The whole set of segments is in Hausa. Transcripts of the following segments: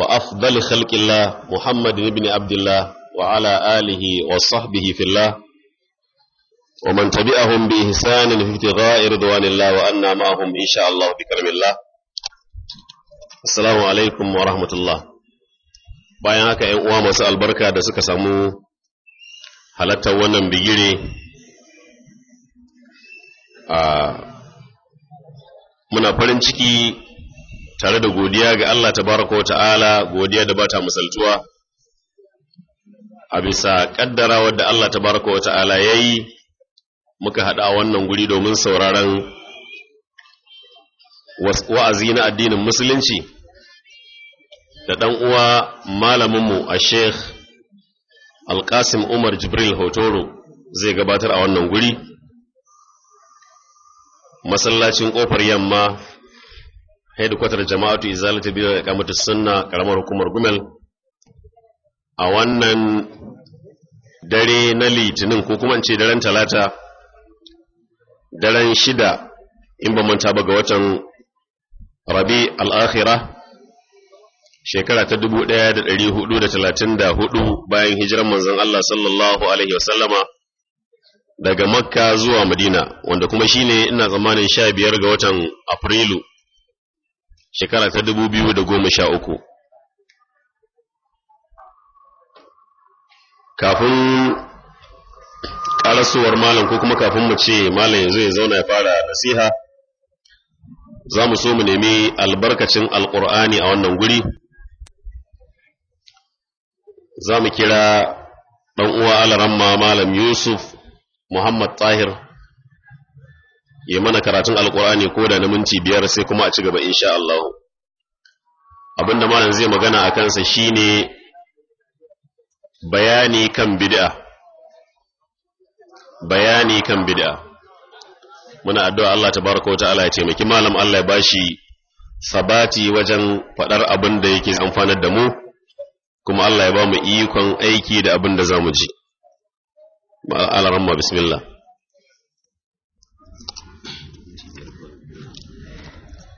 وأفضل خلق الله محمد بن عبد الله وعلى آله وصحبه في الله ومن تبعهم بإحسان في ابتغاء رضوان الله وأنا معهم إن شاء الله بكرم الله السلام عليكم ورحمة الله bayan haka ‘yan uwa masu albarka da suka samu halattar wannan bigire a muna farin ciki tare da godiya ga Allah tabaraka ta'ala godiya da bata musaltuwa, a bisa kaddara wadda Allah tabaraka ta'ala yayi muka hada wannan guri domin sauraron wa'azi na addinin musulunci da dan uwa malaminmu a Sheikh Alkasim Umar Jibril Hotoro zai gabatar a wannan guri masallacin ƙofar yamma headquarter jama'atu izalata biyo da kamata sunna karamar hukumar gumel a wannan dare na litinin ko kuma ce daren talata daren shida in ba manta ba ga watan rabi al'akhira shekara ta 1434 bayan hijiran manzon Allah sallallahu Alaihi wasallama daga makka zuwa madina wanda kuma shine ina zamanin 15 ga watan afrilu shekara ta dubu biyu da goma sha uku. Kafin ƙarasowar malam ko kuma kafin mu ce malam yanzu ya zauna ya fara nasiha, za mu so mu nemi albarkacin alƙur'ani a wannan guri, za mu kira ɗan uwa alaramma malam Yusuf Muhammad Tahir. ya mana karatun alkur'ani ko da na minti biyar sai kuma a ci gaba insha Allah abinda malam zai magana a kansa shine bayani kan bid'a bayani kan bid'a muna addu'a Allah tabaraka wa ta'ala ya taimaki malam Allah ya bashi sabati wajen faɗar abin da yake amfanar da mu kuma Allah ya ba mu ikon aiki da abin da za mu ji ma'alaran bismillah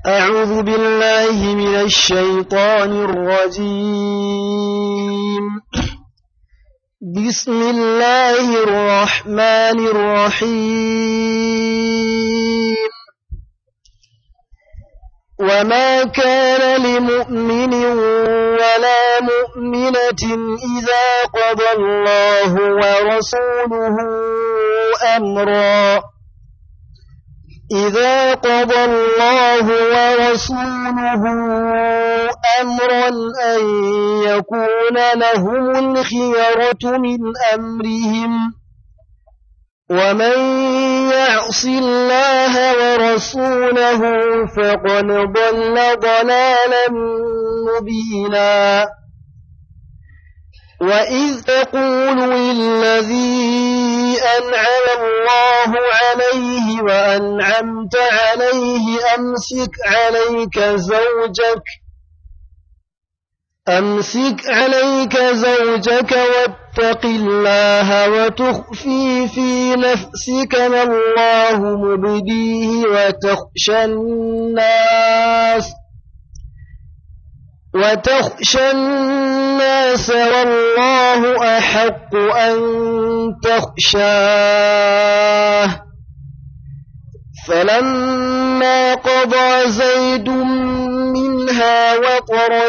أعوذ بالله من الشيطان الرجيم بسم الله الرحمن الرحيم وما كان لمؤمن ولا مؤمنة إذا قضى الله ورسوله أمرًا إذا قضى الله ورسوله أمرا أن يكون لهم الخيرة من أمرهم ومن يعص الله ورسوله فقد ضل ضلالا مبينا وإذ تقول للذي أنعم الله عليه وأنعمت عليه أمسك عليك زوجك أمسك عليك زوجك واتق الله وتخفي في نفسك ما الله مبديه وتخشى الناس وتخشى الناس والله أحق أن تخشاه فلما قضى زيد منها وطرا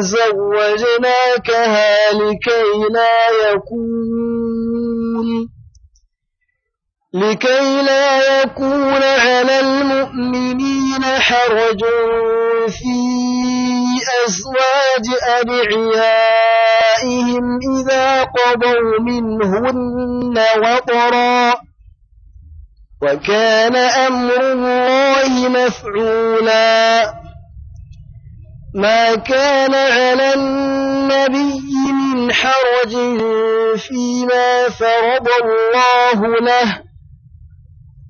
زوجناكها لكي لا يكون لكي لا يكون على المؤمنين حرج في أزواج أدعيائهم إذا قضوا منهن وطرا وكان أمر الله مفعولا ما كان على النبي من حرج فيما فرض الله له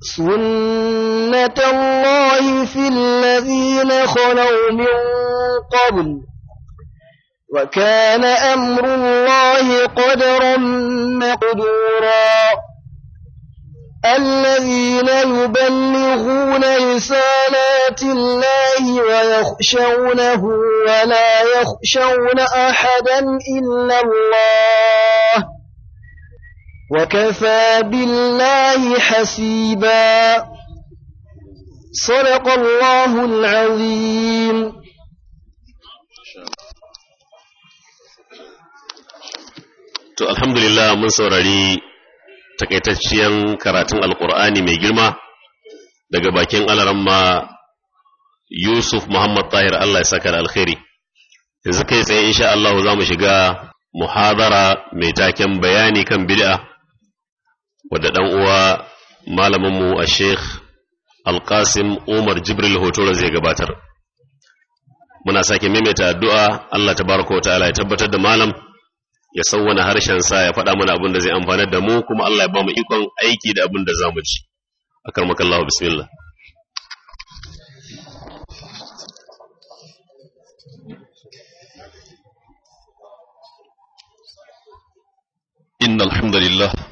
سنة الله في الذين خلوا من قبل وكان أمر الله قدرا مقدورا الذين يبلغون رسالات الله ويخشونه ولا يخشون أحدا إلا الله وكفى بالله حسيبا صدق الله العظيم to alhamdulillah mun saurari taƙaitacciyan karatun Alƙur'ani mai girma daga bakin alaramma yusuf muhammad tahir allah ya saka da alkhairi yanzu kai tsaye insha Allah za mu shiga muhadara mai taken bayani kan bid'a wadda dan uwa malaminmu a sheikh alkasim umar jibril hotoron zai gabatar muna sake maimaita addu'a allah ta baraka ta'ala ya tabbatar da malam ya sauwana sa ya faɗa mana abin da zai amfanar da mu kuma allah ya ba mu ikon aiki da abin da za mu ci a karmakallahu bismillah إن الحمد لله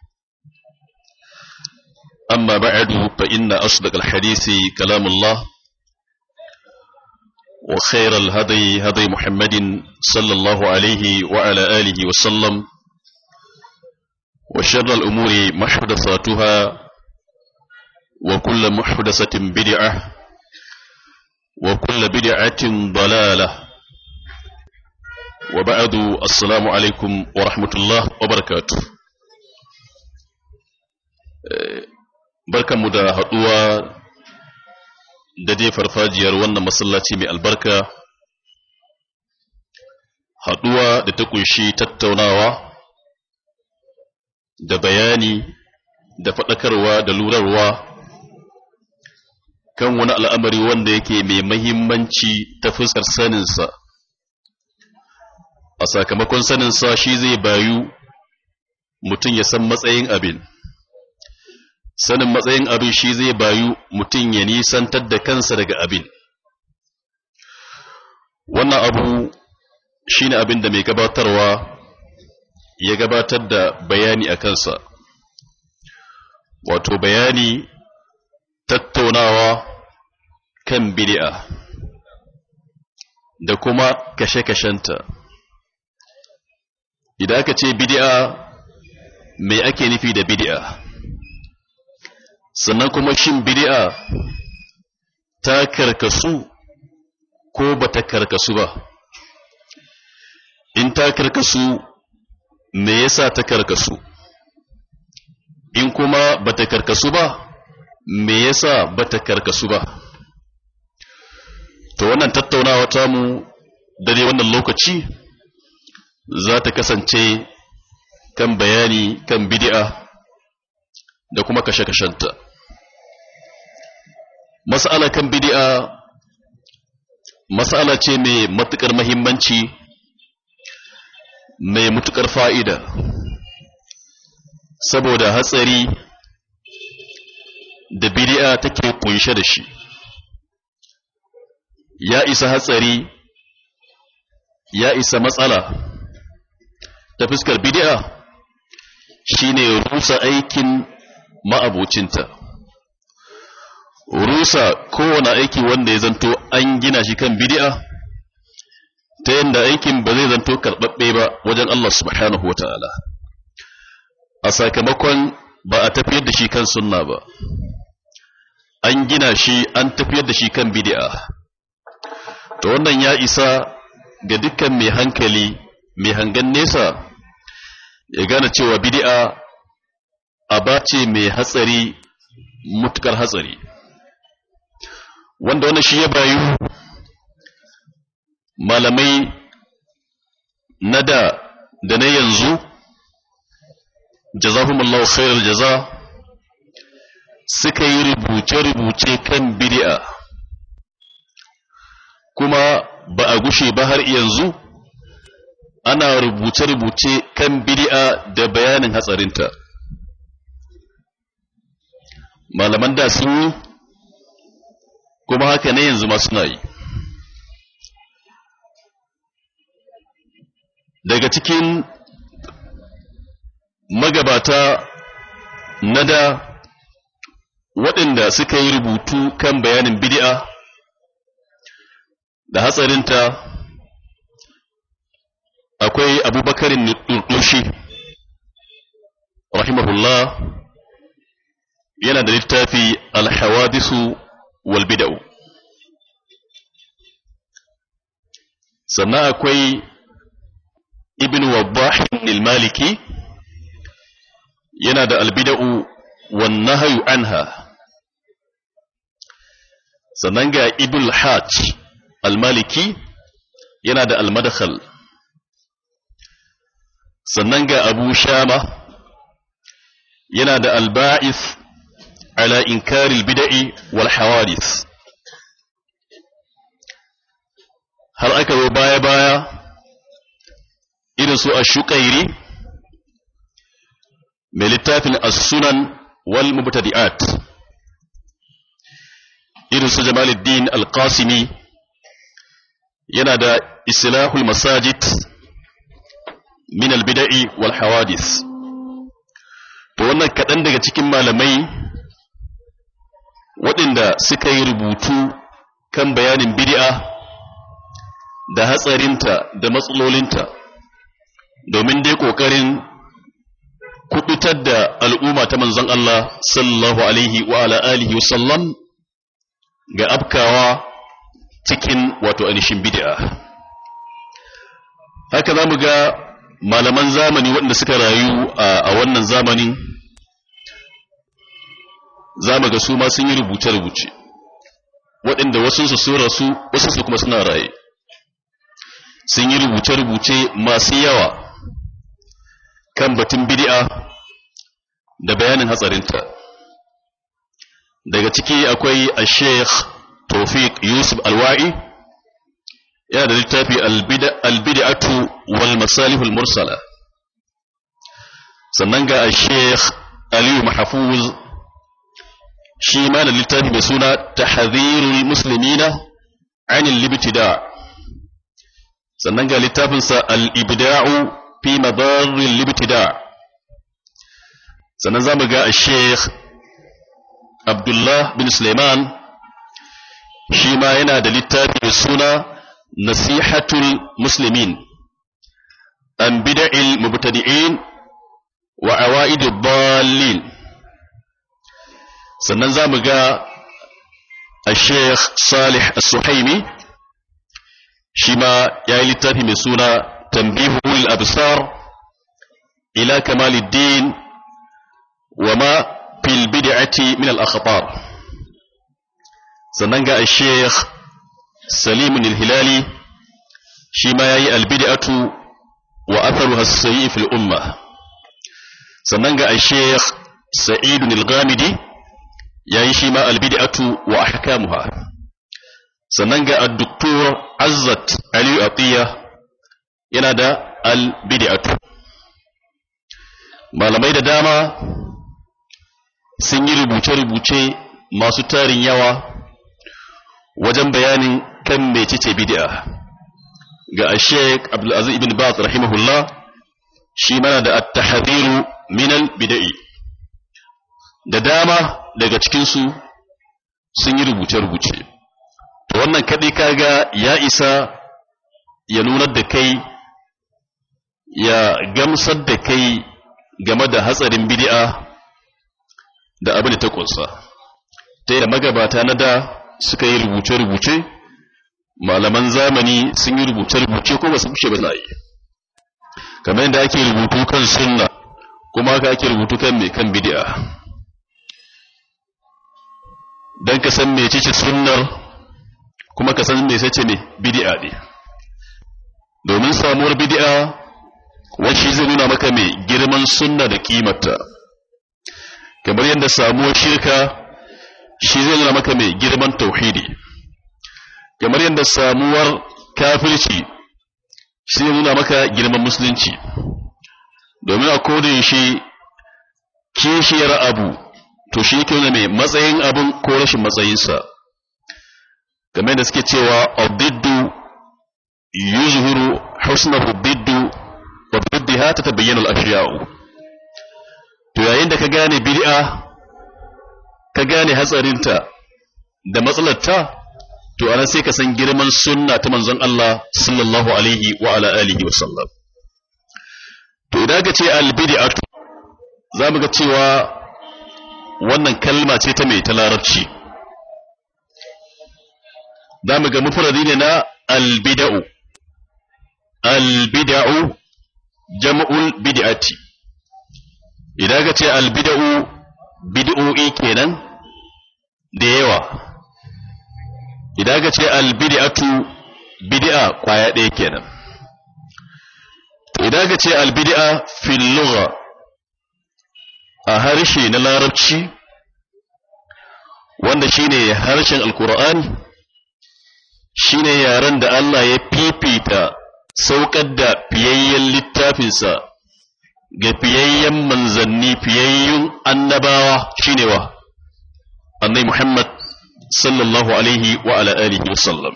أما بعد فإن أصدق الحديث كلام الله وخير الهدي هدي محمد صلى الله عليه وعلى آله وسلم وشر الأمور محدثاتها وكل محدثة بدعة وكل بدعة ضلالة وبعد السلام عليكم ورحمة الله وبركاته barkanmu da haɗuwa da dai farfajiyar wannan masallaci mai albarka haɗuwa da ta ƙunshi tattaunawa da bayani da faɗakarwa da lurarwa kan wani al'amari wanda yake mai mahimmanci ta fuskar saninsa a sakamakon saninsa shi zai bayu mutum ya san matsayin abin sanin matsayin abin shi zai bayu mutum ya nisantar da kansa daga abin wannan abu shi ne abin da mai gabatarwa ya gabatar da bayani a kansa wato bayani tattaunawa kan bidi'a, da kuma kashe-kashenta idan aka ce bid'a mai ake nufi da bidi'a? sannan kuma shin bid'a ta karkasu ko ba ta karkasu ba in ta karkasu me yasa ta karkasu in kuma ba ta karkasu ba me yasa ba ta karkasu ba to wannan tattaunawa ta mu dare wannan lokaci za ta kasance kan bayani kan bid'a da kuma kashe-kashenta mas'ala kan bid'a mas'ala ce mai matukar mahimmanci mai matuƙar fa'ida saboda hatsari da bid'a take kunshe da shi ya isa hatsari ya isa matsala ta fuskar bid'a shine rusa aikin ma'abocinta rusa kowane aiki wanda ya zanto an gina shi kan bidi'a? ta yadda aikin ba zai zanto karɓaɓɓe ba wajen Allah subhanahu wa ta'ala a sakamakon ba a tafiyar da shi kan sunna ba an gina shi an tafiyar da shi kan bidi'a. Ta wannan ya isa ga dukkan mai hankali mai hangen nesa ya gane cewa bidi'a aba ce mai hatsari mutukar hatsari wanda wani shi ya bayu malamai na da da na yanzu Allah khairar jaza suka yi rubuce-rubuce kan bidi'a, kuma ba a gushe ba har yanzu ana rubuce-rubuce kan bid'a da bayanin hatsarinta malaman da sun yi kuma haka ne yanzu ma suna yi daga cikin magabata na da waɗanda suka yi rubutu kan bayanin bidi'a, da hatsarinta akwai abubakarin nurshi rahimahullah yana da littafi alhawadisu wal sannan akwai ibn wabbah ibn maliki yana da albida'u bid'u wan nahyu anha sannan ga ibn hajj almaliki yana da almadakhal sannan ga abu shama yana da alba'is. على bida'i wal والحوادث har aka zo baya-baya irin su a shukairi mai littafin as-sunan wal mubtadi'at irin su jamaluddin al-qasimi yana da islahul masajid min al-bida'i wal hawadith to wannan kaɗan daga cikin malamai waɗanda suka yi rubutu kan bayanin bid'a da hatsarinta da matsalolinta domin dai ƙoƙarin kubutar da al'umma ta manzon Allah sallallahu alaihi wa alihi wasallam ga afkawa cikin wato anishin bid'a haka za mu ga malaman zamani waɗanda suka rayu a wannan zamani za mu ga su ma sun yi rubuce-rubuce waɗanda wasunsu sun rasu wasunsu kuma suna raye sun yi rubuce-rubuce masu yawa kan batun bid'a da bayanin hatsarinta daga ciki akwai a sheikh tofik yusuf alwa'i yana da littafi albid'atu wal masalihul mursala sannan ga a sheikh aliyu mahafuz shi ma da littafi mai suna tahdhirul muslimina anil libitida. sannan ga littafinsa al-ibda'u fi madarril libitida. sannan zamu ga Sheikh Abdullah bin Suleiman shi ma yana da littafi mai suna nasihatul Musulmin? an bida'il mubtadi'in wa awa'idu balin. sannan za mu ga a sheikh salih al-suhaimi shi ma ya yi littafi mai suna tambihul absar ila kamaliddin wa ma fil bid'ati min al-akhbar sannan ga a sheikh salim al-hilali shi ma ya yi al-bid'atu wa atharuha as-sayyi fil umma sannan ga a sheikh sa'id al-ghamidi yayi shi ma albid'atu wa ahkamuha sannan ga ad Azzat Ali Atiya yana da albid'atu malamai da dama sun yi rubuce-rubuce masu tarin yawa wajen bayanin kan mecece bid'a ga Sheikh Abdul Aziz ibn Baz rahimahullah shi mana da at-tahdhiru min al-bid'i da dama daga cikinsu sun yi rubuce-rubuce to wannan kaɗai kaga ya isa ya nunar da kai ya gamsar da kai game da hatsarin bidi'a da abin da ta ƙunsa ta yi magabata na da suka yi rubuce-rubuce malaman zamani sun yi rubuce-rubuce ko ba su fushe ba na yi kamar yadda ake rubutu kan sunna kuma ka ake rubutu kan mai kan bidi'a don ka san mai ce sunnar kuma ka san mai sace ne bidi'a ne domin samuwar bidi'a wacce zai nuna maka mai girman sunna da kimata kamar yadda samuwar shirka shi zai nuna maka mai girman tauhidi kamar yadda samuwar kafirci shi zai nuna maka girman musulunci domin a kodin shi kishiyar abu to shi yake mai matsayin abin ko rashin matsayinsa game da suke cewa abdiddu yuzhuru husnahu biddu wa biddiha ta tabayyana al-ashya'u to yayin da ka gane bid'a ka gane hatsarinta da matsalarta to ana sai ka san girman sunna ta manzon Allah sallallahu alaihi wa wa to idan ka ce al za zamu ga cewa wannan kalma ce ta mai ta larabci za mu ga mufradi ne na albida'u albida'u jama'ul bid'ati idan ka ce albida'u bid'o'i kenan da yawa idan ka ce albid'atu bid'a kwaya ɗaya kenan idan ka ce albidi'a fil lugha a harshe na larabci wanda shine harshen alkur'ani shine yaren da Allah ya fifita saukar da fiyayyen littafinsa ga fiyayyen manzanni fiyayyun annabawa shine wa annai Muhammad sallallahu alaihi wa ala alihi wa sallam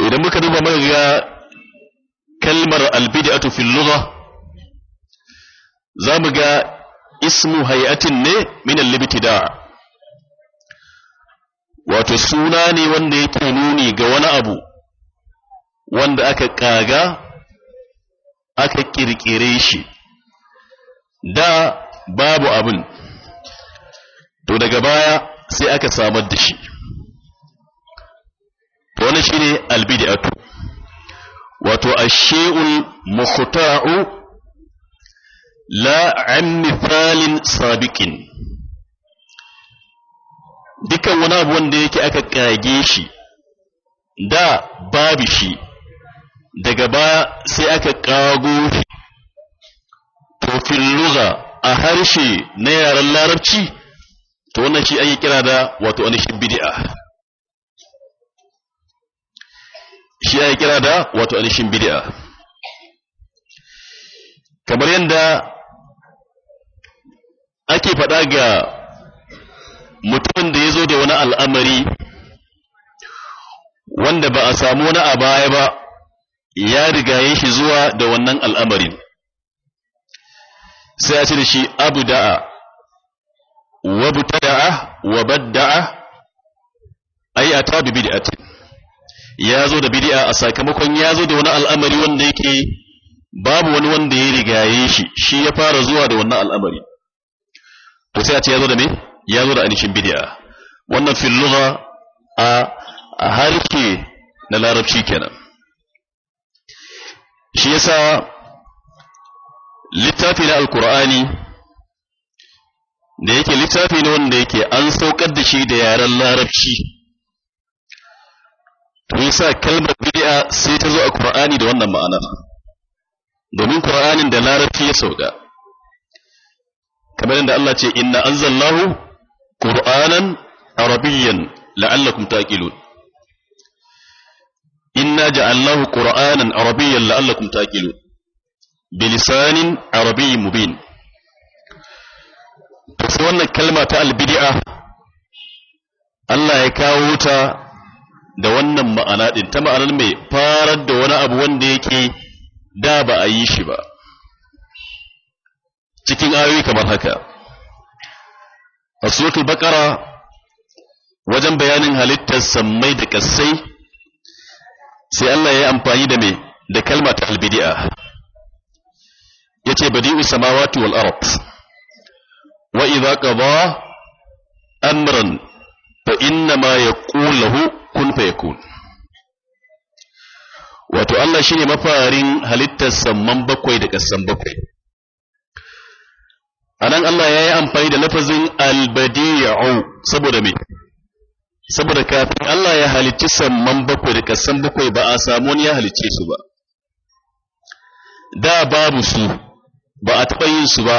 idan muka duba muka ga kalmar albid'atu fil lugha za mu ga ismu hayatin ne minan libtida wato suna ne wanda yake nuni ga wani abu wanda aka kaga aka kirkire shi da babu abin to daga baya sai aka samar da shi to shi ne albid'atu wato ashe'ul shayul mukhta'u la an mithalin sabiqin dukan wani abu wanda yake aka kage shi da babu shi daga ba sai aka kago shi to fil lugha a harshe na yaren larabci to wannan shi ake kira da wato wani bid'a shi ake kira da wato wani bid'a kamar yadda ake faɗa ga mutumin da ya zo da wani al'amari wanda ba a samu wani a baya ba ya riga rigaye shi zuwa da wannan al'amarin sai a ce da shi abu da'a ta da'a, wa da'a, ai a tabi bid'atin ya zo da bid'a a sakamakon ya zo da wani al'amari wanda yake babu wani wanda ya riga rigaye shi shi ya fara zuwa da wannan al'amari to sai a ce ya zo da me ya zo da ainihin bid'a wannan fil lugha a harke na larabci kenan shi yasa littafi na alqur'ani da yake littafi ne wanda yake an saukar da shi da yaren larabci to yasa kalmar bid'a sai ta zo a qur'ani da wannan ma'ana domin qur'anin da larabci ya sauka kamar yadda Allah ce inna anzalnahu qur'anan arabiyyan la'allakum taqilun inna qur'anan arabiyyan la'allakum taqilun bilisanin arabiy mubin to sai wannan kalma ta albid'a Allah ya kawo ta da wannan ma'ana din ta ma'anar mai farar da wani abu wanda yake da ba a yi shi ba cikin ayoyi kamar haka a suratul baqara wajen bayanin halittar sammai da kassai sai Allah ya yi amfani da me da kalma ta albidi'a yace badi'u samawati wal ard wa idza qada amran fa inna ma yaqulu lahu kun fayakun wato Allah shine mafarin halittar samman bakwai da kassan bakwai anan Allah ya yi amfani da lafazin albadi'u saboda me saboda kafin Allah ya halicci samman bakwai da kasan bakwai ba a samu wani ya halicce su ba da babu su ba a taɓa yin su ba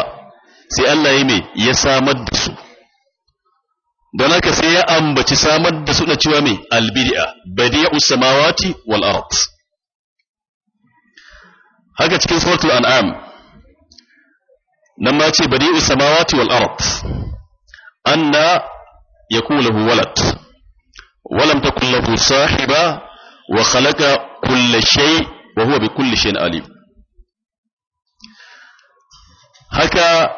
sai Allah ya me ya samar da su don haka sai ya ambaci samar da su na cewa me albidi'a badi'u samawati wal ard haka cikin suratul an'am nan ma ce bari samawati wal ard anna yakun lahu walad walam takun lahu sahiba wa khalaqa kull shay wa huwa bi kulli shay'in alim haka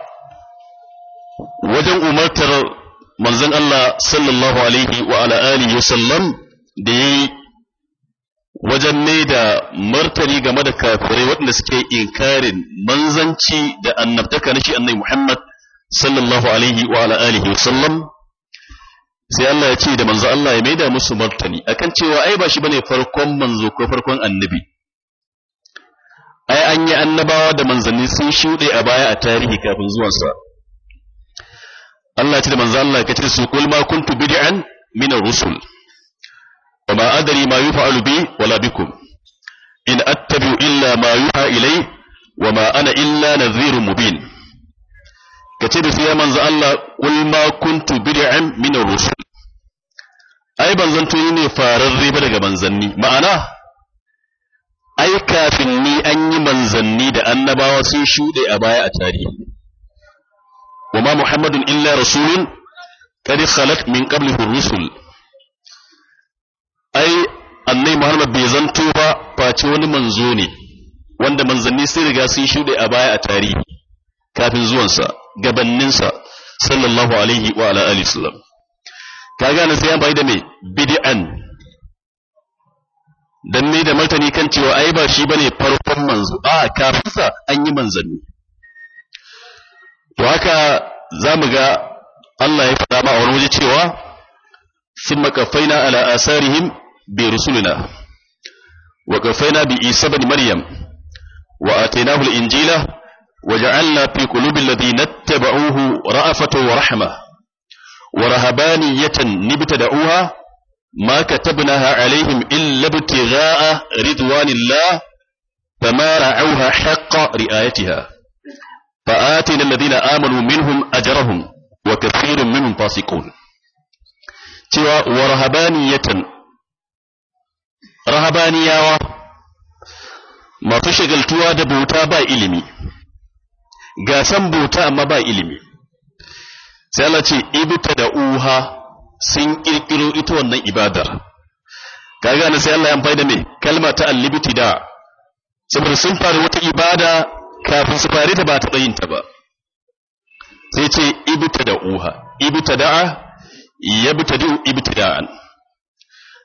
wajen umartar manzon Allah sallallahu alaihi wa ala alihi wasallam da yayi wajen mai da martani game da kafirai waɗanda suke inkarin manzanci da annabtaka na shi annabi Muhammad sallallahu alaihi wa ala alihi wa sallam sai Allah ya ce da manzo Allah ya maida musu martani akan cewa ai ba shi bane farkon manzo ko farkon annabi ai an yi annabawa da manzanni sun shuɗe a baya a tarihi kafin zuwansa Allah ya ce da manzo Allah ya ce su kul ma kuntu bid'an min ar-rusul wa ma adari ma yufa'alu bi wala bikum in attabi'u illa ma yuha ilai wa ma ana illa nadhirun mubin kace da sai manzo Allah kul ma kuntu bid'an min ar-rusul ai banzanto ni ne fararre ba daga manzanni ma'ana ai kafin ni an yi manzanni da annabawa sun shuɗe a baya a tarihi wa ma muhammadun illa rasulun qad khalat min qablihi ar-rusul ai annai muhammad bai zanto ba face wani manzo ne wanda manzanni sai riga sun shuɗe a baya a tarihi kafin zuwansa gabanninsa sallallahu alaihi wa ala alihi sallam ka gane sai an bai da me bid'an dan ne da martani kan cewa ai ba shi bane farkon manzo a kafin sa an yi manzanni to haka zamu ga Allah ya fada ma a wani waje cewa sun makafaina ala asarihim برسلنا وكفينا بإيسى بن مريم وآتيناه الإنجيل وجعلنا في قلوب الذين اتبعوه رأفة ورحمة ورهبانية نبتدعوها ما كتبناها عليهم إلا ابتغاء رضوان الله فما رعوها حق رئايتها فآتنا الذين آمنوا منهم أجرهم وكثير منهم فاسقون ورهبانية rahabaniyawa masu shagaltuwa da bauta ba ilimi ga san bauta amma ba ilimi sai Allah ce ibta da uha sun kirkiro ita wannan ibadar kaga ne sai Allah ya amfani da me kalma ta al libtida saboda sun fara wata ibada kafin su fare ta ba ta yin ta ba sai ce da uha ibtada'a yabtadi ibtida'an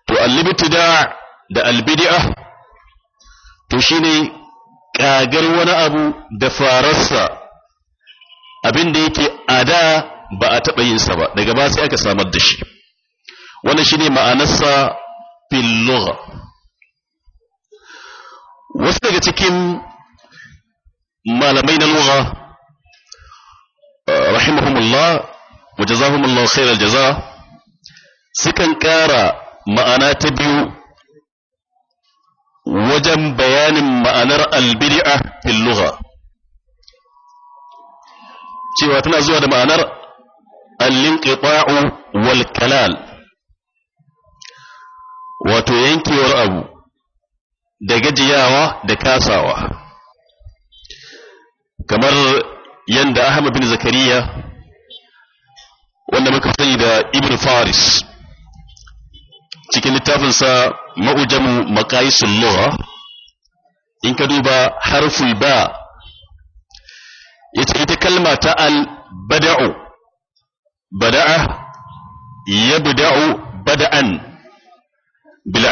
to al libtida da albid'a to shine kagar wani abu da fararsa abin da yake ada ba a taɓa yin sa ba daga ba sai aka samar da shi wannan shine ma'anarsa fil lugha wasu daga cikin malamai na lugha eh, rahimahumullah wa khairal jaza sukan ƙara ma'ana ta biyu wajen bayanin ma'anar albid'a fil lugha cewa tana zuwa da ma'anar al-inqita'u wal kalal wato yankewar abu da gajiyawa da kasawa kamar yanda Ahmad bin Zakariya wanda muka sani da Ibn Faris cikin littafinsa ma'ujamu maqayisul lura in ka duba harful ba ita ita kalma ta al bada'u bada'a yabda'u bada'an bil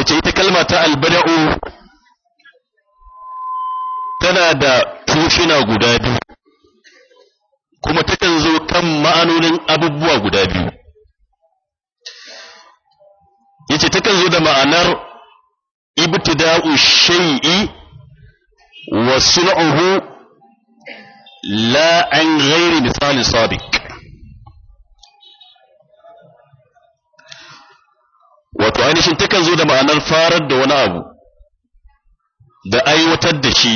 ita ita kalma ta al bada'u tana da tushina guda biyu kuma takan zo kan ma'anonin abubuwa guda biyu yace takan zo da ma'anar ibtida'u shay'i wa sun'uhu la an ghairi misali sabiq wato ainihin takan zo da ma'anar farar da wani abu da aiwatar da shi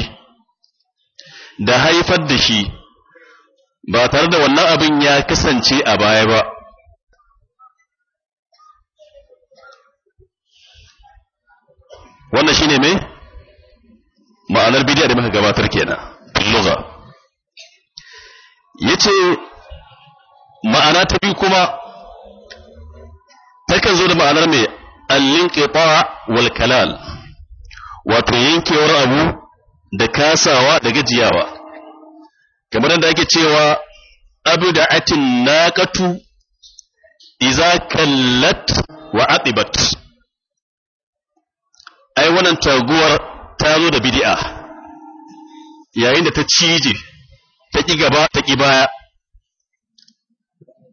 da haifar da shi ba tare da wannan abin ya kasance a baya ba wannan shine me ma'anar bidiya da muka gabatar kenan lugha yace ma'ana ta biyu kuma takan zo da ma'anar mai al-inqita wal kalal wato yankewar abu da kasawa da gajiyawa kamar da ake cewa abda'atin naqatu idza kallat wa aqibat ai wannan taguwar ta zo da bid'a yayin da ta cije ta ki gaba ta ki baya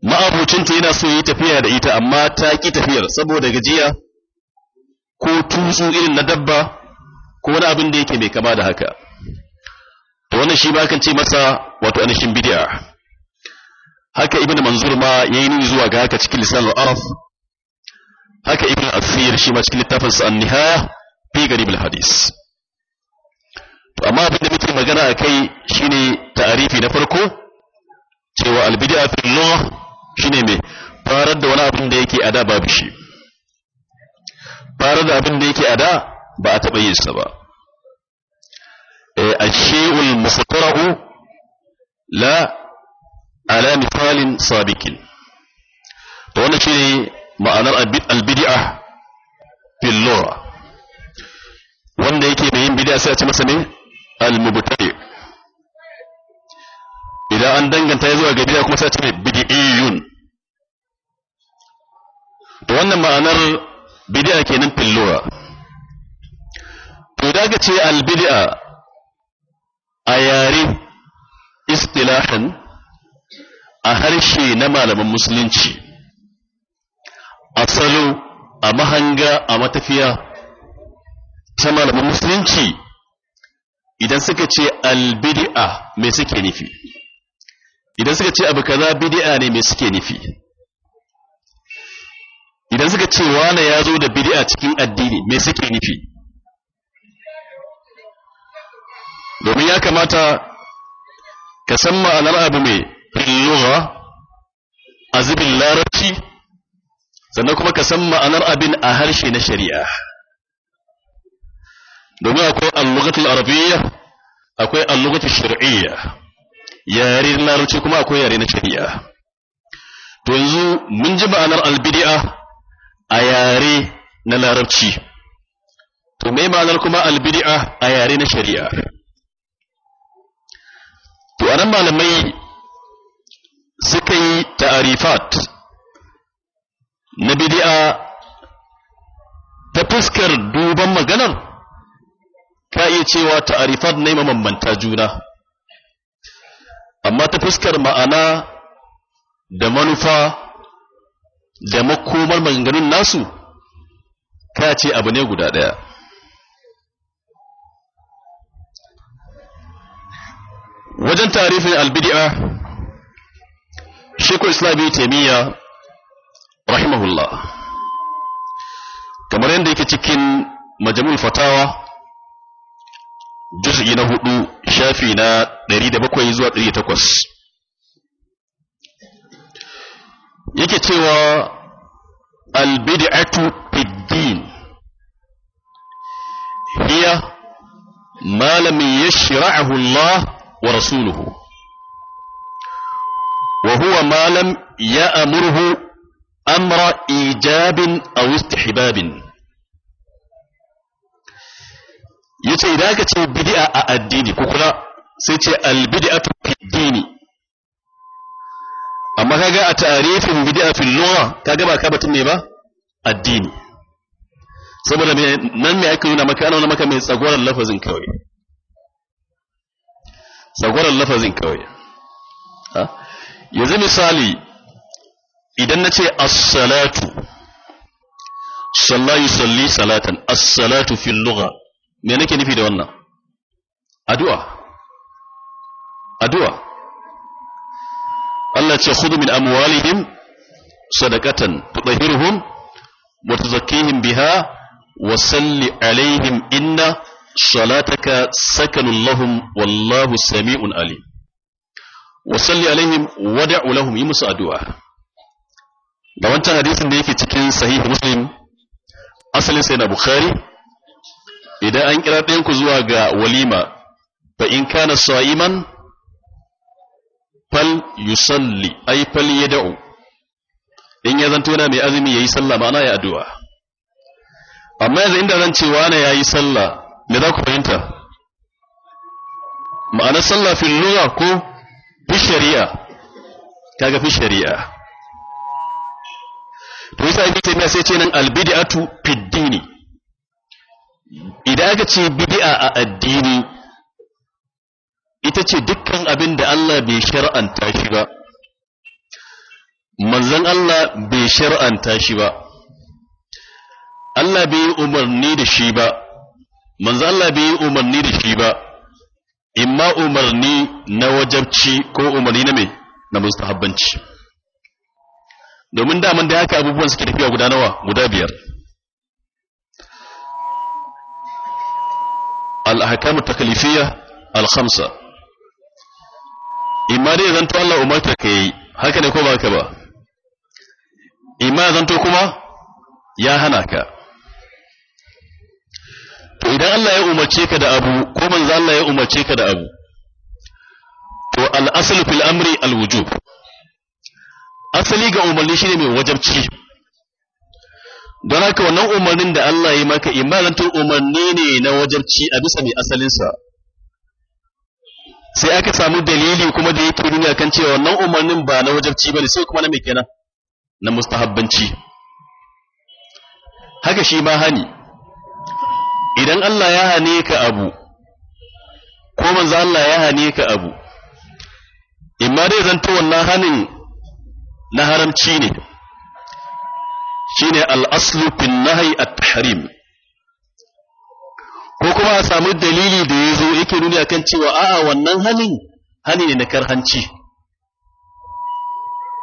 ma'abucinta yana so yi tafiya da ita amma ta ki tafiyar saboda gajiya ko tutsu irin na dabba ko wani abin da yake mai kama da haka to wannan shi ba kan ce masa wato anashin bid'a haka ibn manzur ma yayi nuni zuwa ga haka cikin lisan al-arab haka ibn asir shi ma cikin littafin sa an-nihaya fi garibul hadis to amma abinda da muke magana a kai shine ta'arifi na farko cewa albid'a fil law shine mai farar da wani abin da yake a da babu shi farar da abin da yake a da ba a taɓa yin sa ba eh, ashe'ul mufatara'u la ala misalin sabikin to wannan shine ma'anar albid'a fil law wanda yake mai yin bid'a sai a ce masa ne al-mubtadi idan an danganta ya zuwa ga bid'a kuma sai a ce mai bid'iyun to wannan ma'anar bid'a kenan fil to da ce al bid'a a yare istilahan a harshe na malaman musulunci a salo a mahanga a matafiya ta malamin musulunci idan suka ce albidi'a me suke nufi idan suka ce abu kaza bidi'a ne me suke nufi idan suka ce wane ya zo da bidi'a cikin addini me suke nufi domin ya kamata ka san ma'anar abu mai lura a zubin larabci sannan kuma ka san ma'anar abin a harshe na shari'a domin akwai al-lughatul arabiyya akwai al-lughatul shar'iyya yare na larabci kuma akwai yare na shari'a to yanzu mun ji ma'anar albidi'a a yare na larabci to me ma'anar kuma albidi'a a yare na shari'a to anan malamai suka yi ta'arifat na bidi'a ta fuskar duban maganar ka iya cewa ta'arifar ne mambanta juna amma ta fuskar ma'ana da manufa da makomar maganganun nasu ka ce abu ne guda ɗaya wajen tarifin albidi'a sheku islami taimiyya rahimahullah kamar yadda yake cikin majamul fatawa جزء نهدو شافينا نريد بكوى يزوى يتكوس يكتوى البدعة في الدين هي ما لم يشرعه الله ورسوله وهو ما لم يأمره أمر إيجاب أو استحباب yace idan aka ce bid'a a addini ko kuma sai ce al bid'atu fi dini amma kaga a tarihin bid'a fi lugha kaga ba ka batun ne ba addini saboda me nan me ake nuna maka ana nuna maka mai tsagoran lafazin kawai tsagoran lafazin kawai yanzu misali idan na ce as-salatu sallayu salli salatan as-salatu fi lugha me nake nufi da wannan addu'a addu'a Allah ce khudh min amwalihim sadaqatan tutahhiruhum wa tuzakkihim biha wa salli alaihim inna salataka sakanun lahum wallahu sami'un alim wa salli alaihim wada'u lahum yi musu addu'a da wancan hadisin da yake cikin sahih muslim asalin sai na bukhari idan an kira ɗayan ku zuwa ga walima fa in kana sa'iman fal yusalli ay fal yad'u in ya zanto yana mai azumi yayi sallah ma'ana ya addu'a amma yanzu inda zan ce wani yayi sallah me za ku fahimta ma'anar sallah fil lugha ko fi shari'a kaga fi shari'a to yasa ibnu taymiya sai ce nan al bid'atu fid dini idan aka ce bid'a a addini ita ce dukkan abin da Allah bai shar'anta shi ba manzon Allah bai shar'anta shi ba Allah bai umarni da shi ba manzon Allah bai umarni da shi ba imma umarni na wajabci ko umarni na me na mustahabbanci domin daman da haka abubuwan suke tafiya guda nawa guda biyar al-ahkam taklifiyya al-khamsa imma dai zanto Allah umarta ka yi haka ne ko ba ka ba imma zanto kuma ya hana ka to idan Allah ya umarce ka da abu ko manzo Allah ya umarce ka da abu to al-aslu fil amri asali ga umarni shine mai wajabci don haka wannan umarnin da Allah ya maka imarantar umarni ne na wajabci a bisa mai asalinsa sai aka samu dalili kuma da yake nuna kan cewa wannan umarnin ba na wajabci bane sai kuma na mai kenan na mustahabbanci haka shi ma hani idan Allah ya hane ka abu ko manzo Allah ya hane ka abu imma dai zanto wannan hanin na haramci ne shine al’aslu fin fil nahyi a tahrim ko kuma a sami dalili da ya zo yake nuni kan cewa a wannan hanin hani ne na karhanci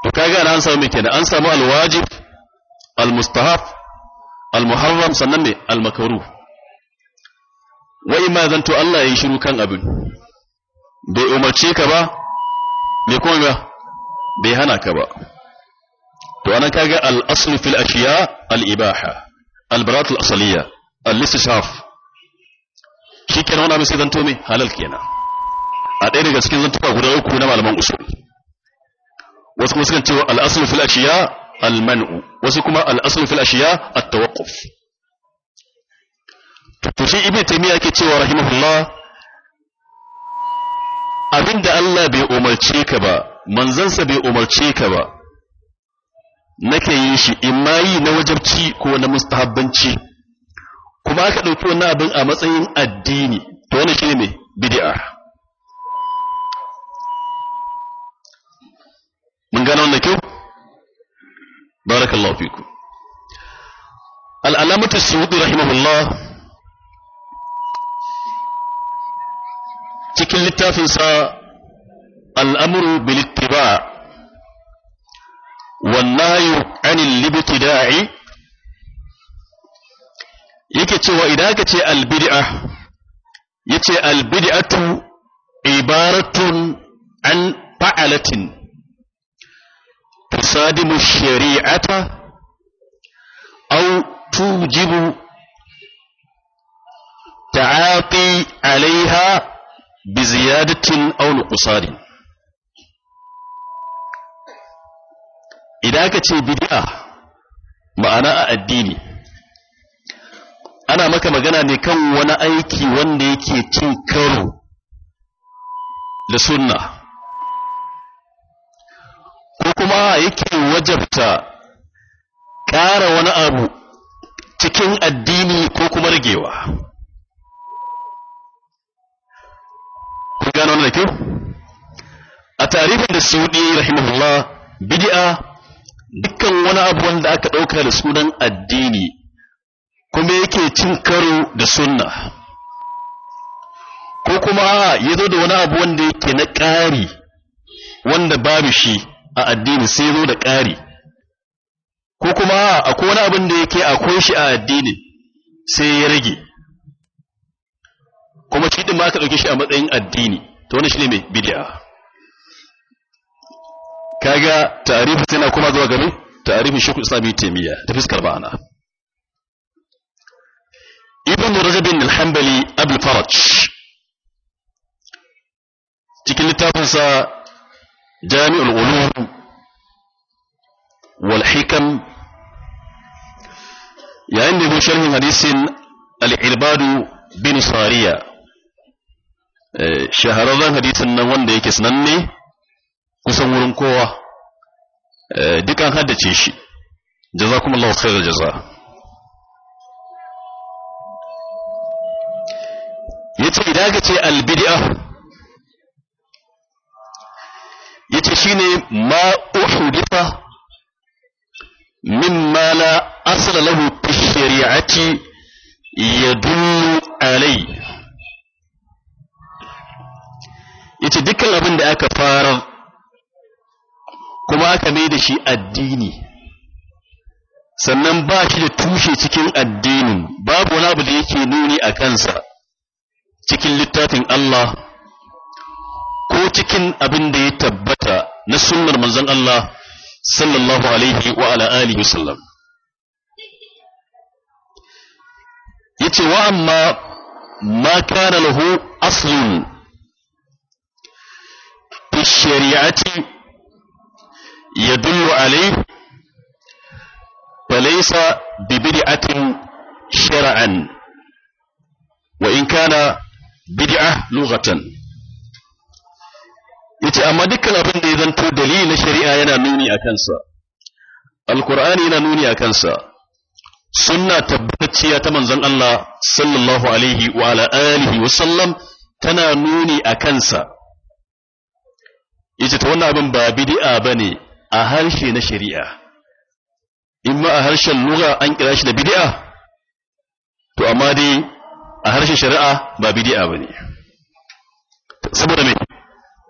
to kaga an samu me kenan an samu alwajib almustahaf, almuharram sannan ne almakaru. wai ma zanto Allah ya yi shiru kan abin bai umarce ka ba me kuma bai hana ka ba to ana kaga al-aslu fil ashiya al-ibaha al-barat al-asliya al-istishaf shikenan wannan abin sai zan tome halal kenan a ɗaya daga cikin tuka guda uku na malaman usul wasu kuma sukan cewa al-aslu fil ashiya al-man'u wasu kuma al-aslu fil ashiya at-tawaqquf to shi ibnu taymiya yake cewa rahimahullah abinda Allah bai umarce ka ba manzansa bai umarce ka ba nake yin shi ma yi na wajabci ko na mustahabbanci kuma aka ɗauki wannan abin a matsayin addini to wannan shine me bid'a mun gano wannan kyau barakallahu fiku al-alamatu rahimahullah cikin littafinsa al'amuru bilittiba wallahi anil libtida'i yake cewa idan aka ce albid'a yace albid'atu ibaratun an fa'alatin تصادم الشريعة أو توجب تعاطي عليها بزيادة أو نقصان idan aka ce bid'a ma'ana a addini ana maka magana ne kan wani aiki wanda yake cin karo da sunna ko kuma yake wajabta ƙara wani abu cikin addini ko kuma ragewa ku gano da kyau a tarihin da saudi rahimahullah bid'a dukkan wani abu wanda aka ɗauka da sunan addini kuma yake cin karo da sunna ko kuma ya zo da wani abu wanda yake na ƙari wanda babu shi a addini sai zo da ƙari ko kuma akwai wani abin da yake akwai shi a addini sai ya rage kuma shi ɗin ma aka ɗauke shi a matsayin addini to wani shi ne mai bid'a kaga ta'arifi sai kuma zuwa gami ta'arifin shekul islami taymiya da fiskar bana ibn rajab bin al-hanbali abul faraj cikin sa jami'ul ulum wal hikam ya inda go sharhin hadisin al-irbadu bin sariya shahararren hadisin nan wanda yake sananne kusan wurin kowa eh, duk an haddace shi jazakumullahu khairal jaza Ya ce idan ka ce al bid'ah yace shine ma uhditha mimma la asla lahu fi shari'ati yadullu alai yace dukkan abin da aka fara kuma aka mai da shi addini sannan ba shi da tushe cikin addinin babu wani abu da yake nuni a kansa cikin littafin Allah ko cikin abin da ya tabbata na sunnar manzon Allah sallallahu alaihi wa ala alihi wasallam yace wa amma ma kana lahu aslun fi shari'ati يدل عليه فليس ببدعة شرعا وإن كان بدعة لغة yace amma dukkan abin da ya zanto dalili na shari'a yana nuni a kansa alkur'ani yana nuni a kansa sunna tabbatacciya ta manzon Allah sallallahu alaihi wa ala alihi wa sallam tana nuni a kansa yace ta wannan abin ba bid'a bane a harshe na shari'a in ma a harshen lura an kira shi da bid'a to amma dai a harshen shari'a ba bid'a bane saboda me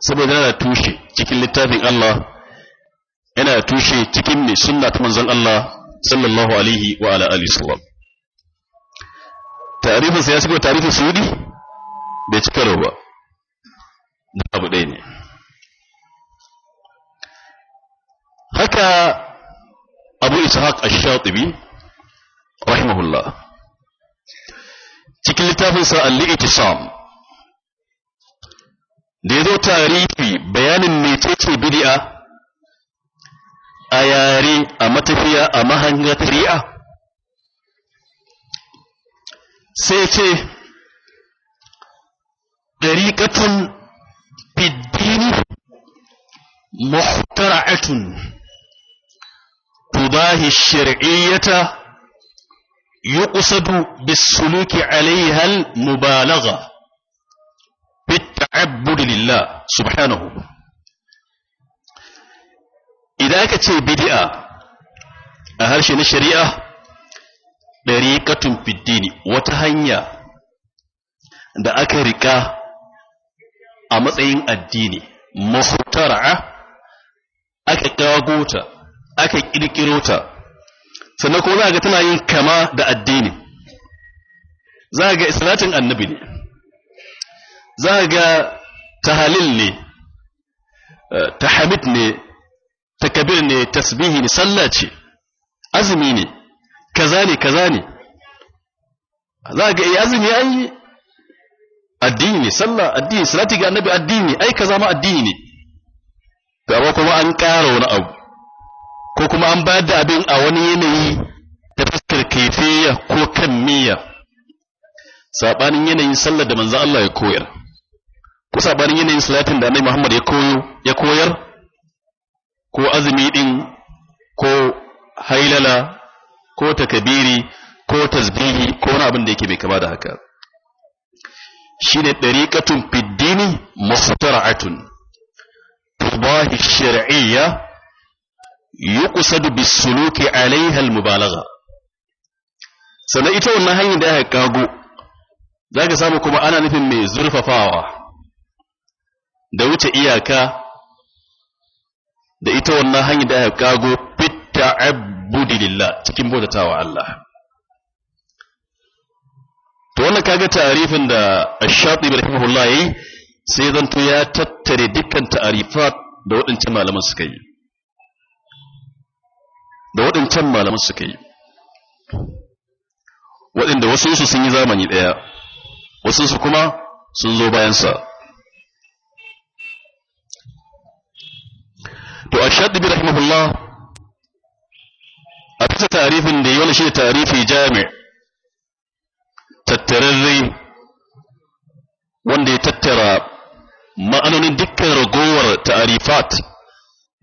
saboda yana tushe cikin littafin Allah yana tushe cikin mai sunna ta manzon Allah sallallahu alaihi wa ala alihi sallam tarifin sa ya shigo tarifin suudi bai cika ba da abu ɗaya ne حكى أبو إسحاق الشاطبي رحمه الله cikin littafinsa al-i'tisam da ya zo tarihi bayanin mecece bid'a a yare a matafiya a mahanga tari'a sai ce ɗariƙatun fiddini muhtara'atun tubahi shir'iyyata يقصد بالسلوك عليها المبالغة بالتعبد لله سبحانه إذا كنت بدئة أهل شيء الشريعة طريقة في الدين وتهنيا da aka rika a matsayin addini mahutara aka kago ta aka kirkiro ta sannan kuma za ga tana yin kama da addini za ga islatin annabi ne za ga tahalil ne eh, tahamid ne takabir ne tasbihi ne sallah ce azumi ne kaza ne kaza ne za ga iya eh, azumi an yi addini sallah addini salati ga annabi addini ai kaza ma addini ne. Gaba kuma an ƙara wani abu ko kuma an ba da abin a wani yanayi da fuskar kaifiya ko kan miya saɓanin yanayin sallar da manzan Allah ya koyar ko saɓanin yanayin salatin da Annabi Muhammad ya koyo ya koyar ko azumi ɗin, ko hailala ko takabiri ko tasbihi ko wani abin da yake bai kama da haka shine dariqatun fid dini mustara'atun tudahi shar'iyya يقصد بالسلوك عليها 'alayha al-mubalagha sannan ita كاغو hanyar da aka kago zaka samu kuma ana nufin mai zurfafawa da wuce iyaka da ita wannan hanyar da aka kago fit cikin bautawa Allah to wannan kaga ta'arifin da Ash-Shatibi rahimahullahi sai zanto ya tattare dukkan ta'arifat da waɗancan malaman suka yi da waɗancan malaman suka yi waɗanda wasu su sun yi zamani ɗaya wasu su kuma sun zo bayansa to a ashaddi bi rahimahullah a fita tarifin da yi wani shi tarifi jami tattararre wanda ya tattara ma'anonin dukkan ragowar ta'arifat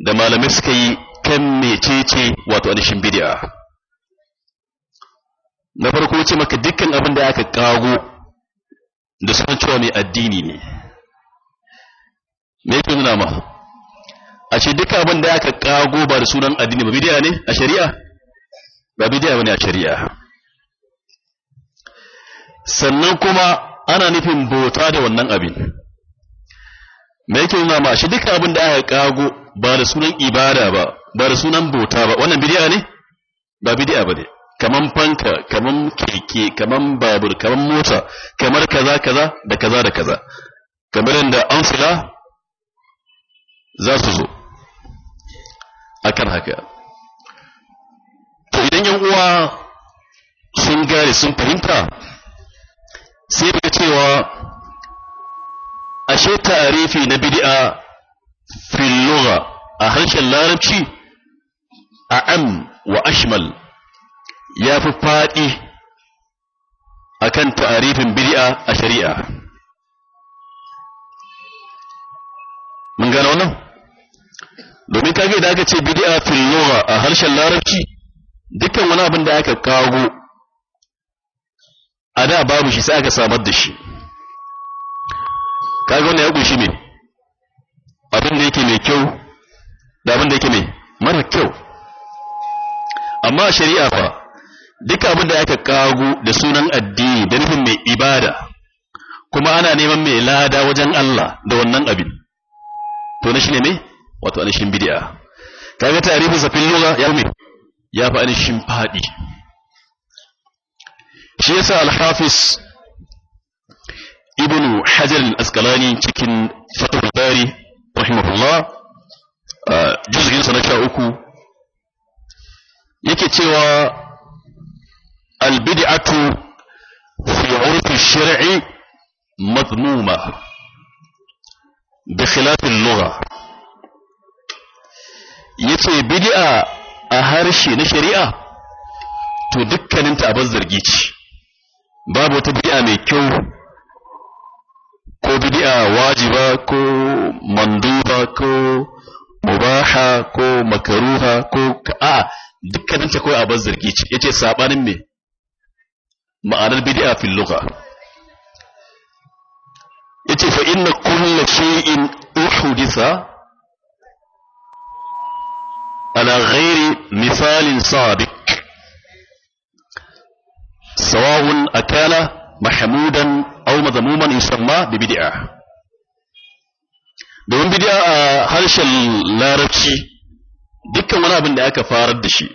da malamai suka yi kan mecece wato anishin bidiya na farko ce maka dukkan abin da aka kago da sunan cewa mai addini ne me yake nuna ma a ce dukkan abin da aka kago ba da sunan addini ba bidiya ne a shari'a ba bid'a bane a shari'a sannan kuma ana nufin bauta da wannan abin me yake nuna ma shi dukkan abin da aka kago ba da sunan ibada ba ba da sunan bauta ba wannan bidi'a ne ba bidi'a ba ne kaman fanka kaman keke kaman babur kaman mota kamar kaza kaza da kaza da kaza kamar yadda an fila za su zo akan haka to idan yan uwa sun gare sun fahimta sai daga cewa ashe tarihi na bid'a fil lugha a harshen larabci a'am wa ashmal ya fi faɗi akan ta'arifin bid'a a shari'a mun gano wannan domin ga da aka ce bid'a fil lugha a harshen larabci dukkan wani abin da aka kago a da babu shi sai aka samar da shi kaga wannan ya kunshi ne abin da yake mai kyau da abin da yake mai mara kyau amma shari'a fa duk abin da aka kago da sunan addini da nufin mai ibada kuma ana neman mai lada wajen Allah da wannan abin to na shi ne me wato anishin bid'a kaga tarihin sa fil lugha ya me ya fa anishin fadi shi yasa al-hafiz ibnu hajar al-asqalani cikin fatul bari rahimahullah juz'in sa na 13 yake cewa albid'atu fi urfi shar'i madhmuma bi khilafin lugha yace bid'a a harshe na shari'a to dukkaninta abin zargi ce babu wata bid'a mai kyau ko bid'a wajiba ko manduba ko mubaha ko makaruha ko a dukkanin ta kawai abin zargi ce yace sabanin ma'anar bid'a fil Ya yace fa inna kullu shay'in uhdisa ala ghairi misalin sabiq سواء أكان da أو مذموما da ببدعة domin bid'a a harshen larabci dukkan wani abin da aka farar da shi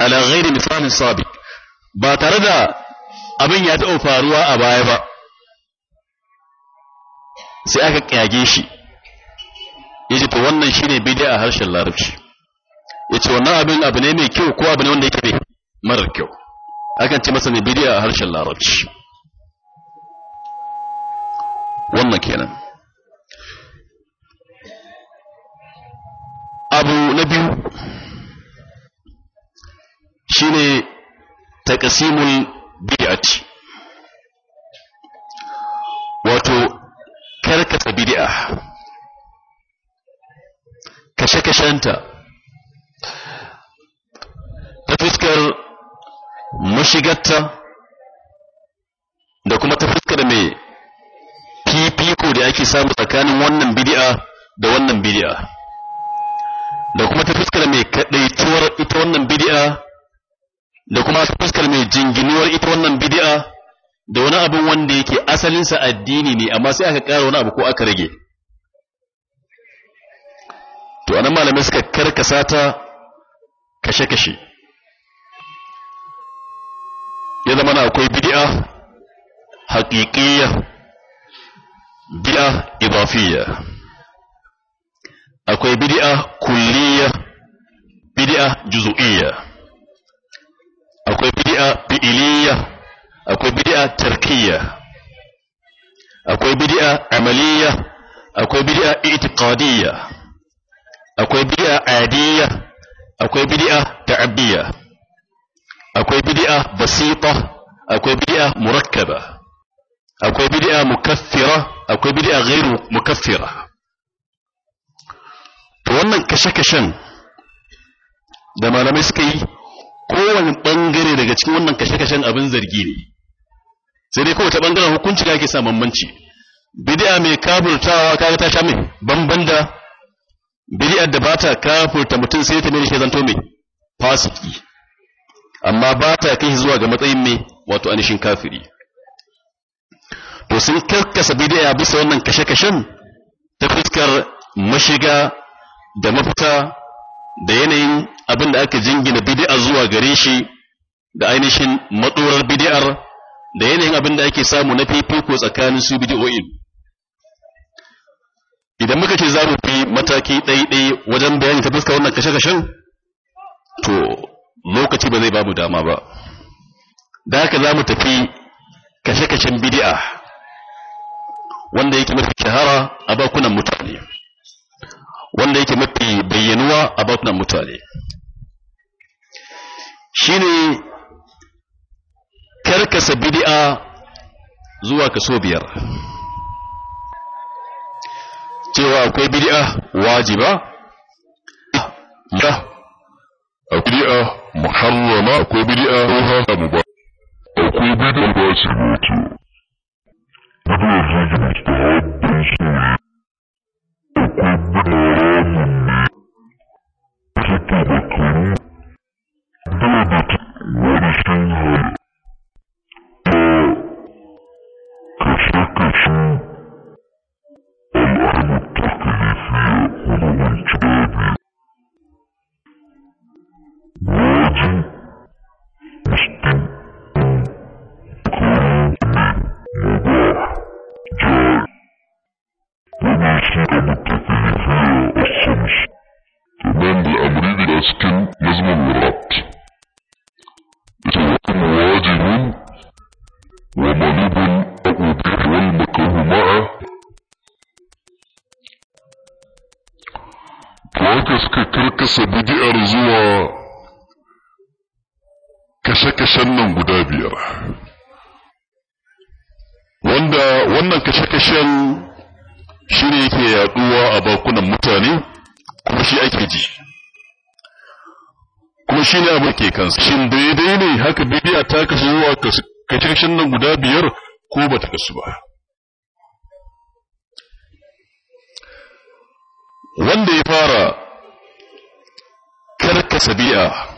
ala ghairi misalin sabiq ba tare da abin ya taɓa faruwa a baya ba sai aka kyage shi yace to wannan shine bid'a a harshen larabci yace wannan abin abu ne mai kyau ko abu ne wanda yake marar kyau akan ce masa ne bid'a a harshen larabci wannan kenan abu na biyu shi ne ta ƙasimun bidiyaci wato karkata bid'a kashe-kashenta ta fuskar mashigarta da kuma ta fuskar mai fifiko da ake samu tsakanin wannan bid'a da wannan bid'a da kuma ta fuskar mai kaɗaituwar ita wannan bidi'a, da kuma fuskar mai jinginuwar ita wannan bidi'a, da wani abin wanda yake asalinsa addini ne amma sai aka ƙara wani abu ko aka rage to anan malamai suka karkasa ta kashe-kashe ya zama na akwai bidi'a haƙiƙiyya bi'a idafiyya akwai bid'a kulliya bid'a juz'iyya akwai bid'a fi'iliyya akwai bid'a tarkiyya akwai bid'a amaliyya akwai bid'a i'tiqadiyya akwai bid'a adiyya akwai bid'a ta'abbiyya akwai bid'a basita akwai bid'a murakkaba akwai bid'a mukaffira akwai bid'a ghairu mukaffira to wannan kashe-kashen da malamai suka yi kowane bangare daga cikin wannan kashe-kashen abin zargi ne sai dai kowace bangaren hukunci ga ake sa bambanci Bidiya mai kaburtawa kaga ta sha mai bamban da bidiyar da bata kafurta mutum sai ta mai shi zanto mai fasiki amma ba ta kai zuwa ga matsayin mai wato anishin kafiri to sun karkasa bid'a bisa wannan kashe-kashen ta fuskar mashiga da mafita da yanayin abin da aka jingina bidi'a zuwa gare shi da ainihin maɗorar bidi'ar da yanayin abin da ake samu na fifiko tsakanin su bidi'o'i idan muka ce za mu fi mataki ɗaiɗai wajen bayani ta fuska wannan kashe-kashen to lokaci ba zai ba mu dama ba da haka za mu tafi kashe-kashen bidi'a wanda yake mafi shahara a bakunan mutane wanda yake mafi bayyanuwa a bakunan mutane shi shine karkasa bid'a zuwa kaso biyar cewa akwai bid'a wajiba la akwai bid'a muharrama akwai bid'a haramu ba akwai bid'a wajiba ce bid'a wajiba ta haɗa shi akwai bid'a kashen nan guda biyar wanda wannan kashe-kashen shi ne yake yaduwa a bakunan mutane kuma shi ake ji kuma shi ne abu ke kansa shin daidai ne haka bibiya ta kasu zuwa kashe-kashen nan guda biyar ko ba ta kasu ba wanda ya fara karka bi'a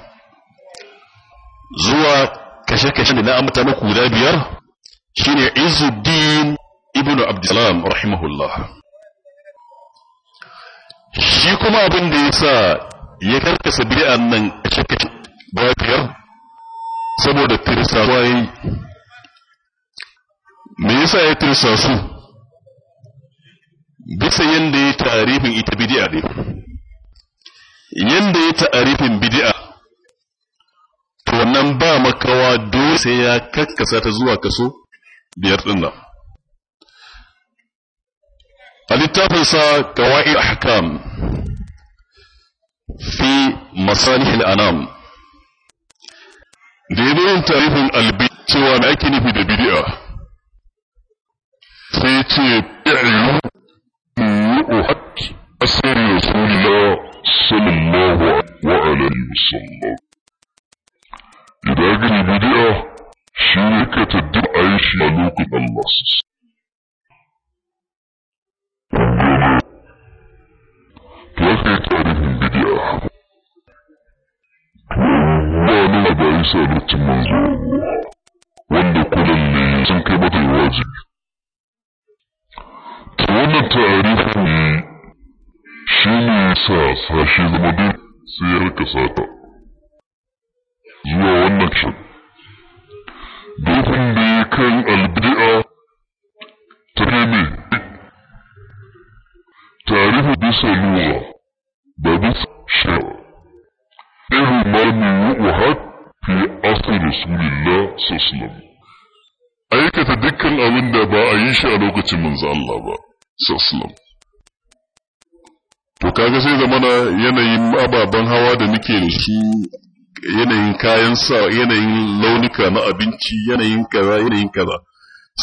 zuwa kashe-kashen da na amta muku guda biyar shine Izuddin ibn Abdulsalam rahimahullah shi kuma abin da ya sa ya karkasa bid'an nan kashe-kashen guda biyar saboda tirsa wai me sa ya tirsa su bisa yadda ya ta'arifin ita bid'a ne Yadda ya ta'arifin bid'a to wannan ba makawa dole sai ya kakkasa ta zuwa kaso biyar din nan a littafinsa kawai ahkam fi masalihil anam da ya yin tarihin albi cewa na ake nufi da bidi'a sai ce bi'ayu yu'uhak asiri rasulullah sallallahu alaihi wasallam Idan bidi'a shi yake taddar a yi shi a lokacin Allah su To ya kai tarihin bidi'a haka. Ba ni labari sa lokacin manzo wanda kudin ne sun kai mata wajibi. Ta wannan tarihi shi ne sa sashi zama duk sai ya rika sata. zuwa wannan can. dokin da ya kan albid'a ta ne tarihi bisa luwa, ba bisa sha irin malmin wuhat fi asir rasulillah sallam aikata dukkan abin da ba a yi shi a lokacin manzo Allah ba sallam to kaga sai zamana yanayin ababen hawa da nake da su yanayin kayan sa yanayin launuka na abinci yanayin kaza yanayin kaza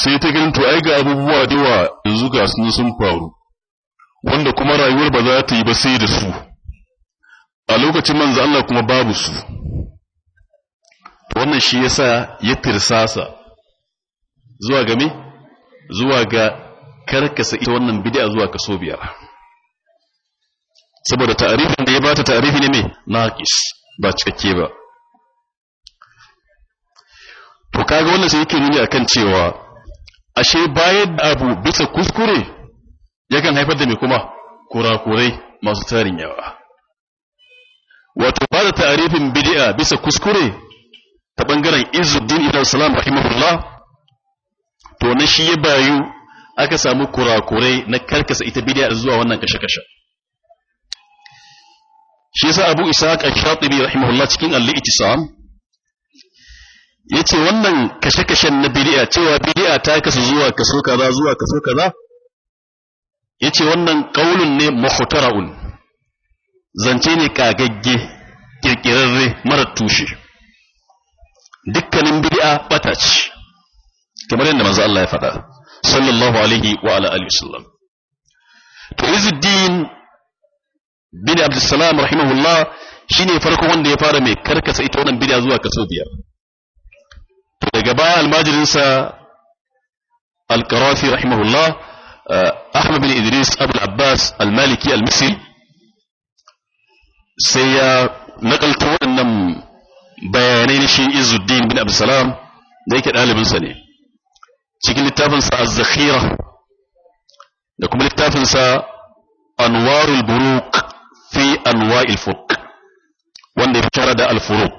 sai ta gani to ai ga abubuwa da yawa yanzu ga sun sun faru wanda kuma rayuwar ba za ta yi ba sai da su a lokacin manzo Allah kuma babu su wannan shi yasa ya tirsasa zuwa ga me zuwa ga karkasa ita wannan bid'a zuwa kaso biyar saboda ta'arifin da ya bata ta'arifi ne me naqis ba cikakke ba to kaga wannan sai yake nuni akan cewa ashe bayan abu bisa kuskure yakan haifar da mai kuma kurakurai masu tarin yawa wato ba da ta'arifin bid'a bisa kuskure ta bangaren izuddin Ibn Salam rahimahullah to na shi ya bayu aka samu kurakurai na karkasa ita bid'a zuwa wannan kashe-kashe shi yasa abu ishaq al-shatibi rahimahullah cikin al-ittisam yace wannan kashe-kashen na bid'a cewa bid'a ta kasu zuwa kaso kaza zuwa kaso kaza yace wannan qaulun ne muhtara'un zance ne kagagge kirkirarre mara tushe dukkanin bid'a bata ce kamar yadda manzo Allah ya faɗa sallallahu alaihi wa ala alihi wasallam to izuddin bin abdussalam rahimahullah shine farko wanda ya fara mai karkasa ita wannan bid'a zuwa kaso biyar to daga baya almajirinsa alkarafi qarafi rahimahullah uh, ahmad bin idris abul abbas al-maliki al sai ya nakalta waɗannan bayanai na shi izuddin bin abdussalam da yake ɗalibinsa ne cikin littafinsa az-zakhira da kuma littafinsa anwarul buruk في أنواع الفرق wanda ya fitar da alfuruk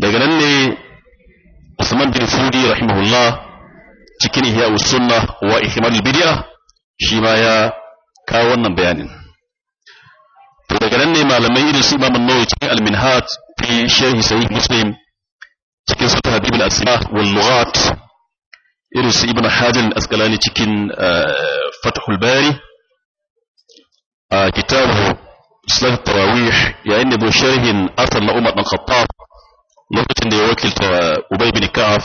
daga nan ne Usman bin Fudi rahimahullah cikin Ihya sunna wa Ihmal bid'a shi ma ya kawo wannan bayanin to daga nan ne malamai irin su Imam Nawawi cikin Al-Minhaj fi Sharh Sahih Muslim cikin Sahih Habib al-Asma wal Lughat irin su Ibn Hajar al-Asqalani cikin Fathul Bari a kitabu islam tarawih yayin da bai sharhin asar na umar dan khattab lokacin da ya wakilta ubay bin ka'af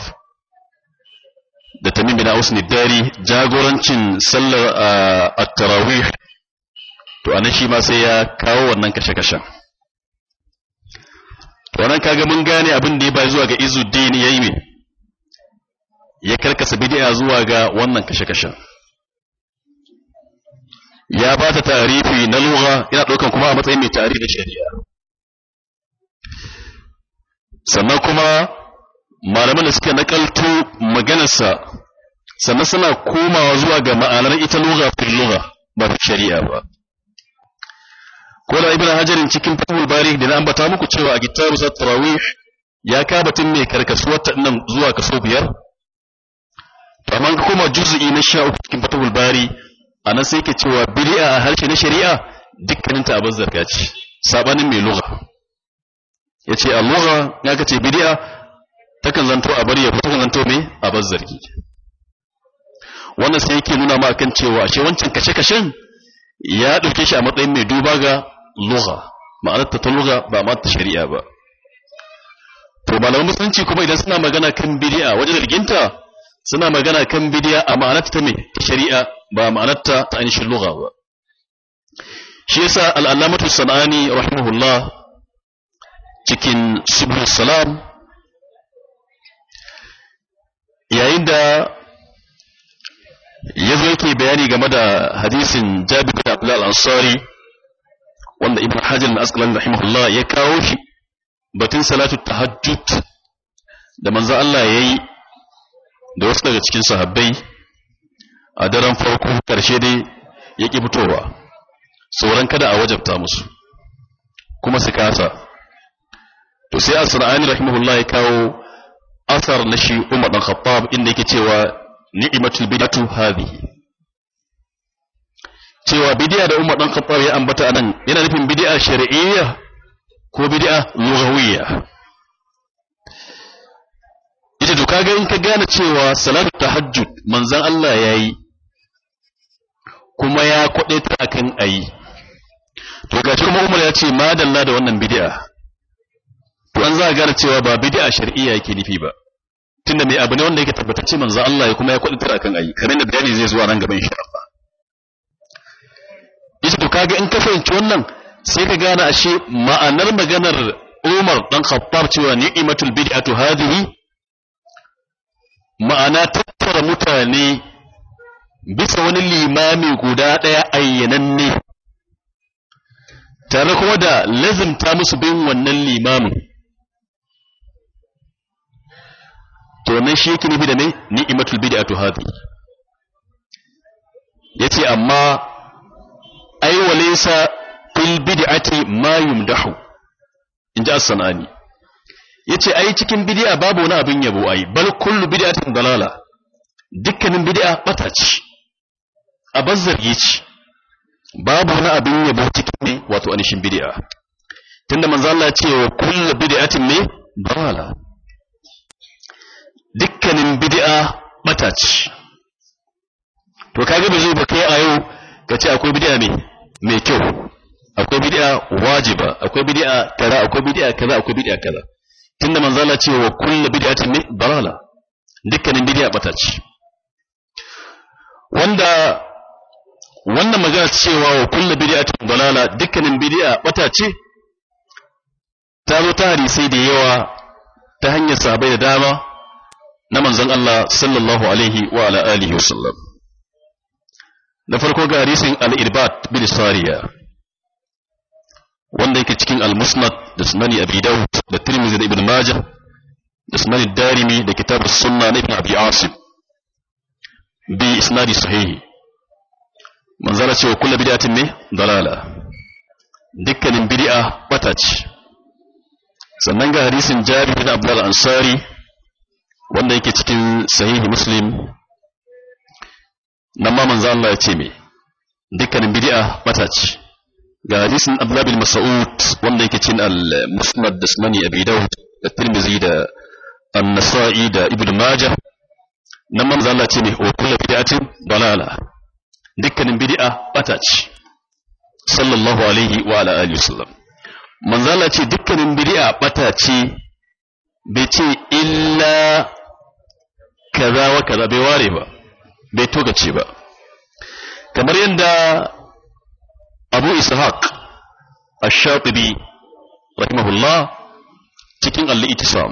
da tamim bin ausni dari jagorancin sallar at-tarawih to anan shi ma sai ya kawo wannan kashe-kashen to anan kaga mun gane abin da ya bai zuwa ga izuddin yayi ya karkasa bid'a zuwa ga wannan kashe-kashen ya ba ta tarifi na lura yana ɗaukan kuma a matsayin mai na shari'a sannan kuma malaman da suka nakalto maganarsa sannan suna komawa zuwa ga ma'anar ita lura fi lura ba fi shari'a ba ko da hajjarin hajarin cikin fahimul bari da na ambata muku cewa a Gittaru sa tarawih ya kabatin mai karkasuwar ta nan zuwa kaso biyar amma kuma juzu'i na sha uku cikin fahimul bari a sai ke cewa bid'a a harshe na shari'a dukkaninta abin zarga ce sabanin mai lugha Yace a lugha ya ka ce bid'a takan zanto a bari ya fi kan zanto mai abin zargi wannan sai yake nuna ma kan cewa ashe wancan kashe-kashen ya dauke shi a matsayin mai duba ga lugha ma'anar ta lugha ba ma ta shari'a ba to malaman musulunci kuma idan suna magana kan bid'a wajen zarginta suna magana kan bidiya a ma'anarta mai ta shari'a ba ma'anarta ta ainihin ba shi yasa al'allamatu sana'ani rahimahullah cikin subhul salam yayin da ya zo yake bayani game da hadisin jabir da abdullah al-ansari wanda ibn hajar al-asqalani rahimahullah ya kawo shi batun salatu tahajjud da manzo Allah yayi da wasu daga cikin sahabbai a daren farko ƙarshe dai ya ƙi fitowa sauran kada a wajabta musu kuma su kasa to sai asra'ani rahimahullah ya kawo asar na shi umar dan khattab inda yake cewa ni'matul bid'atu hadhihi cewa bid'a da umar ɗan khattab ya ambata anan yana nufin bid'a shari'iyya ko bid'a lughawiyya ce to kaga in ka gane cewa salatu tahajjud manzon Allah yayi kuma ya kwade ta akan ayi to ga kuma Umar ya ce dalla da wannan bid'a to an za a gane cewa ba bid'a shar'iyya yake nufi ba tunda mai abu ne wanda yake tabbatacce manzon Allah ya kuma ya kwade ta akan ayi kamar da bayani zai zuwa nan gaban insha Allah yace to kaga in ka fahimci wannan sai ka gane ashe ma'anar maganar Umar dan Khattab cewa ni'matul bid'atu hadhihi ma'ana tattara mutane bisa wani limami guda ɗaya ayyananne tare kuma da lazimta musu bin wannan limamin to nan shi yake nufi da ne ni'imatul bid'atu Ya yace amma aiwalesa walaysa fil bid'ati ma yumdahu inji as-sanani Ya a ai cikin bidiya babu wani abin yabo ai bal kullu bid'atin dalala dukkanin bid'a bata ce a bazzarge ce babu wani abin yabo cikin ne wato anishin bid'a tunda manzo Allah ya ce wa kullu bid'atin ne dalala dukkanin bid'a bata ce to kaga ba zai ba kai a yau ka ce akwai bid'a ne mai kyau akwai bid'a wajiba akwai bid'a kaza akwai bid'a kaza akwai bid'a kaza tunda manzala ce wa kullu bid'atin ne dalala dukkanin bid'a bata ce wanda wannan magana cewa wa kullu bid'atin dalala dukkanin bid'a bata ce ta zo ta hadisai da yawa ta hanyar sahabbai da dama na manzon Allah sallallahu alaihi wa ala alihi wasallam da farko ga hadisin al-irbat bil sariya wanda yake cikin al-musnad da sunani abi dawud da tirmidhi da ibn majah da sunani darimi da kitab as-sunna na ibn abi asim bi isnadi sahihi manzala cewa kullu bid'atin ne dalala dukkanin bid'a bata ce sannan ga hadisin jabir bin abdul ansari wanda yake cikin sahihi muslim nan ma manzo Allah ya ce me dukkanin bid'a bata ce ga hadisin Abdullahi bin Mas'ud wanda yake cin al-Musnad da Sunani Abi Dawud da Tirmidhi da An-Nasa'i da Ibn Majah nan manzo Allah ce ne wa kullu bid'atin dalala dukkanin bid'a bata ce sallallahu alaihi wa ala alihi wasallam manzo Allah ce dukkanin bid'a bata ce bai ce illa kaza wa kaza bai ware ba bai togace ba kamar yadda abu ishaq ash-shatibi rahimahullah cikin al-ittisam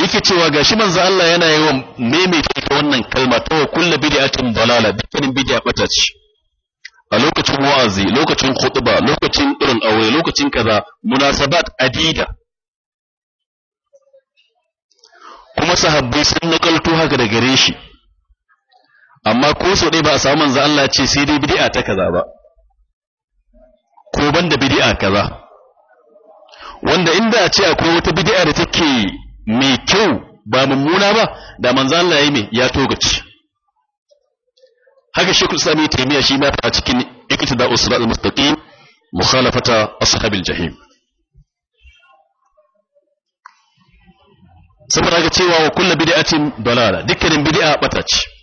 yake cewa gashi manzo Allah yana yawan maimaita wannan kalma ta wa kullu bid'atin dalala dukkanin bid'a bata ce a lokacin wa'azi lokacin khutba lokacin irin aure lokacin kaza munasabat adida kuma sahabbai sun nakalto haka da gare shi amma ko so ɗaya ba a samu manzo Allah ce sai dai bid'a ta kaza ba ko banda bid'a kaza wanda inda a ce akwai wata bid'a da take mai kyau ba mummuna ba da manzo Allah yayi me ya togace haka shi sami taimiya shi ma a cikin iktida usra al-mustaqim mukhalafata ashabil jahim saboda ga cewa wa kullu bid'atin dalala dukkanin bid'a bata ce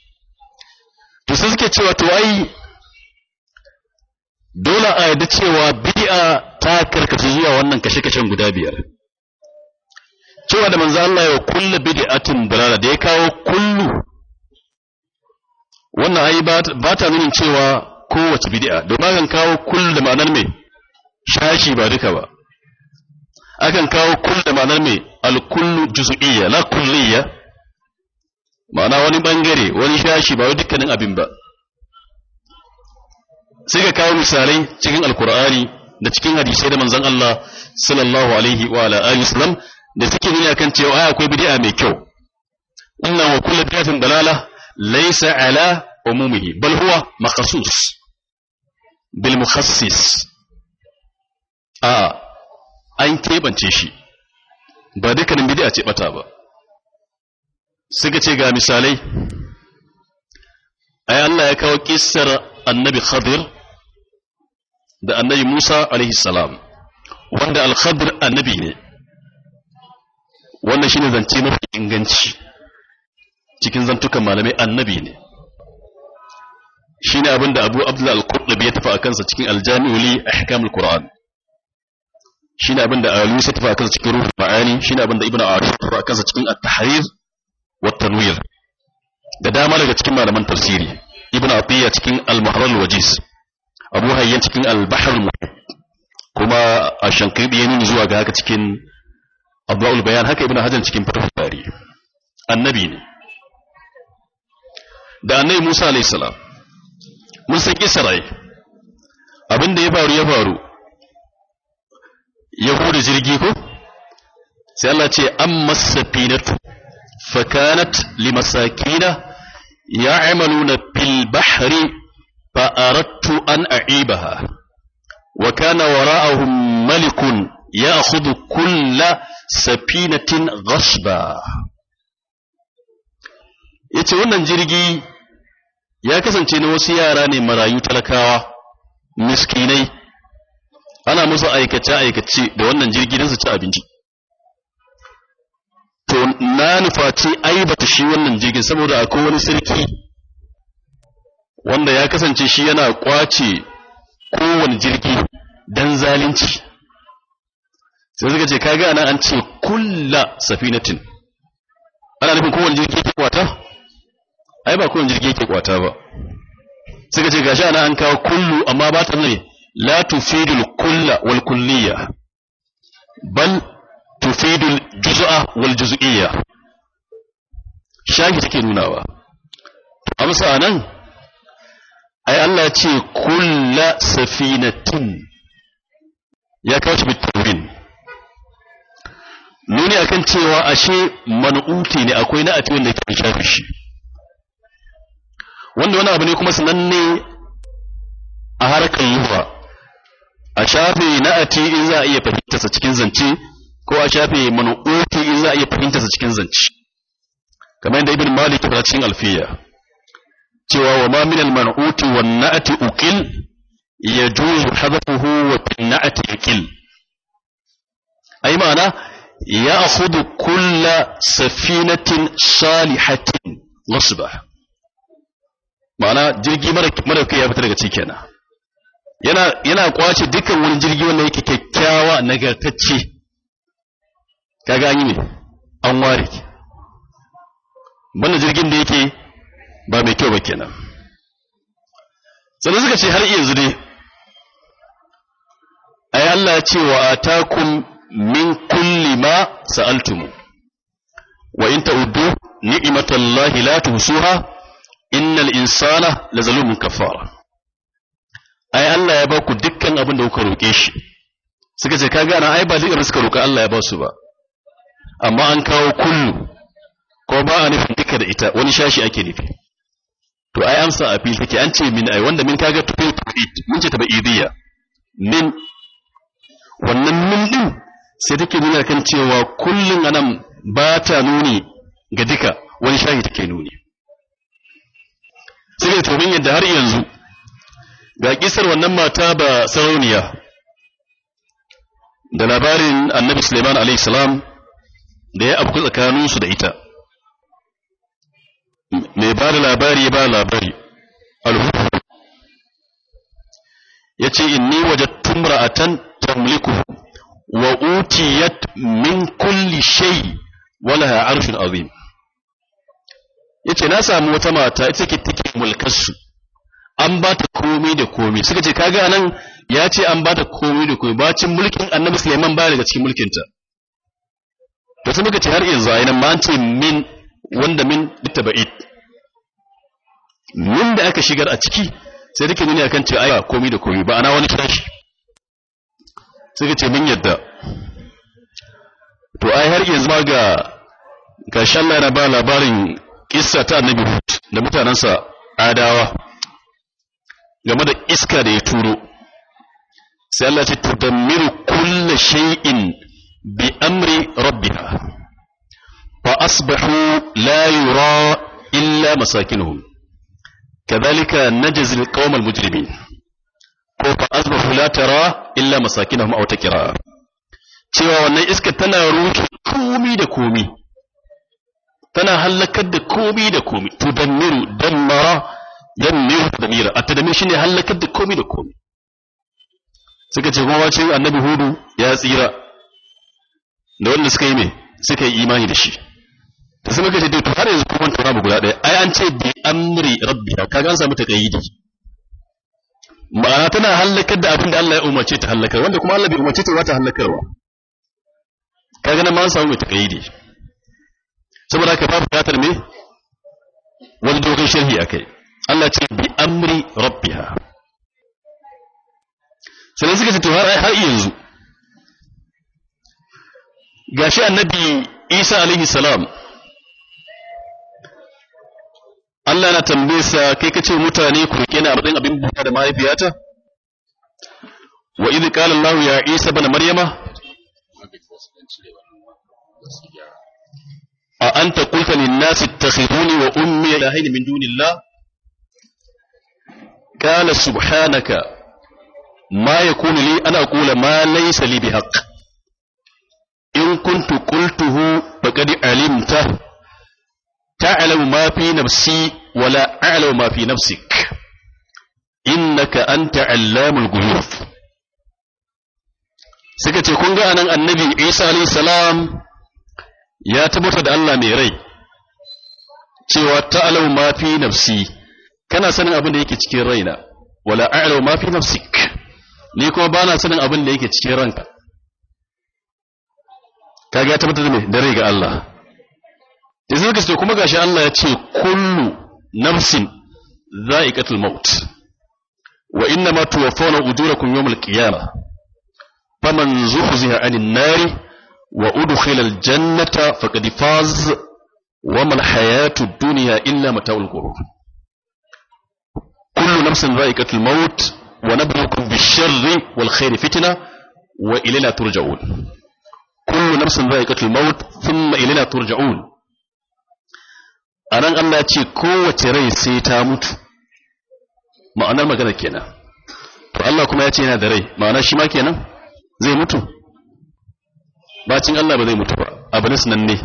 to sai suke cewa to ai dole a yadda cewa bid'a ta karkace zuwa wannan kashe-kashen guda biyar cewa da manzo Allah ya kullu bid'atin dalala da ya kawo kullu wannan ai ba ta nuna cewa kowace bid'a domin kan kawo kullu da ma'anar me shashi ba duka ba akan kawo kullu da ma'anar me al kullu juz'iyya la kulliyya ma'ana wani bangare wani shashi ba wai dukkanin abin ba sai ka kawo misalai cikin alkur'ani da cikin hadisai da manzon Allah sallallahu alaihi wa ala alihi wasallam da suke nuna kan cewa ai akwai bid'a mai kyau inna wa kullu bid'atin dalala laysa ala umumihi bal huwa makhsus bil mukhassis a an kebance shi ba dukkanin bid'a ce bata ba suka ce ga misalai ay Allah ya kawo kissar annabi Khadir da annabi Musa alaihi salam wanda al-Khadir annabi ne wannan shine zance mafi inganci cikin zantukan malamai annabi ne shine abinda Abu Abdullah al-Qurtubi ya tafi a kansa cikin al jamiuli li ahkam al-Qur'an shine abinda Al-Alusi ya tafi a kansa cikin Ruhul Ma'ani shine abinda Ibn Arabi ya tafi a kansa cikin at-Tahrir والتنوير tanwir da dama daga cikin malaman tafsiri ibnu atiya cikin al-muharrar al-wajiz abu hayyan cikin al-bahr al-muhit kuma ash-shankidi yana nuni zuwa ga haka cikin abdul bayan haka ibnu hajan cikin fatah bari annabi ne da annabi Musa alayhi salam mun san Isra'il abin da ya faru ya faru Yahuda jirgi ko sai Allah ce amma safinatu فكانت لمساكين يعملون في البحر فأردت أن أعيبها وكان وراءهم ملك يأخذ كل سفينة غصبا yace wannan jirgi ya kasance na wasu yara ne marayu talakawa miskinai ana musu aikace-aikace da wannan jirgi don su ci abinci to na nufaci aibata shi wannan jirgin saboda akwai wani sarki wanda ya kasance shi yana kwace kowane jirgi dan zalunci sai suka ce kaga nan an ce kulla safinatin ana nufin kowane jirgi yake kwata ai ba kowane jirgi yake kwata ba suka ce gashi ana an kawo kullu amma ba ta ne la tufidul kulla wal kulliya bal tufidul juz'a wal juz'iyya shahi take nunawa amsa anan ai Allah ce kullu safinatin ya kawo shi bitawin nuni akan cewa ashe man'uti ne akwai na atiwin da shafi shi wanda wani abu ne kuma sananne a harkar yuwa a shafi na ati in za a iya fahimtarsa cikin zance ko a shafe manu'uti za a iya sa cikin zance kamar yadda ibn malik ya cikin alfiya cewa wa ma min al-man'uti wan na'ati uqil yajuzu hadafuhu wa bin na'ati uqil ai ma'ana ya akhudhu kulla safinatin salihatin nasba ma'ana jirgi mara kai ya fita daga ciki yana yana kwace dukkan wani jirgi wanda yake kyakkyawa nagartacce kaga an yi ne an ware ki banda jirgin da yake ba mai kyau ba kenan sannan suka ce har yanzu dai yi Allah ya ce wa atakum min kulli ma sa'altumu wa in ta'uddu ni'matallahi la tuhsuha innal insana lazalumun kafara yi Allah ya ba ku dukkan abin da kuka roke shi suka ce kaga na ai ba dukkan suka roka Allah ya ba su ba amma an kawo kullu ko ba a nufin duka da ita wani shashi ake nufi to ai amsa a fil take an ce min ai wanda min kaga to fil mun ce ta ba idiya min wannan min din sai take nuna kan cewa kullun anan ba ta nuni ga duka wani shashi take nuni sai to min yadda har yanzu ga kisar wannan mata ba sarauniya da labarin annabi Suleiman alaihi salam da ya tsakanin tsakaninsu da ita mai ba da labari ba labari alhuhu ya ce inni waje tumra a tan tamliku wa utiyat min kulli shai wala ha arshin azim ya ce na sami wata mata ita ke take mulkarsu an ba ta komai da komai suka ce kaga nan ya ce an ba ta komai da komai bacin mulkin annabi Suleiman ba daga cikin mulkinta to su muka ce har yanzu ainihin ma an ce min wanda min ba'id min da aka shigar a ciki sai duke nuni akan ce aiwa komi da komi ba ana wani kira shi sai ka ce min yadda to ai har yanzu ma ga ga Allah yana ba labarin kissa ta annabi Hud da mutanensa adawa game da iska da ya turo sai Allah ce tudammiru kullu shay'in بأمر ربها فأصبحوا لا يرى إلا مساكنهم كذلك نجزي القوم المجرمين فأصبحوا لا ترى إلا مساكنهم أو تكرار cewa wannan iska tana rushe komi da komi tana hallakar da komi da komi tudammiru dammara da tadmira a tadmir shine hallakar da komi da komi suka ce kuma wace annabi hudu ya tsira da wanda suka yi mai suka yi imani da shi ta sai muka dai to har yanzu kuma tura guda ɗaya ai an ce bi amri rabbiha kaga an samu taqayyidi ma'ana tana hallakar da abin da Allah ya umarce ta halakar wanda kuma Allah bai umarce ta ba ta halakarwa kaga nan ma an samu taqayyidi saboda ka babu bukatar me wani dogon sharhi akai Allah ce bi amri rabbiha sai suka ce to har yanzu gashi annabi isa alaihi salam Allah na tambaye kai kace mutane ku rike ni a matsayin abin bauta da mahaifiyata wa idh qala Allah ya Isa ibn Maryama a anta qulta lin nas ittakhiduni wa ummi ilahin min dunillah qala subhanaka ma yakunu li an aqula ma laysa li bihaqq in kuntu qultuhu faqad alimta ta'lamu ma fi nafsi wa la a'lamu ma fi nafsik innaka anta allamul ghuyub suka ce kun ga anan annabi Isa alayhi salam ya tabbata da Allah mai rai cewa ta'lamu ma fi nafsi kana sanin abin da yake cikin raina wala a'lamu ma fi nafsik ni kuma bana sanin abin da yake cikin ranka kaga ya tabbatar da me da rai ga Allah yanzu suka ce kuma gashi Allah ya ce kullu nafsin za'iqatul maut wa inna ma tuwaffawna ujurakum yawmal qiyamah faman zuhziha 'anil nari wa udkhila al-jannata faqad faz wa mal hayatud dunya illa mata'ul ghurur kullu nafsin za'iqatul maut wa nabluukum bish-sharri wal khairi fitna wa ilayna turja'un kullu nafsin dha'iqatul maut thumma ilayna turja'un anan Allah ya ce kowace rai sai ta mutu ma'anar magana kenan to Allah kuma ya ce yana da rai ma'ana shi ma kenan zai mutu bacin Allah ba zai mutu ba abu ne ne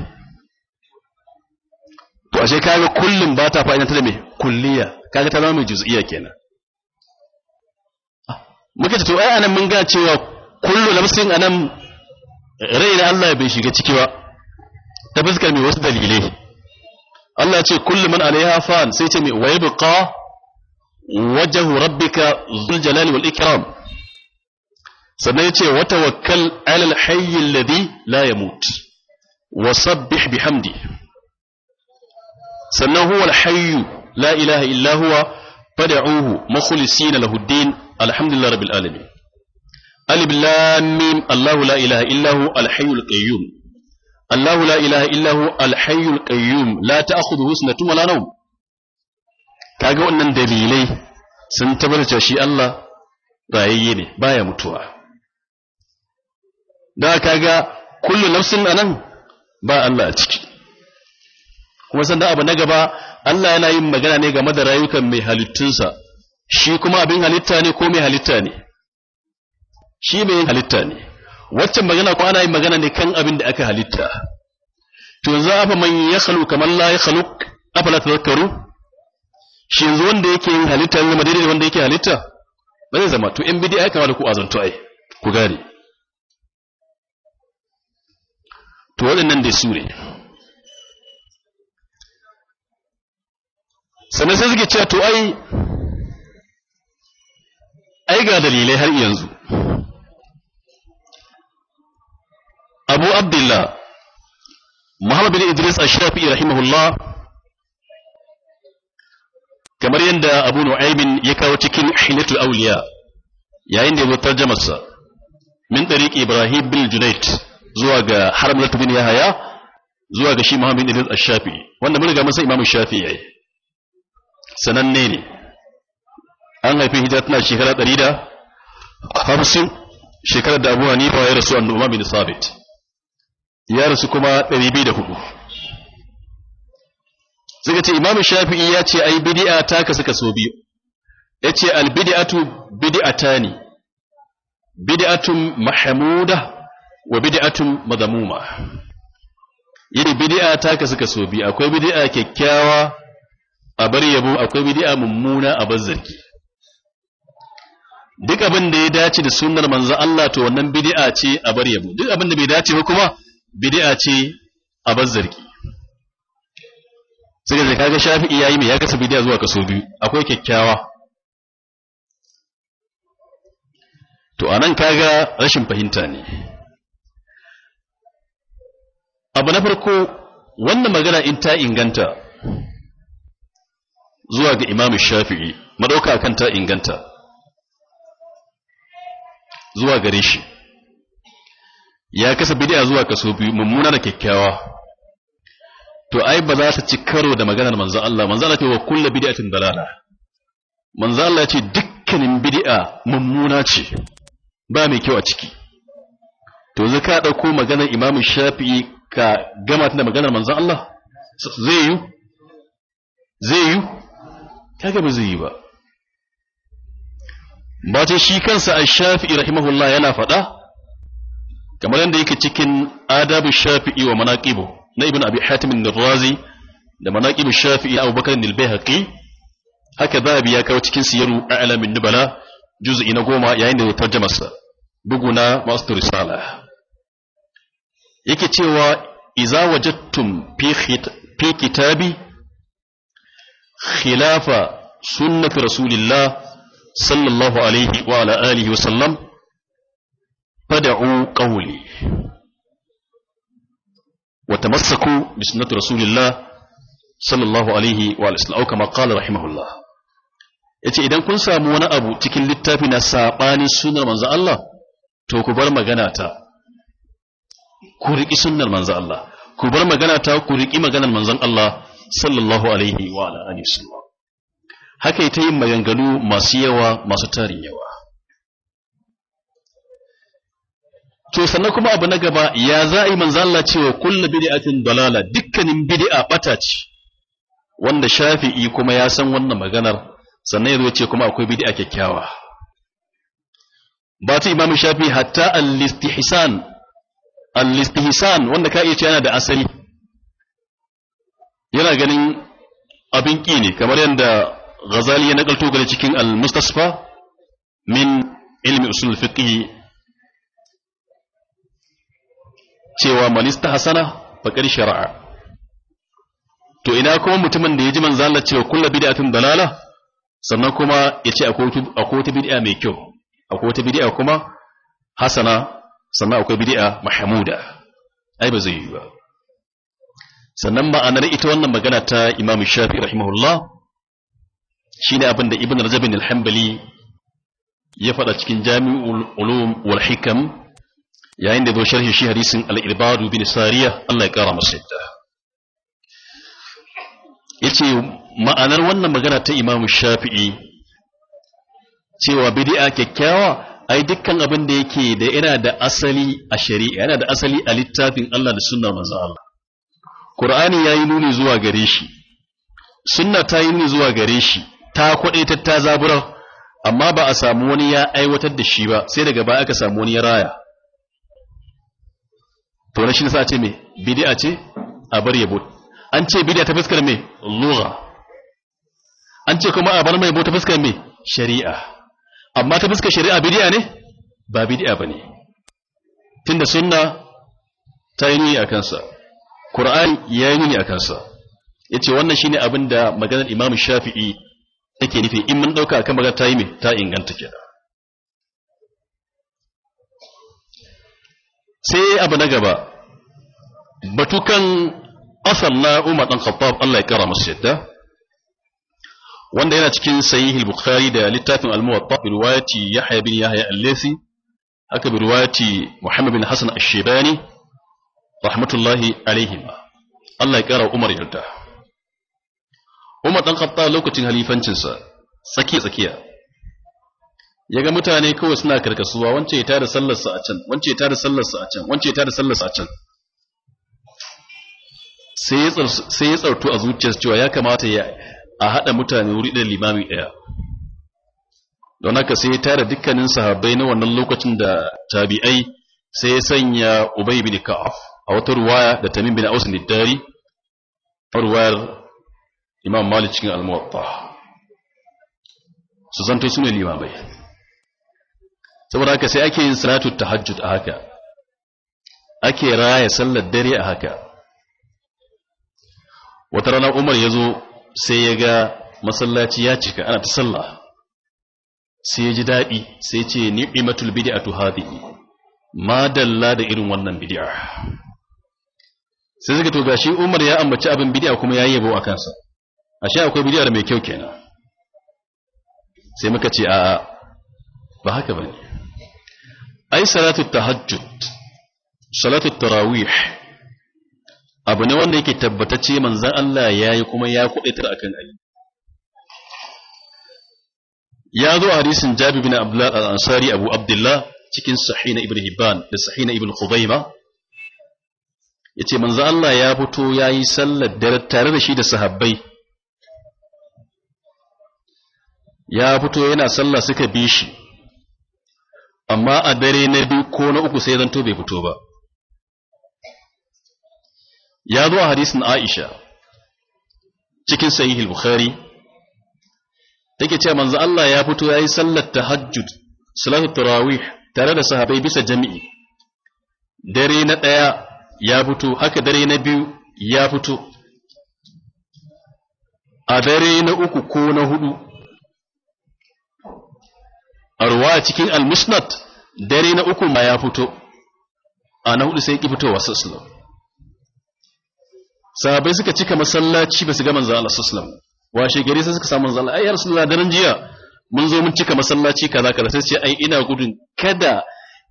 to ashe kaga kullum ba ta ta da me kulliya kaga ta zama mai juz'iyya kenan muke ta to ai anan mun ga cewa kullu nafsin anan rai na Allah bai shiga ciki ba ta fuskar mai wasu dalilai Allah ce kullu man alaiha fan sai ce mai waye buka wajhu rabbika dhul jalali wal ikram sannan ya ce wata wakal alal hayyin alladhi la yamut wa bi hamdi sannan huwa al hayyu la ilaha illa huwa fad'uhu mukhlisina lahu din alhamdulillahi rabbil alamin alif lam mim Allahu la ilaha illa alhayyul al qayyum Allahu la ilaha illa hu al-hayyul qayyum la ta'khudhuhu sinatun wala nawm kaga wannan dalilai sun tabbatar shi Allah rayayye ne baya mutuwa da kaga kullu nafsin anan ba Allah a ciki kuma sanda abu na gaba Allah yana yin magana ne game da rayukan mai halittunsa shi kuma abin halitta ne ko mai halitta ne shi mai halitta ne waccan magana ko ana yi magana ne kan abin da aka halitta to yanzu afa man ya khalu kamar la ya khalu afala tadhakkaru shi yanzu wanda yake yin halitta yanzu madai da wanda yake halitta ba zai zama to in bidi ai kamar ku azanto ai ku gane to waɗannan da su ne sannan sai suke cewa to ai ai ga dalilai har yanzu أبو عبد الله محمد بن إدريس الشافعي رحمه kamar yadda abu nu'aymin ya kawo cikin hilatul awliya yayin da ya tarjama sa min tariq ibrahim bin junayd zuwa ga harmlat bin yahya zuwa ga shi muhammad bin idris ash-shafi'i wanda mun riga mun san imamu shafi'i sananne ne an haifi hijira tana shekara 100 shekarar da abu hanifa ya rasu annu umar bin sabit ya rasu kuma 204 suka ce imamu shafi'i ya ce ai bidi'a ta kasu kaso biyu ya ce bidi'ata ne bidi'atun mahmuda wa bidi'atun madamuma yadda bidi'a ta kasu kaso biyu akwai bidi'a kyakkyawa a bar yabo akwai bidi'a mummuna a bar duk abin da ya dace da sunar manzo Allah to wannan bid'a ce a bar yabo duk abin da bai dace ba kuma bid'a ce a bazzarki sai da kaga shafi'i yayi mai ya kasa bid'a zuwa kaso biyu akwai kyakkyawa to anan kaga rashin fahimta ne abu na farko wannan magana in ta inganta zuwa ga imam shafi'i madauka akan ta inganta zuwa gare shi ya kasa bidiya zuwa kaso biyu mummuna da kyakkyawa to ai ba za ta ci karo da maganar manzo Allah manzo Allah ce wa kullu bid'atin dalala manzo Allah ya ce dukkanin bid'a mummuna ce ba mai kyau a ciki to zai ka dauko maganar Imam Shafi'i ka gama ta da maganar manzo Allah zai yi zai yi kaga ba zai yi ba Ba ce shi kansa a shafi'i rahimahullah yana faɗa kamar yadda yake cikin adabu shafi'i wa manaƙibu na ibn abi hatim an da manaƙibu shafi'i na Abubakar al-bayhaqi haka zabi ya kawo cikin siyaru a'lamin nubala juz'i na goma yayin da ya tarjama sa bugu na masu risala yake cewa iza wajattum fi kitabi khilafa sunnati rasulillah sallallahu alaihi wa ala alihi wa sallam fada'u qawli wa tamassaku bi sunnati rasulillah sallallahu alaihi wa sallam au kama qala rahimahullah yace idan kun samu wani abu cikin littafi na sabanin sunnar manzo Allah to ku bar magana ta ku riƙi sunnar manzan Allah ku bar magana ta ku riƙi maganar manzan Allah sallallahu alaihi wa ala alihi wasallam haka yin maganganu masu yawa masu tarin yawa to sannan kuma abu na gaba ya za a yi manzo Allah cewa kullu bid'atin dalala dukkanin bid'a bata ce wanda shafi'i kuma ya san wannan maganar sannan ya zo ce kuma akwai bid'a kyakkyawa ba ta imamu shafi hatta al-istihsan al-istihsan wanda ka iya ce yana da asali yana ganin abin ƙi ne kamar yadda Ghazali ya nakalto gare cikin al-Mustasfa min ilmi usul fiqh cewa man hasana faqad shari'a? to ina kuma mutumin da ya ji manzo Allah cewa kullu bid'atin dalala sannan kuma ya ce akwai wata bid'a mai kyau akwai wata bid'a kuma hasana sannan akwai bid'a mahmuda ai ba zai yi ba sannan ma'anar ita wannan magana ta Imam Shafi rahimahullah shine abin da Ibn Rajab bin al-Hanbali ya faɗa cikin Jami'ul Ulum wal Hikam yayin da bai sharhi shi hadisin al-irbadu bin sariya Allah ya kara masa yadda yace ma'anar wannan magana ta Imam Shafi'i cewa bid'a kyakkyawa ai dukkan abin da yake da yana da asali a shari'a yana da asali a littafin Allah da sunnar manzo Allah Qur'ani yayi nuni zuwa gare shi sunna ta yi nuni zuwa gare shi ta kwadaitar ta zaburar amma ba a samu wani ya aiwatar da shi ba sai daga baya aka samu wani ya raya to na shi sa ce me bid'a ce a bar yabo an ce bid'a ta fuskar me lugha an ce kuma a bar mai yabo ta fuskar me shari'a amma ta fuskar shari'a bid'a ne ba bid'a bane tunda sunna ta yi nuni akan sa qur'an ya yi nuni akan sa yace wannan shine abin da maganar imam shafi'i take nufi in mun dauka akan maganar ta yi me ta inganta kenan sai abu na gaba batukan asal na umar dan khattab Allah ya kara masu yadda wanda yana cikin sahih bukhari da littafin al-muwatta bi riwayati yahya bin yahya al haka bi riwayati muhammad bin hasan ash-shaybani rahmatullahi alaihim Allah ya kara umar yarda umar dan khattab lokacin halifancinsa tsakiya tsakiya ya ga mutane kawai suna karkasuwa wance ta da sallarsa a can wance ta da sallarsa a can wance ta da sallarsa a can sai ya tsartu a zuciyarsa cewa ya kamata ya a haɗa mutane wuri da limami ɗaya don haka sai ya tara dukkanin sahabbai na wannan lokacin da tabi'ai sai ya sanya ubay bin ka'af a wata ruwaya da tamim bin aus niddari a ruwayar imam malik cikin al-muwatta su zanto su ne limamai saboda haka sai ake yin salatu tahajjud a haka ake raya sallar dare a haka wata rana umar ya zo sai ya ga masallaci ya cika ana ta sallah sai ya ji daɗi sai ce ni'imatul bid'atu hadhihi ma dalla da irin wannan bid'a sai zaka to gashi umar ya ambaci abin bid'a kuma ya yabo a kansa ashe akwai bid'a mai kyau kenan sai muka ce a'a ba haka bane ai salatu tahajjud salatu tarawih abu ne wanda yake tabbatacce manzan Allah ya yi kuma ya kuɗaitar akan ayi ya zo a hadisin jabi bin abdullah al-ansari abu abdullah cikin sahina ibn hibban da sahina ibn khuzaima yace manzan Allah ya fito yayi sallar dare tare da shi da sahabbai ya fito yana sallah suka bi shi amma a dare na biyu ko na uku sai zanto bai fito ba ya zo a hadisin Aisha cikin sahih bukhari take cewa manzo Allah ya fito yayi sallar tahajjud salatu tarawih tare da sahabbai bisa jami'i dare na daya ya fito haka dare na biyu ya fito a dare na uku ko na hudu a cikin al-musnad dare na uku ma ya fito a na hudu sai ki fitowa sallallahu sahabbai suka cika masallaci ba su ga manzo Allah sallallahu washe gari sai suka samu manzo Allah ai rasulullah daren jiya mun zo mun cika masallaci kaza kaza sai ce ai ina gudun kada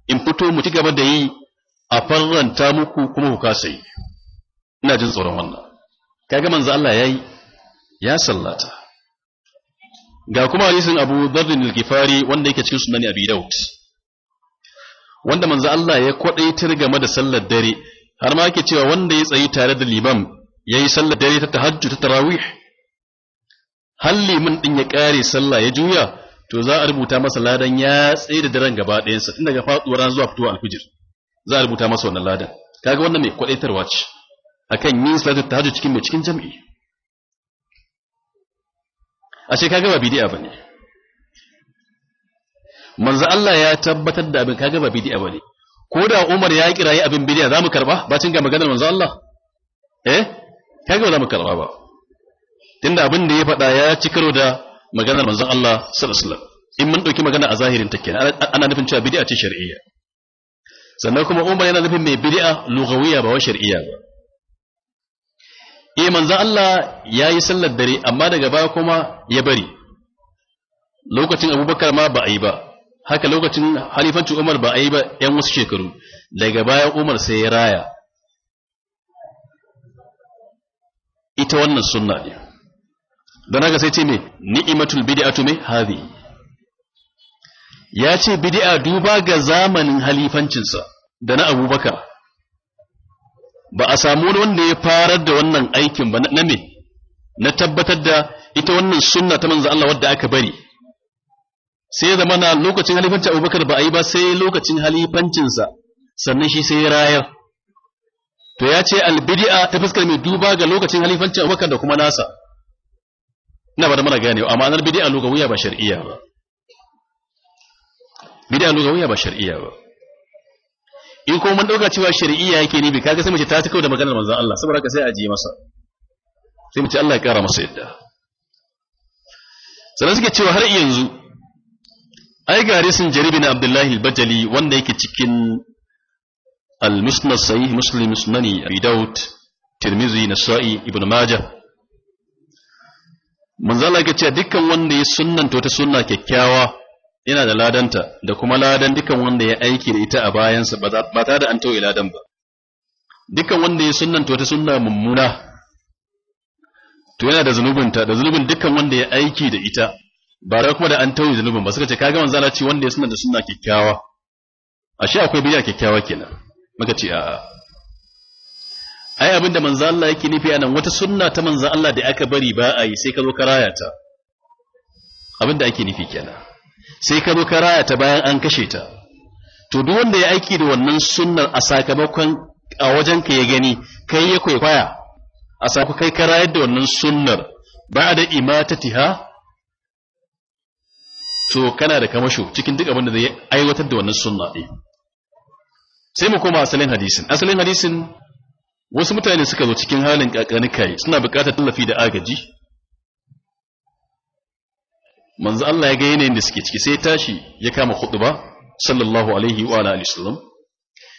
in fito mu ci gaba da yi a farranta muku kuma ku kasa yi ina jin tsoron wannan kaga manzo Allah yayi ya sallata ga kuma hadisin Abu Dharr al-Ghifari wanda yake cikin Sunan Abi Daud wanda manzo Allah ya kwadaitar game da sallar dare har ma yake cewa wanda ya tsayi tare da limam yayi sallar dare ta tahajjud ta tarawih hal liman din ya kare sallah ya juya to za a rubuta masa ladan ya tsaye da daren gaba ɗayan sa daga faduwar ran zuwa fitowar alfijir za a rubuta masa wannan ladan kaga wannan mai kwadaitarwa ce akan yin sallar tahajjud cikin mai cikin jami'i ashe kaga ba bid'a bane manzo Allah ya tabbatar da abin kaga ba bid'a bane ko da Umar ya kira yi abin bid'a zamu karba bacin ga maganar manzo Allah eh kaga ba zamu karba ba tunda abin da ya faɗa ya ci karo da maganar manzo Allah sallallahu alaihi wasallam in mun dauki magana a zahirin ta kenan ana nufin cewa bid'a ce shar'iyya sannan kuma Umar yana nufin mai bid'a lugawiyya ba wa shar'iyya ba eh manzon Allah ya yi sallar dare amma daga baya kuma ya bari lokacin abubakar ma ba a yi ba haka lokacin halifancin umar ba a yi ba ‘yan wasu shekaru daga baya umar sai ya raya ita wannan sunna ne don haka sai ce me ni'imatul bid'atu me hadhi ya ce bid'a duba ga zamanin halifancinsa da na abubakar ba a samu wani wanda ya farar da wannan aikin ba na me na tabbatar da ita wannan sunna ta manzo Allah wadda aka bari sai zama na lokacin halifancin Abubakar ba a yi ba sai lokacin halifancinsa sannan shi sai rayar to ya ce albid'a ta fuskar mai duba ga lokacin halifancin Abubakar da kuma nasa ina ba da mana gane amma anar bid'a lugawiya ba shar'iyya ba bid'a lugawiya ba shar'iyya ba in ko mun dauka cewa shari'iyya yake ne bi kaga sai mu ce ta ta da maganar manzon Allah saboda haka sai a masa sai mu ce Allah ya kara masa yadda sannan suke cewa har yanzu ai gare sun jaribi na Abdullahi al-Bajali wanda yake cikin al-Musnad sahih Muslim sunani Abi Dawud Tirmidhi Nasa'i Ibn Majah manzon Allah yake cewa dukkan wanda ya sunnanta wata sunna kyakkyawa yana da ladanta da kuma ladan dukan wanda ya aiki da ita a bayansa ba ta da an tauye ladan ba dukan wanda ya to wata sunna mummuna to yana da zunubinta da zunubin dukan wanda ya aiki da ita ba da kuma da an tauye zunubin ba suka ce kaga manzo Allah ce wanda ya sunna da sunna kikkiawa ashe akwai bid'a kikkiawa kenan muka ce a'a ai abinda manzo Allah yake nufi anan wata sunna ta manzo Allah da aka bari ba a yi sai ka zo ka raya ta abinda ake nufi kenan sai ka zo ka raya ta bayan an kashe ta to duk wanda ya aiki da wannan sunnar a sakamakon a wajen ka ya gani kai ya kwaikwaya a saku kai ka rayar da wannan sunnar ba da tiha to kana da kamasho cikin duk abin da zai aiwatar da wannan sunna ɗin sai mu koma asalin hadisin asalin hadisin wasu mutane suka zo cikin halin kakanikai suna buƙatar tallafi da agaji manzo Allah ya ga yanayin da suke ciki sai tashi ya kama khutba sallallahu alaihi wa alihi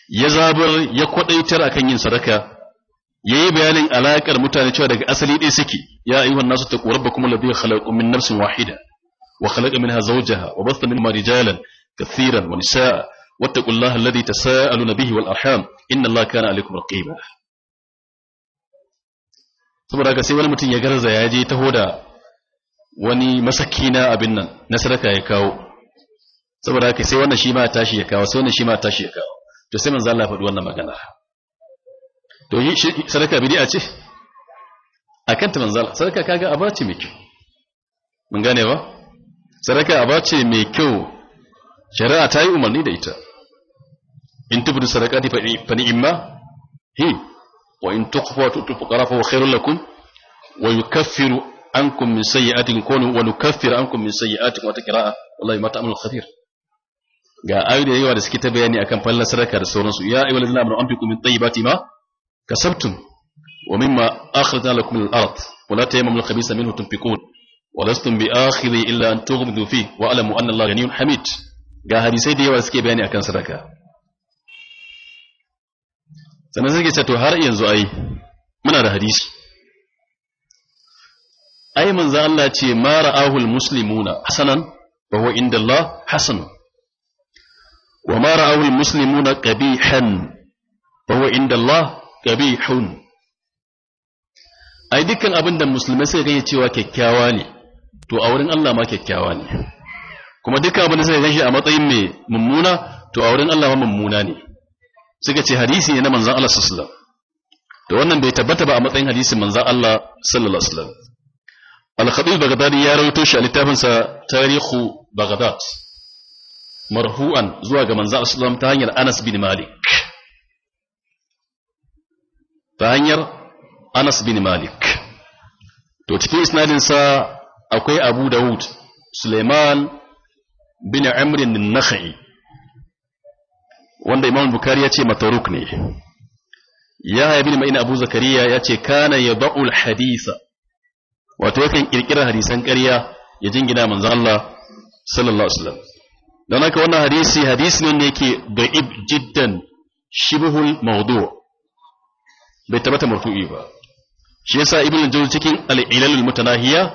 ya zabar ya kwadaitar akan yin sadaka yayi bayanin alakar mutane cewa daga asali dai suke ya ayyuhan nasu taqu rabbakum alladhi khalaqakum min nafsin wahida wa khalaqa minha zawjaha wa batha minhuma rijalan kathiran wa nisaa واتقوا الله الذي تساءلون به والارحام ان الله كان Alaykum رقيبا saboda aka sai wani mutum ya garza ya je taho da wani masaki na abin nan na sadaka ya kawo saboda haka sai wannan shi ma tashi ya kawo sai wannan shi ma tashi ya kawo to sai manzo Allah faɗi wannan magana to yi sadaka a ce akan ta manzo Allah sadaka kaga abace mai kyau mun gane ba sadaka abace mai kyau shari'a ta yi umarni da ita in tubdu sadaqati fa imma hi wa in tuqfa tu'tu fuqara fa khairul lakum wa yukaffiru ankum min sayyi'atikum ko wa nukaffir ankum min sayyi'atikum wata qira'a wallahi ma ta'malul khabir ga ayoyi da yawa da suke ta bayani akan fallar sadaka da sauransu ya ayyuhal ladzina amanu anfiqu min tayyibati ma kasabtum wa mimma akhrajna lakum min al-ard wa la tayammamul khabitha minhu tunfiqun wa lastum bi'akhidhi illa an tughmidu fihi wa alamu anna allaha ghaniyyun hamid ga hadisai da yawa suke bayani akan sadaka sannan suke ce to har yanzu ai muna da hadisi ai manzo Allah ce ma ra'ahul muslimuna hasanan wa huwa inda Allah hasan wa ma ra'ahul muslimuna qabihan wa huwa inda Allah qabihun ai dukkan abin da musulmai sai gani cewa kyakkyawa ne to a wurin Allah ma kyakkyawa ne kuma dukkan abin da sai gani a matsayin mai mummuna to a wurin Allah ma mummuna ne suka ce hadisi ne na manzon Allah sallallahu alaihi wasallam to wannan bai tabbata ba a matsayin hadisin manzon Allah sallallahu alaihi wasallam الخطيب بغدادي يا يروي توشا لتافنسا تاريخ بغداد مرفوعا زوى من زار الله تهنير انس بن مالك تهنير انس بن مالك توتي اسنادنسا اوكي ابو داود سليمان بن عمرو النخعي وان امام البخاري ياتي متروكني يا ابن ما ان ابو زكريا ياتي كان يضع الحديث wato yakan kirkira hadisan ƙarya ya jingina manzon Allah sallallahu alaihi wasallam don haka wannan hadisi hadisi ne da yake da'ib jiddan shibhul mawdu bai tabbata marfu'i ba shi yasa ibn jawzi cikin al-ilalul mutanahiya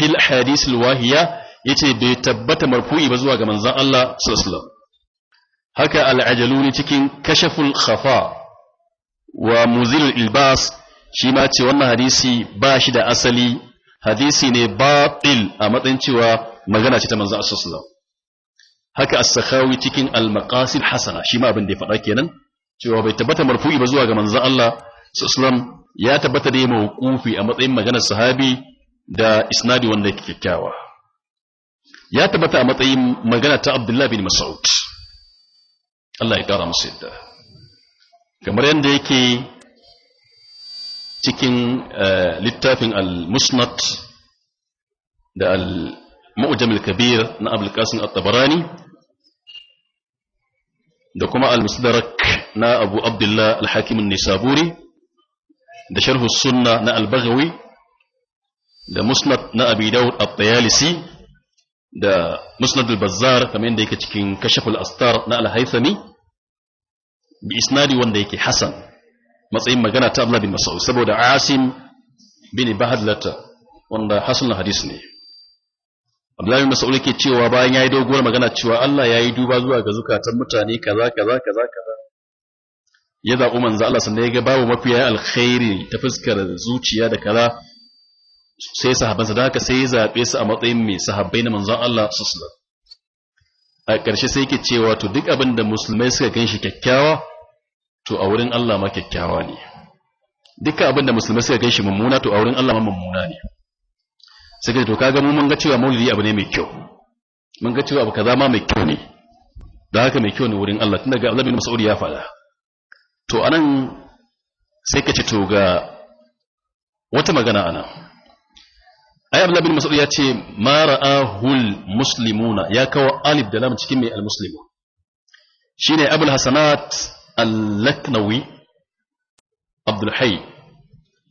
fil hadis al-wahiya yace bai tabbata marfu'i ba zuwa ga manzon Allah sallallahu alaihi haka al-ajaluni cikin kashaful khafa wa muzil ilbas shi ma ce wannan hadisi ba shi da asali hadisi ne batil a matsayin cewa magana ce ta manzo sallallahu haka as-sakhawi cikin al-maqasid hasana shi ma abin da ya faɗa kenan cewa bai tabbata marfu'i ba zuwa ga manzo Allah sallallahu ya tabbata da mawqufi a matsayin maganar sahabi da isnadi wanda yake kyakkyawa. ya tabbata a matsayin magana ta Abdullah bin Mas'ud Allah ya kara masa yadda kamar yadda yake cikin eh, littafin al musnat da al-mu'jam kabir na abul qasim at-tabarani da kuma al-musdarak na abu abdullah al-hakim an-nisaburi da sharh sunna na al-baghawi da musnad na abi daud at-tayalisi da musnad al-bazzar kamar yadda yake cikin kashaful astar na al-haythami bi isnadi wanda yake hasan matsayin magana ta Abdullah bin masau saboda Asim bin Bahadlata wanda hasunan hadis ne Abdullahi bin masau yake cewa bayan ya yi doguwar magana cewa Allah ya yi duba zuwa ga zukatan mutane kaza kaza kaza kaza ya zaɓi manzo Allah sannan ya ga babu mafiya alkhairi ta fuskar zuciya da kaza sai sahabansa da haka sai ya zaɓe su a matsayin mai sahabbai na manzan Allah sallallahu a ƙarshe sai ke cewa to duk abin da musulmai suka shi kyakkyawa to a wurin Allah ma kyakkyawa ne dukkan da musulmi suka kai shi mummuna to a wurin Allah ma mummuna ne suka to kaga mu mun ga cewa maulidi abu ne mai kyau mun ga cewa abu kaza ma mai kyau ne da haka mai kyau ne wurin Allah tunda daga Abdullah bin Mas'ud ya faɗa to anan sai ka ce to ga wata magana ana ai Abdullah bin Mas'ud ya ce ma ra'ahul muslimuna ya kawo alif da lam cikin mai almuslimu shine Abul Hasanat al-laknawi abdulhai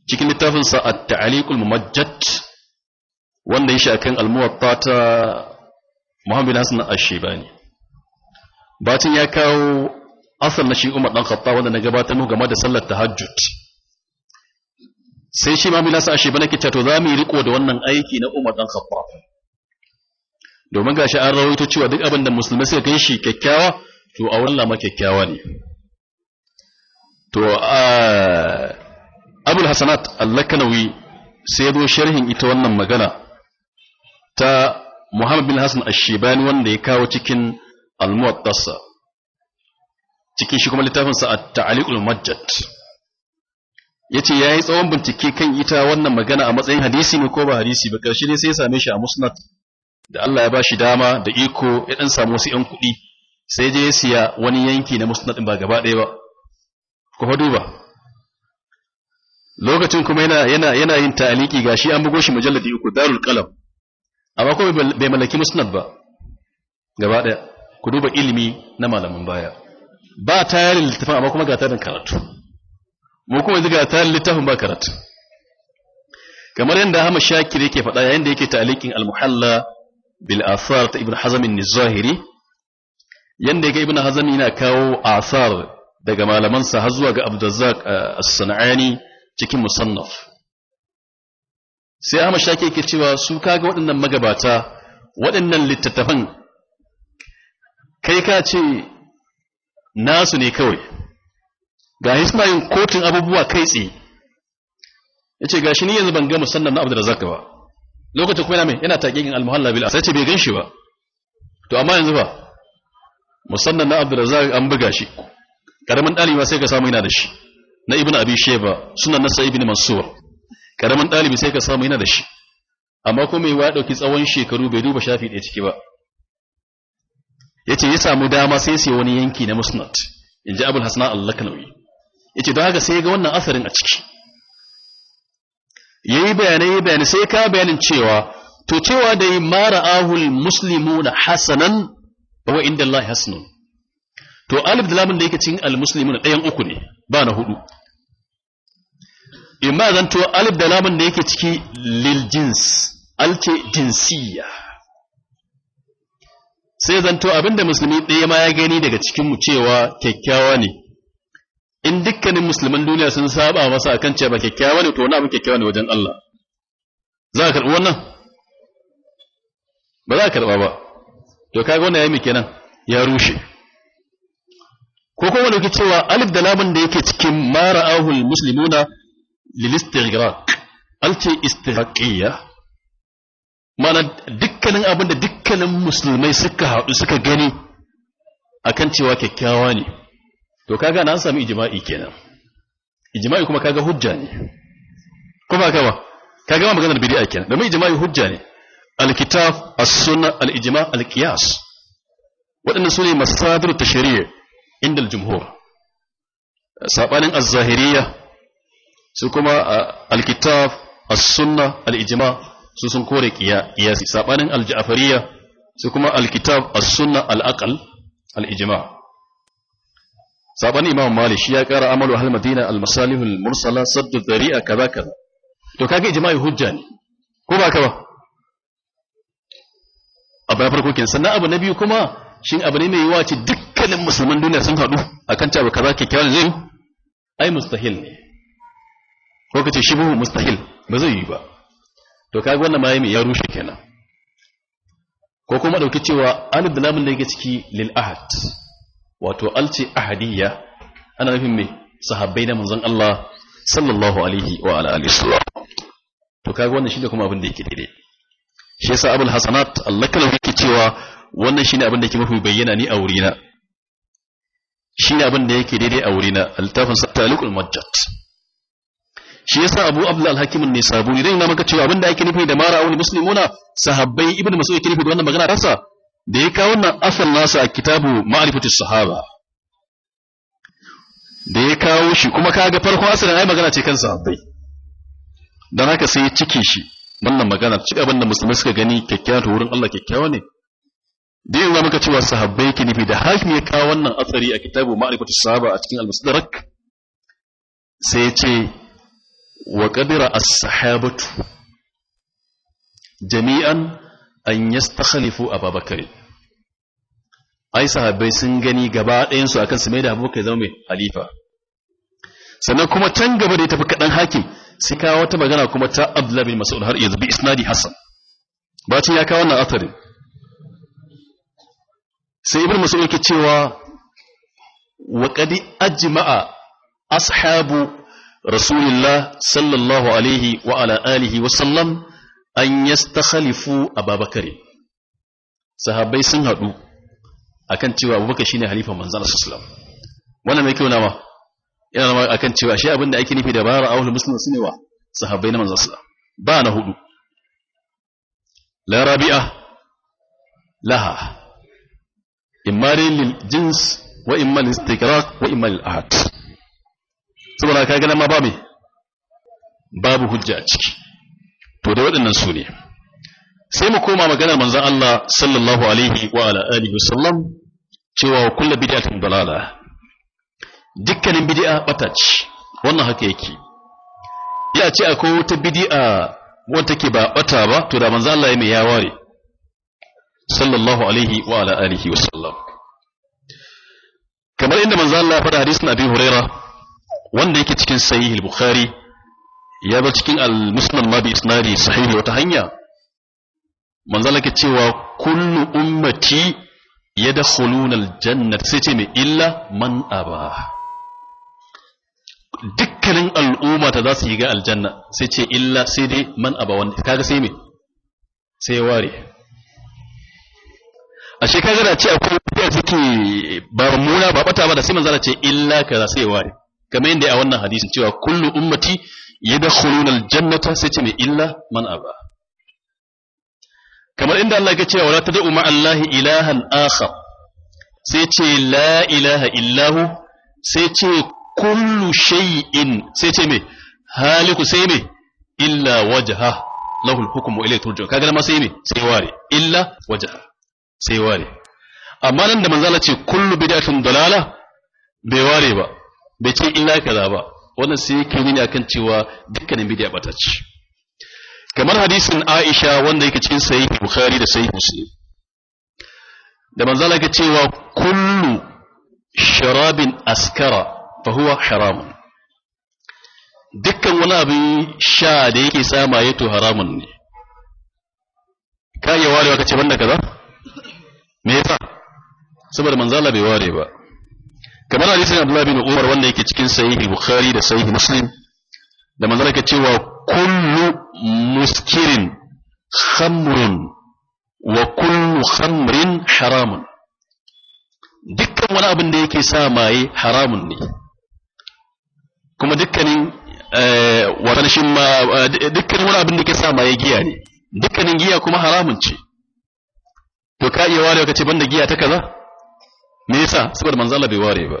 cikin littafinsa a ta'aliƙul mumajjad wanda ya shakan almuwatta ta muhammadu hassan ashebani bacin ya kawo asal na shi umar ɗan khatta wanda na gabatar mu game da sallar tahajjud sai shi muhammadu hassan ashebani ke cato za mu yi riko da wannan aiki na umar ɗan khatta domin gashi an rawaito cewa duk abin da musulmai suka kai shi kyakkyawa to a wannan ma kyakkyawa ne to abul hasanat allakanawi sai zo sharhin ita wannan magana ta muhammad bin hassan ashibani wanda ya kawo cikin almuwattasa cikin shi kuma littafinsa a ta'aliqul majjad yace yayi tsawon bincike kan ita wannan magana a matsayin hadisi ne ko ba hadisi ba karshe ne sai ya same shi a musnad da Allah ya bashi dama da iko ya dan samu wasu yan kuɗi sai je ya siya wani yanki na musnad ba gaba ɗaya ba ku duba lokacin kuma yana yana yana yin ta'aliki gashi an bugo shi mujalladi uku darul qalam amma kuma bai mallaki musnad ba gaba daya ku duba ilimi na malaman baya ba tayarin littafin amma kuma ga tayarin karatu mu kuma yanzu ga tayarin littafin ba karatu kamar yadda Ahmad Shakir yake faɗa yayin da yake ta'alikin al-muhalla bil athar ta Ibn Hazm an nizahiri yanda yake Ibn Hazm yana kawo athar daga malamansa har zuwa ga abdurzak eh, as-sana'ani cikin musannaf sai amma shake yake cewa su kaga waɗannan magabata waɗannan littattafan kai ka ce nasu ne kawai ga hisna yin kotun abubuwa kai tsaye ya ce gashi ni yanzu ban ga musannan na abdurzak ba lokacin kuma yana mai yana taƙiƙin almuhalla bil asai ce bai gan shi ba to amma yanzu ba musannan na abdurzak an buga shi karamin ɗalibi sai ka samu yana da shi na ibn abi sheba sunan nasa ibn mansur karamin ɗalibi sai ka samu yana da shi amma kuma ya ɗauki tsawon shekaru bai duba shafi ɗaya ciki ba ya ce ya samu dama sai sai wani yanki na musnad Inji ji abul hasna allah kanawi ya ce don haka sai ga wannan asarin a ciki ya yi bayanai ya bayanai sai ka bayanin cewa to cewa da yi mara ahul muslimuna hasanan wa inda allah hasanun to alif da lamun da yake cikin almuslimin ɗayan uku ne ba na hudu imma to alif da lamun da yake ciki lil jins alce jinsiya sai zan to abinda musulmi ɗaya ma ya gani daga cikin mu cewa kyakkyawa ne in dukkanin musulman duniya sun saba masa akan cewa ba kyakkyawa ne to wani abin kyakkyawa ne wajen Allah za ka karɓi wannan ba za ka karɓa ba to kaga wannan yayi kenan ya rushe ko kuma dauki cewa alif da lamun da yake cikin mara ra'ahul muslimuna lil istighraq alce istighraqiya mana dukkanin abin da dukkanin musulmai suka haɗu suka gani akan cewa kyakkyawa ne to kaga na sami ijma'i kenan ijma'i kuma kaga hujja ne kuma kaga kaga ma maganar bid'a kenan domin ijma'i hujja ne alkitab as-sunna al-ijma' al-qiyas waɗannan sune masadir tashri'i inda al-jumhur sabanin az-zahiriyya su kuma al-kitab as-sunna al-ijma su sun kore qiyasi sabanin al-ja'fariyya su kuma al-kitab as-sunna al-aql al-ijma sabanin imam malik shi ya kara amalu ahli madina al-masalih al-mursala saddu dhari'a kaza kaza to kage ijma'i hujja ne ko ba ka ba abu na farko kin sannan abu na biyu kuma shin abu ne mai yiwa ce duk dukkanin musulman duniya sun haɗu akan cewa kaza kyakkyawan zai ai mustahil ne ko kace shi buhu mustahil ba zai yi ba to kaga wannan mayami ya rushe kenan ko kuma dauki cewa alif da lamun da yake ciki lil ahad wato alci ahadiyya ana nufin me sahabbai da manzon Allah sallallahu alaihi wa ala alihi wasallam to kaga wannan shine kuma abin da yake daidai shi yasa abul hasanat allakalawi yake cewa wannan shine abin da yake mafi bayyana ni a wurina shi ne abin da yake daidai a wurina littafin talikul majjat shi yasa abu abdul alhakim ne sabuni dai na maka cewa abin da ake nufi da mara auni muslimuna sahabbai ibnu mas'ud yake nufi da wannan magana rasa da ya kawo wannan asal nasa a kitabu ma'rifatu sahaba da ya kawo shi kuma kaga farkon asalin ai magana ce kan sahabbai dan haka sai ya cike shi wannan magana cikin abin da musulmai suka gani kyakkyawa ta wurin Allah kyakkyawa ne da yin muka cewa sahabbai ke nufi da hakim ya kawo wannan atsari a kitabu ma'rifatu sahaba a cikin al-musdarak sai ya ce wa qadira as-sahabatu jami'an an yastakhlifu ababakar ai sahabbai sun gani gaba ɗayan su akan su mai da abubakar zama mai halifa sannan kuma can gaba da ya tafi kaɗan hakim sai kawo wata magana kuma ta abdullahi bin mas'ud har yanzu bi isnadi hasan bacin ya kawo wannan atharin sai ibn mas'ud yake cewa wa qad ajma'a ashabu rasulillah sallallahu alaihi wa ala alihi wa sallam an yastakhlifu ababakari sahabbai sun hadu akan cewa abubakar shine halifan manzon Allah sallallahu alaihi wasallam wannan mai kyau nawa yana nawa akan cewa shi abinda ake nufi da bara ahlul muslimin sune wa sahabbai na manzon Allah ba na hudu la rabi'a laha mari lil jins wa in lil istiqraq wa imma lil ahad saboda ka ga ma babu babu hujja a ciki to da waɗannan su ne sai mu koma maganar manzon Allah sallallahu alaihi wa ala alihi wasallam cewa kullu bid'atin dalala dukkanin bid'a bata ce wannan haka yake ya ce akwai wata bid'a wanda take ba bata ba to da manzon Allah ya mai ya ware sallallahu alaihi wa ala alihi wa sallam kamar inda manzo Allah ya faɗa hadisin Abi Huraira wanda yake cikin sahih al-Bukhari ya zo cikin al-Muslim ma bi isnadi sahihi wata hanya manzo Allah ke cewa kullu ummati yadkhuluna al-jannata sai ce me illa man aba dukkanin al'umma ta za su yi ga aljanna sai ce illa sai dai man aba wanda kaga sai me sai ware ashe kaga da ce akwai wanda suke ba muna ba bata ba da sai manzala ce illa ka kaza sai ware. kamar yadda a wannan hadisin cewa kullu ummati yadkhuluna aljannata sai ce ne illa man aba kamar inda Allah ya ce wala tad'u ma Allah ilahan akhar sai ce la ilaha illahu sai ce kullu shay'in sai ce me haliku sai me illa wajha lahu alhukmu ilayhi turja kaga ma sai me sai ware illa wajha sai ware amma nan da manzala ce kullu bid'atun dalala bai ware ba bai ce illa kaza ba wannan sai yake nuni akan cewa dukkanin bid'a bata ce kamar hadisin Aisha wanda yake cikin sahih Bukhari da sahih Muslim da manzala ke cewa kullu sharabin askara fa huwa haramun dukkan wani abin sha da yake tsamaye to haramun ne ka iya warewa ka ce banda kaza me yasa saboda manzo Allah bai ware ba kamar hadisin Abdullah bin Umar wanda yake cikin sahihi Bukhari da sahihi Muslim da manzo yake cewa kullu muskirin khamrun wa kullu khamrin haramun dukkan wani abin da yake sa maye haramun ne kuma dukkanin eh, ma eh, dukkanin wani abin da yake sa maye giya ne dukkanin giya kuma haramun ce to ka iya ware kace banda giya ta kaza me yasa saboda manzo Allah bai ware ba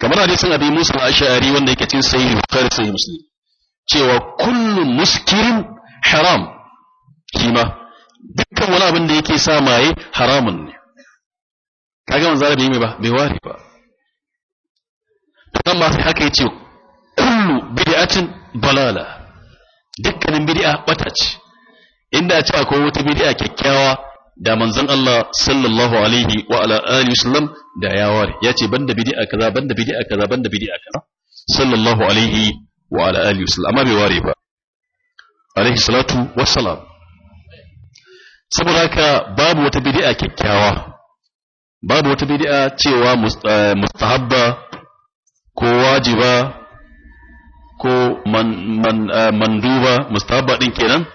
kamar hadisin Abi Musa ashari wanda yake cikin sahih Bukhari sahih Muslim cewa kullu muskirin haram kima dukkan wani abin da yake sa maye haramun ne kaga manzo Allah bai yi ba bai ware ba to kan ba haka yace kullu bid'atin balala dukkanin bid'a bata ce inda a ce akwai wata bid'a kyakkyawa da manzon Allah sallallahu alaihi wa ala alihi wasallam da ya ware ya ce banda bid'a kaza banda bid'a kaza banda bid'a kaza sallallahu alaihi wa ala alihi wasallam amma bai ware ba alaihi salatu wassalam saboda haka babu wata bid'a kyakkyawa babu wata bid'a cewa eh, mustahabba ko wajiba ko eh, manduba mustahabba din kenan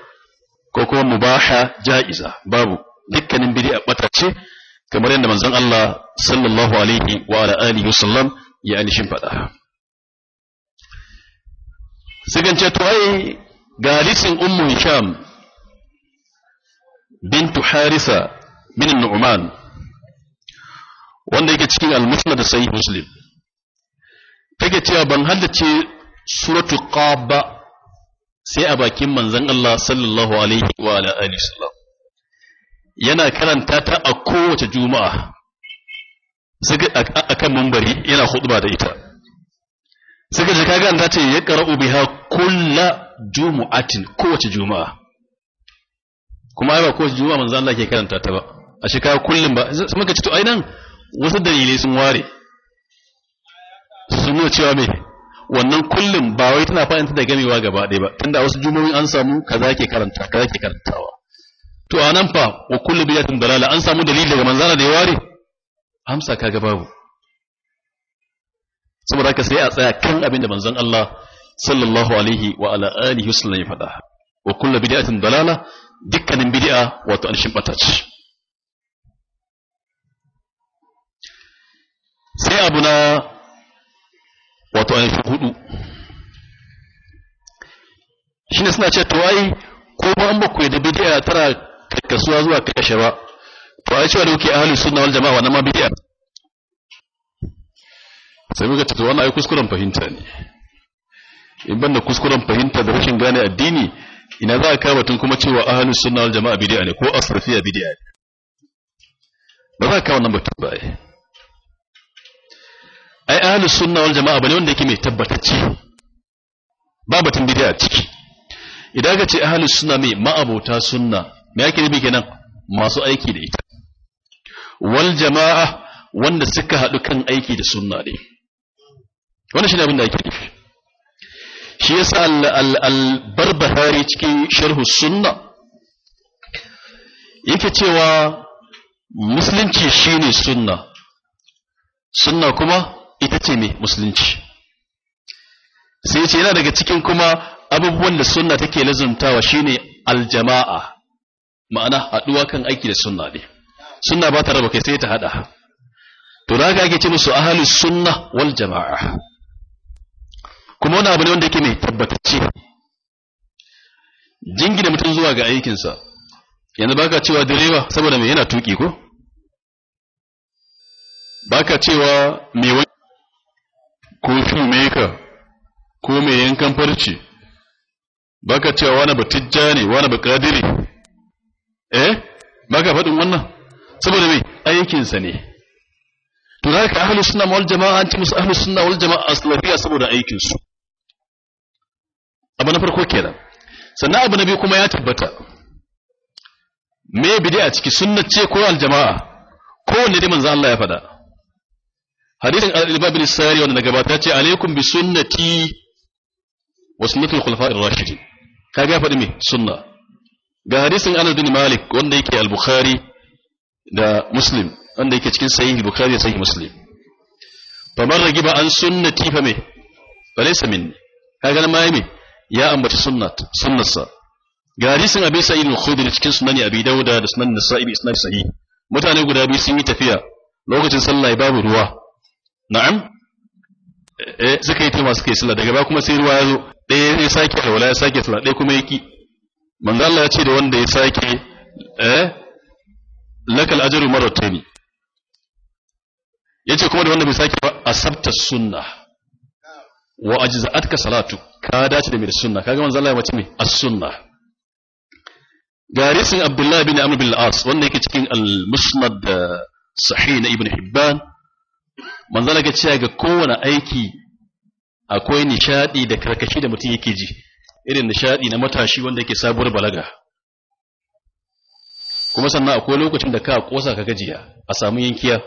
ko kuma mubaha ja'iza babu dukkanin bid'a bata ce kamar yadda manzon Allah sallallahu alaihi wa ala alihi wasallam ya ainihin faɗa sukan ce to ai ga hadisin ummu sham bintu harisa min nu'man wanda yake cikin al-musnad da sahih muslim take cewa ban haddace suratu qaba sai a bakin manzon Allah sallallahu alaihi wa ala alihi wasallam yana karanta ta a kowace juma'a a kan mambari yana ba da ita suka ce kaga ta ce ya qara'u biha kulla jumu'atin kowace juma'a kuma ai ba kowace juma'a manzo Allah ke karanta ta ba a shekara kullum ba sai muka ce to ai nan wasu dalilai sun ware sun nuna cewa me wannan kullum ba wai tana fa'in ta da gamewa gaba ɗaya ba tunda wasu jumomin an samu kaza ke karanta kaza ke karantawa to a nan fa wa kullu bidatin dalala an samu dalili daga manzana da ya ware amsa kaga babu saboda haka sai a tsaya kan abin da manzon Allah sallallahu alaihi wa ala alihi wasallam ya faɗa wa kullu bid'atin dalala dukkanin bid'a wato an shimfata ce sai abu na wato an shi hudu shine suna cewa to ai ko ba an ba ku da bid'a tara kasuwa zuwa kashe ba to a cewa da kuke ahlus sunna wal jama'a wannan ma bid'a sai muka ce wannan ai kuskuren fahimta ne in banda kuskuren fahimta da rashin gane addini ina za a kawo batun kuma cewa ahlus sunna wal jama'a bid'a ne ko asrafiya bid'a ne ba za ka kawo wannan batun ba ai ai ahlus sunna wal jama'a bane wanda yake mai tabbatacce ba batun bid'a ciki idan ka ce ahlus sunna mai ma'abota sunna me ake nufi kenan masu aiki da ita wal jama'a wanda suka haɗu kan aiki da sunna ne wannan shi ne abin da ake nufi shi yasa al-barbahari cikin sharhu sunna yake cewa musulunci shine sunna sunna kuma ita ce mai musulunci sai ce yana daga cikin kuma abubuwan da sunna take lazumtawa shine aljama'a ma'ana haɗuwa kan aiki da sunna ne sunna ba ta raba kai sai ta haɗa to da haka ake ce musu ahalus sunna wal jama'a kuma wani abu ne wanda yake mai tabbatacce jingina mutum zuwa ga aikinsa yanzu baka cewa direba saboda mai yana tuki ko baka cewa mai wani ko shoemaker ko mai yankan farce baka cewa wani batijja ne wani bakadiri eh ba ka faɗin wannan saboda mai aikinsa ne to za ka ahalus suna wal jama'a an ci musu ahalus suna wal jama'a a salafiya saboda aikinsu abu na farko kenan sannan abu na biyu kuma ya tabbata me bidi a ciki sunna ce ko aljama'a ne dai manzo Allah ya faɗa hadisin al-ibab bin sari wanda na gabata ce alaikum bi sunnati wa sunnati al-khulafa'ir rashidin kaga ya faɗi me sunna ga hadisin Anas bin Malik wanda yake al-Bukhari da Muslim wanda yake cikin sahih al-Bukhari da sahih Muslim fa man ragiba an sunnati fa me balaysa minni kaga ma yami ya ambaci sunnat sunnatsa ga hadisin Abi Sa'id al-Khudri cikin sunan Abi Dawud da sunan Nasa'i bi isnad sahih mutane guda biyu sun yi tafiya lokacin sallah babu ruwa na'am eh suka yi tilma suka yi sallah daga ba kuma sai ruwa ya zo ɗaya ya sake alwala ya sake sallah ɗaya kuma ya ki manzo Allah ya ce da wanda ya sake eh lakal ajru marrataini yace kuma da wanda bai sake ba asabta sunna wa ajza'atka salatu ka dace da mai sunna kaga manzo Allah ya mace me as-sunna garisin Abdullahi bin Amr bin al-As wanda yake cikin al-Musnad eh, sahih na Ibn Hibban manzo Allah ya ce ga kowane aiki akwai nishadi da karkashi da mutum yake ji irin nishadi na matashi wanda yake sabuwar balaga kuma sannan akwai lokacin da ka kosa ka gajiya a samu yankiya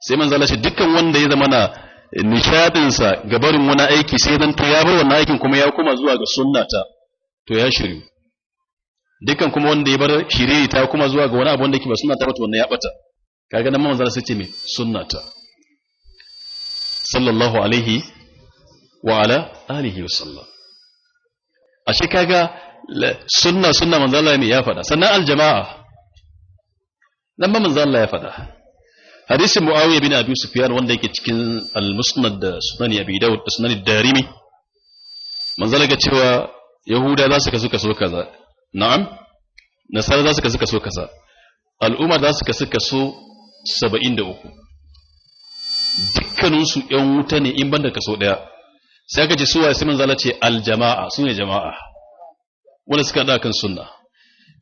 sai man zalashi dukkan wanda ya zama na nishadinsa ga barin wani aiki sai dan to ya bar wannan aikin kuma ya koma zuwa ga sunnata to ya shiru. dukkan kuma wanda ya bar shiriri ta kuma zuwa ga wani abu wanda yake ba sunnata ba to wannan ya bata kaga nan man zalashi ce me sunnata sallallahu alaihi wa ala alihi wa sallam ashe kaga sunna sunna manzo Allah ne ya faɗa sannan aljama'a nan ba manzo Allah ya faɗa hadisi muawiya bin abi sufyan wanda yake cikin al-musnad da sunan abi daud da sunan darimi manzo Allah ga cewa yahuda za su kasu kaso kaza na'am nasara za su kasu kaso kaza al'umma za su kasu kaso 73 dukkaninsu ‘yan wuta ne in banda kaso ɗaya sai aka ce suwaye sai manzala ce aljama'a su ne jama'a wanda suka haɗa kan sunna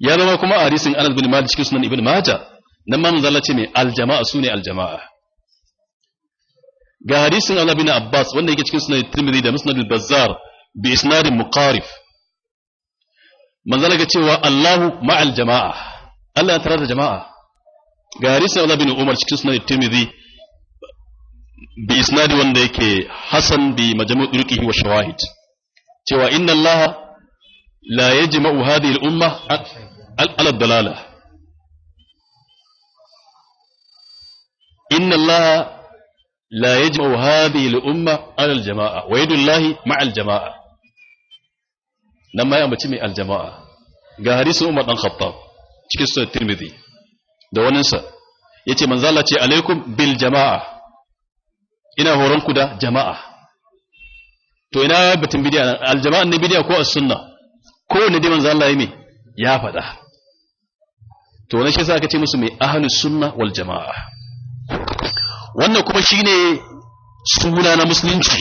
ya zama kuma a hadisin anas bin malik cikin sunan ibn majah nan ma manzala ce ne aljama'a su ne aljama'a ga hadisin Allah bin Abbas wanda yake cikin sunan Tirmidhi da Musnad al-Bazzar bi isnadin muqarif manzala ga cewa Allahu ma'al jama'a Allah ya tarar da jama'a ga hadisin Allah bin Umar cikin sunan Tirmidhi bi isnadi wanda yake hasan bi majmu' turqihi wa shawahid cewa inna allaha la yajma'u hadhihi al-umma ala dalala inna allaha لا يجمع هذه الأمة على jama'a ويد الله مع mai al-jama'a الجماعة قهري umar dan الخطاب cikin sunan Tirmidhi da sa yace manzo Allah ce alaikum bil jama'a ina horon ku da jama'a to ina batun bidiya nan aljama'a na bidiya ko as-sunna kowanne dai manzo Allah ya me ya faɗa to wani shi sa aka ce musu mai ahlus sunna wal jama'a wannan kuma shine suna na musulunci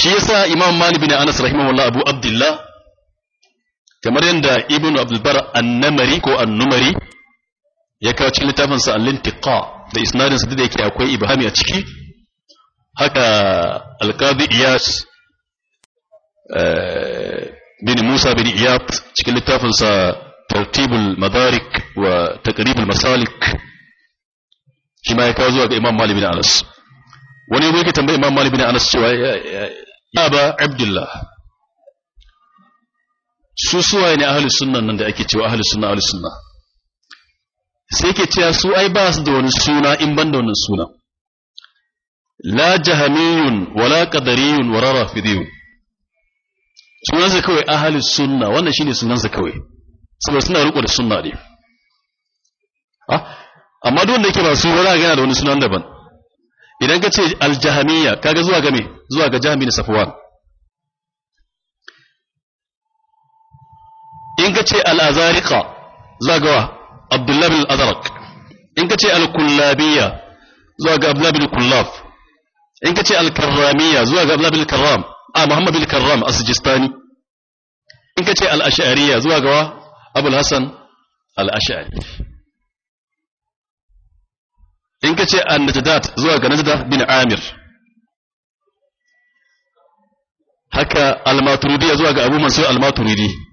shi ya sa imam malik bin anas rahimahullah abu abdullah kamar yadda ibn abdulbar annamari ko annumari ya kawo cikin littafinsa al-intiqa da isnadin sa da yake akwai ibhami a ciki haka alqadi iyas eh, bin musa bin Iyat cikin littafin sa tartibul madarik wa taqribul masalik shi ma ya kawo zuwa ga imam malik bin anas wani yake tambaye imam malik bin anas cewa ya ba abdullah su suwaye ne ahlus sunna nan da ake cewa ahlus sunna ahlus sunna sai ke cewa su ai ba su da wani suna in ban da wannan suna la jahamiyun wala qadariyun wala rafidiyun sunansa kawai ahli sunna wannan shine sunansa kawai saboda suna riko da sunna ne ah, amma duk wanda yake ba su wala gana da wani sunan daban idan ka ce ka kaga zuwa ga me zuwa ga jahmi da safwan in ka ce al azariqa ga wa abdullah bin adarak in ka ce al-kullabiya zuwa ga abdullah bin kullab in ka ce al-karramiya zuwa ga abdullah bin karram a muhammad bin karram as-sijistani in ka ce al-ash'ariya zuwa ga abul hasan al-ash'ari in ka ce an-najdat zuwa ga najdah bin amir haka al-maturidi zuwa ga abu mansur al-maturidi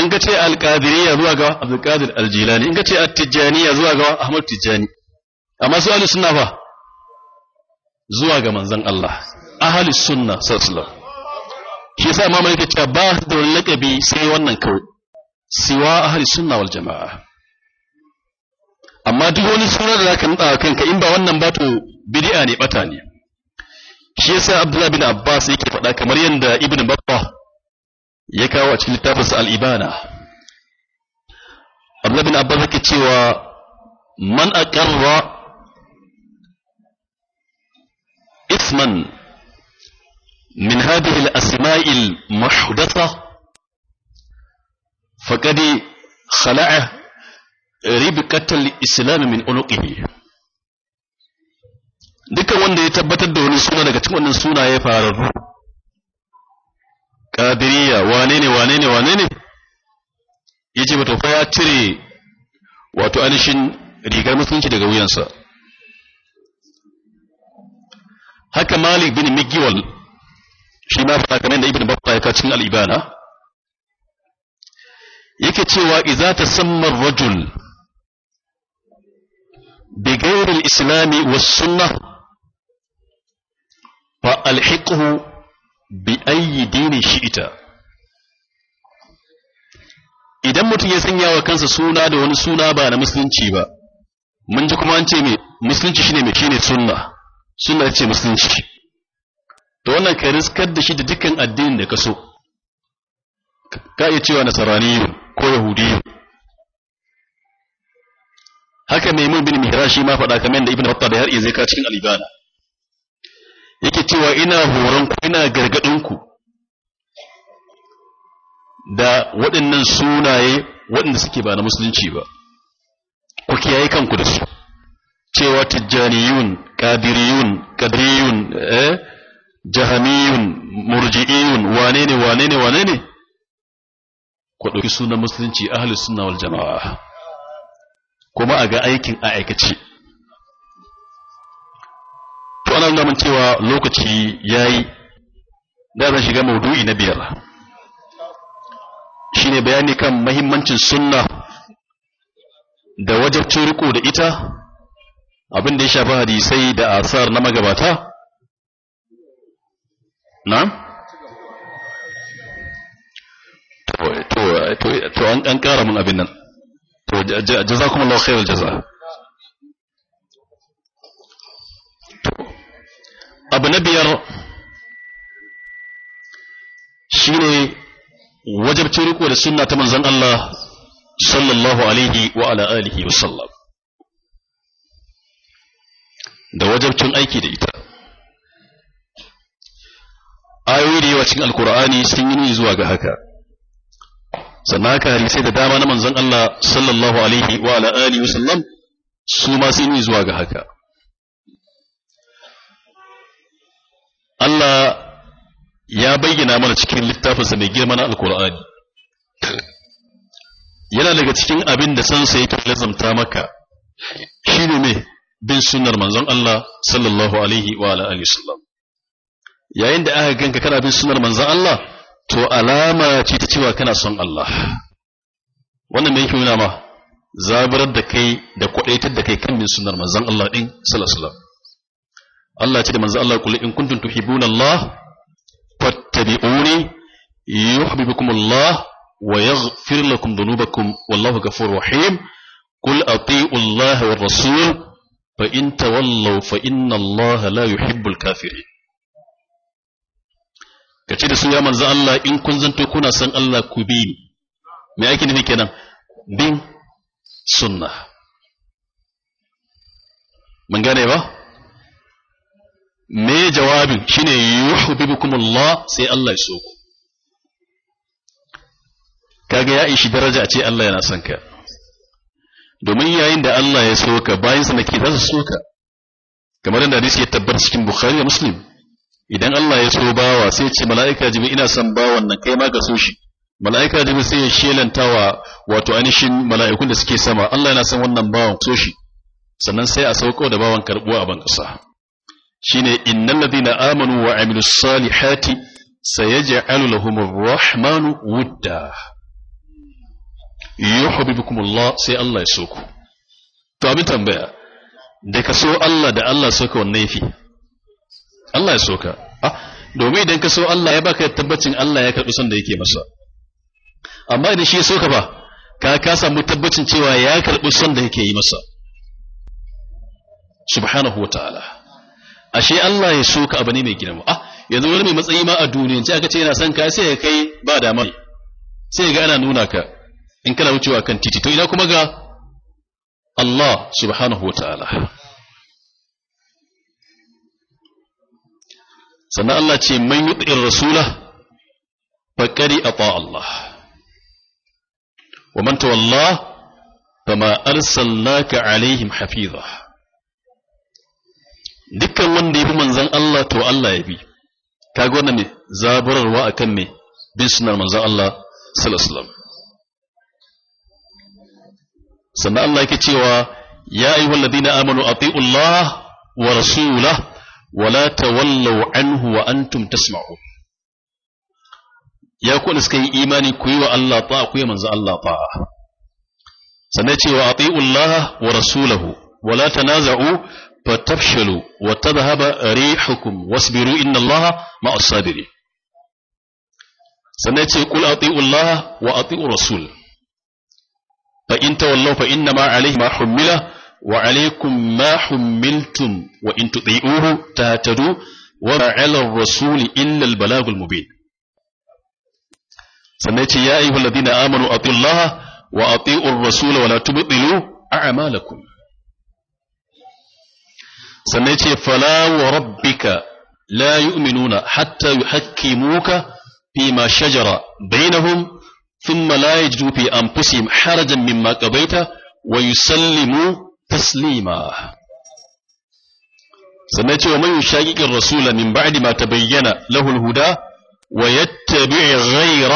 in ka ce alƙadiriya zuwa ga abdulkadir aljilani in ka ce attijaniya zuwa ga ahmad tijjani amma su ahli sunna fa zuwa ga manzon Allah ahli sunna sallallahu shi yasa ma mai cewa ba da wani lakabi sai wannan kawai siwa ahli sunna wal jama'a amma duk wani suna da zaka nada kanka in ba wannan ba to bid'a ne bata ne shi yasa abdullah bin abbas yake faɗa kamar yanda ibnu battah ya kawo a cikin littafinsa al'ibana abdullahi bin abbas yake cewa man aqarra isman min hadhihi al-asma'i al-muhdatha faqad khala'a ribqat al-islam min unuƙi Dukkan wanda ya tabbatar da wani suna daga cikin wannan sunaye fararru qadiriyya wane ne wane ne wane ne yace ba to fa ya cire wato anishin rigar musulunci daga wuyansa haka malik bin migiwal shi ma fara kamar da ibn babba ya kacin al'ibana yake cewa iza ta sammar rajul بغير sunna fa فألحقه bi ayyi dinin shi'ita idan mutum ya sanya wa kansa suna da wani suna ba na musulunci ba mun ji kuma an ce me musulunci shine me shine sunna sunna ce musulunci to wannan ka riskar da shi da dukkan addinin da ka so ka iya cewa nasaraniyu ko yahudiyu haka mai mun bin mihrashi shi ma faɗa kamar da ibn battah da har zai ka cikin alibana yake cewa ina ku? ina ku? da waɗannan sunaye waɗanda suke ba na musulunci ba ku kiyaye kanku da su cewa tijjaniyun qadiriyun qadriyun eh jahamiyun murji'iyun wane ne wane ne wane ne ku dauki sunan musulunci ahlus sunna wal jama'a kuma a ga aikin a aikace to ana nuna cewa lokaci yayi da zan shiga maudu'i na biyar shine bayani kan mahimmancin sunna da wajabcin riko da ita abin da ya shafi hadisai da asar na magabata na? to an ƙara mun abin nan to jazakumullahu khairal jaza abu na biyar shi ne wajabcin riko da suna ta manzan Allah sallallahu alaihi wa ala alihi wa sallam da wajabcin aiki da ita ayoyi da yawa cikin alkur'ani sun yi nuni zuwa ga haka sannan haka hadisai da dama na manzon Allah sallallahu alaihi wa ala alihi su ma sun yi zuwa ga haka Allah ya bayyana mana cikin littafinsa mai girma na alkur'ani yana daga cikin abin da sansa yake lazamta maka shi ne bin sunnar manzon Allah sallallahu alaihi wa ala alihi sallam yayin da aka ganka kana bin sunnar manzon Allah to alama ce ta cewa kana son Allah wannan me yake nuna ma zaburar da kai da kwadaitar da kai kan bin sunnar manzon Allah ɗin, sallallahu alaihi Allah ce da manzo Allah kullu in kuntum tuhibbuna Allah fattabi'uni yuhibbukum Allah wa yaghfir lakum dhunubakum wallahu ghafurur rahim qul ati'u Allah war rasul fa in tawallaw fa inna Allah la yuhibbul kafirin kace da su ya manzo Allah in kun zanto kuna san Allah ku bi me ake nufi kenan bin sunna mun gane ba me jawabin shine yuhibbukum Allah sai Allah ya so ku kaga ya ishi daraja a ce Allah yana son ka domin yayin da Allah ya so ka bayan sa nake za su so ka kamar yadda hadisi ya tabbata cikin Bukhari da Muslim idan Allah ya so bawa sai ya ce mala'ika jibi ina son bawan nan kai ma ka so shi mala'ika jibi sai ya shelantawa wato anishin mala'ikun da suke sama Allah yana son wannan bawan so shi sannan sai a sauko da bawan karbuwa a ban kasa shine innal ladina amanu wa amilus salihati sayaj'alu lahumur rahmanu wudda yuhibbukumullah sai Allah ya so ku to abin tambaya da ka so Allah da Allah soka wannan yafi Allah ya soka ah domin idan ka so Allah ya baka tabbacin Allah ya karbi son da yake masa amma idan shi ya soka ba ka ka samu tabbacin cewa ya karbi son da yake yi masa subhanahu wa ta'ala ashe Allah ya so ka abu ne mai girma ah yanzu wani mai matsayi ma a duniya ce aka ce yana son ka sai ya kai ba dama sai ga ana nuna ka in kana wucewa kan titi to ina kuma ga Allah subhanahu wa ta'ala sannan Allah ce man yuti'ir rasula faqari ata Allah wa man tawalla fama arsalnaka alaihim hafiza dukkan wanda ya fi manzan Allah to Allah ya bi kaga wannan ne zaburarwa akan me bin sunar manzan Allah sallallahu sannan Allah yake cewa ya ayyuhal ladina amanu atiullah wa rasulahu wala la tawallaw anhu wa antum tasma'u. ya ku da suka yi imani ku yi wa Allah ta'a ku yi manzo Allah ta'a sannan cewa atiullah wa rasulahu wa la tanaza'u fatafshalu wa tadhhaba rihukum wasbiru inna allaha ma'as sabirin sannan ce kul ati'u Allah wa ati'u Rasul fa in tawallaw fa inna ma alayhi ma hummila wa alaykum ma hummiltum wa in tuti'uhu tahtadu wa ma ar-rasul illa al-balagul mubin sannan ce ya ayyuhalladhina amanu ati'u Allah wa ati'u ar-rasul wa la tubtilu a'malakum sannan فلا وربك لا يؤمنون حتى يحكموك فيما شجر بينهم ثم لا يجدوا في أنفسهم حرجا مما قضيت ويسلموا تسليما سنتي ومن يشاقق الرسول من بعد ما تبين له الهدى ويتبع غير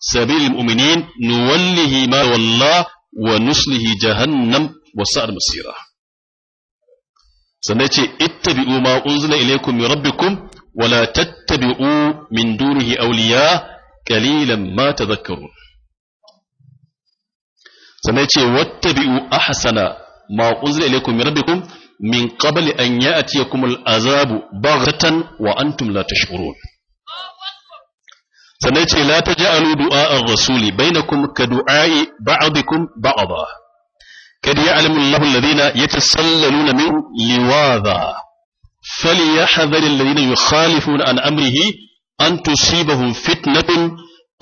سبيل المؤمنين نوله ما والله ونسله جهنم وصار مصيره sannan ce ittabi'u ma unzila ilaykum min rabbikum wala tattabi'u min dunihi awliya qalilan ma tadhakkarun sannan ce wattabi'u ahsana ma unzila ilaykum min rabbikum min qabli an ya'tiyakum al'azabu baghatan wa antum la tash'urun sannan ce la taj'alu du'a ar-rasuli bainakum ka du'a'i ba'dikum ba'dha kad ya'lamu Allahu alladhina yatasallaluna min liwaza falyahdhar alladhina yukhalifuna an amrihi an tusibahum fitnatun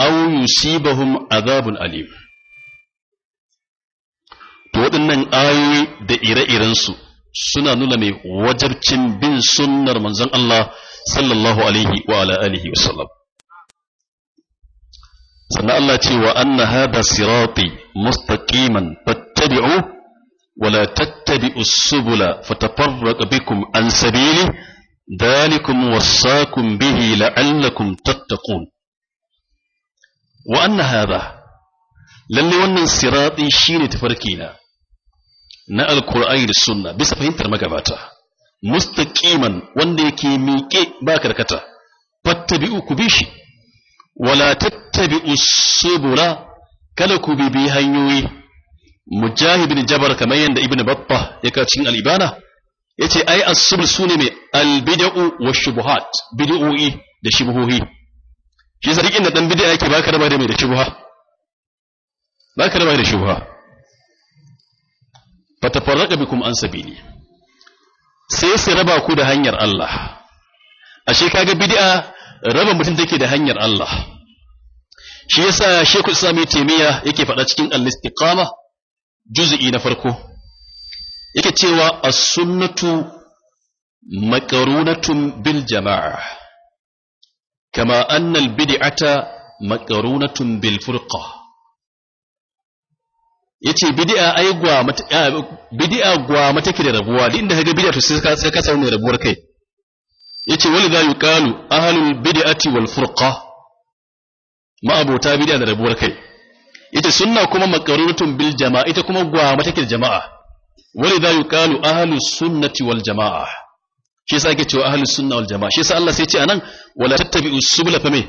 aw yusibahum adhabun alim to waɗannan ayoyi da ire-irensu suna nuna mai cin bin sunnar manzon Allah sallallahu alaihi wa ala wa sallam sannan Allah ce wa anna hada sirati mustaqiman fattabi'u Wala tattabi'u subula fatafarraqu bikum an sabili dhalikum wasaakum bihi la'allakum tattaqun wa anna hada lalle wannan sirati shine tafarki na na alqur'ani da sunna bisa fahimtar magabata mustaqiman wanda yake miƙe ba karkata fattabi'u ku bi shi wala tattabi'u subula kada ku bibi hanyoyi mujahid bin jabar kamar yadda ibnu batta ya ka cikin al-ibana yace ai as-subul sunne mai al-bid'u wa shubuhat bid'o'i da shubuhohi shi yasa rikin dan bid'a yake baka raba da mai da shubuha baka raba da shubuha fatafarraqa bikum an sabili sai sai raba ku da hanyar Allah ashe kaga bid'a raba mutum take da hanyar Allah shi yasa Sheikhul Islam Taymiya yake faɗa cikin al-istiqama juz'i na farko yake cewa as-sunnatu maqarunatun bil jama'a kama anna al-bid'ata maqarunatun bil furqa yace bid'a ai gwa bid'a gwa ke da rabuwa duk inda kaga bid'a to sai ka sai ka samu rabuwar kai yace wani za yi ahlul bid'ati wal furqa abota bid'a da rabuwar kai yace sunna kuma maqaruratun bil jama'a ita kuma gwama take jama'a wani za yi ahlus sunnati wal jama'a shi yasa ake cewa ahlus sunna wal jama'a shi yasa Allah sai ya ce anan wala tattabi'u subula fa me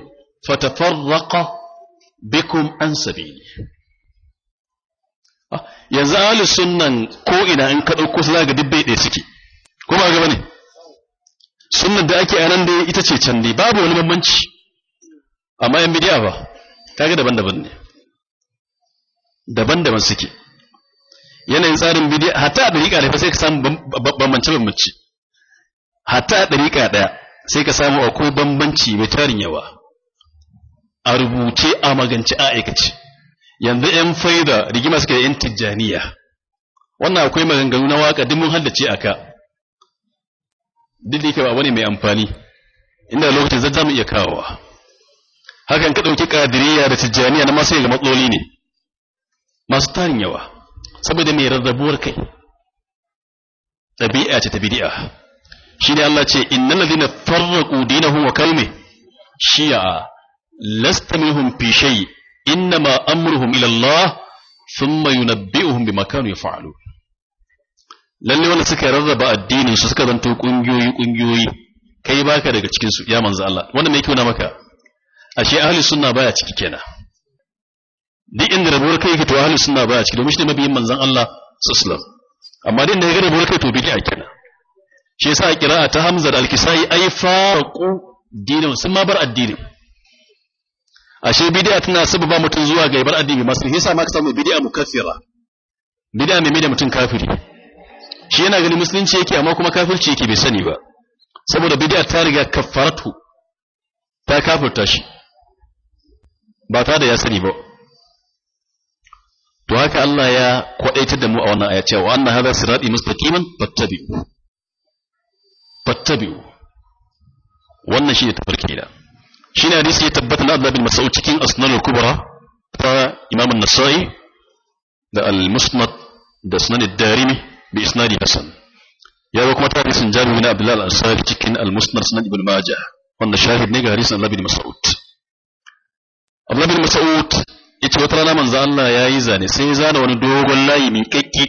fatafarraqa bikum an sabili ah, yanzu ahlus sunnan ko ina in ka dauko su zaka ga dubbai ɗaya suke ko ba ga bane sunnar da ake anan da ita ce can dai babu wani bambanci amma yan bidiya ba ga daban-daban ne daban-daban suke yanayin tsarin bidiya hatta a dariƙa ne sai ka samu bambance-bambance hatta a dariƙa ɗaya sai ka samu akwai bambanci mai tarin yawa a rubuce a magance a aikace yanzu yan faida rigima suka yi yan tijjaniya wannan akwai maganganu na waka duk mun haddace aka duk da yake ba wani mai amfani inda lokacin zai za mu iya kawowa hakan ka ɗauki ƙadiriya da tijjaniya na masu yin matsaloli ne masu tarin yawa saboda mai rarrabuwar kai ɗabi'a ce ta bidi'a shi ne Allah ce inna ladina farraqu dinahum wa kalmi shi'a lasta minhum fi shay ilallah amruhum ila Allah thumma yunabbi'uhum bima ya yaf'alun lalle wanda suka rarraba addinin su suka zanto kungiyoyi kungiyoyi kai baka daga cikin su ya manzo Allah wannan me yake nuna maka ashe ahli sunna baya ciki kenan duk inda rabuwar kai yake to ahli sunna baya ciki domin shi ne mabiyin manzon Allah sallallahu amma din da ya ga rabuwar kai to bid'a kenan shi yasa a qira'a ta Hamza da Al-Kisai ai faraqu dinin sun ma bar addinin ashe bid'a tana sababa mutum zuwa ga bar addini masu yasa ma ka samu bid'a mukaffira bid'a ne mai da mutum kafiri shi yana ganin musulunci yake amma kuma kafirci yake bai sani ba saboda bid'a ta riga kaffaratu ta kafirta shi ba ta da ya sani ba to haka Allah ya kwadaitar da mu a wannan aya cewa anna hadha sirati mustaqiman fattabi'u fattabi'u wannan shine tafarki da shine hadisi ya tabbata na Allah bin Mas'ud cikin Asnan al-Kubra ta Imam an-Nasa'i da al-Musnad da Sunan ad-Darimi bi isnadi hasan ya zo kuma ta hadisin jabir bin abdullah al-ansari cikin al-musnad sunan ibn majah wanda shahid ne ga hadisin Allah bin Mas'ud Allah bin Mas'ud yace wata rana manzo Allah ya yi zane sai ya zana wani dogon layi mai kakki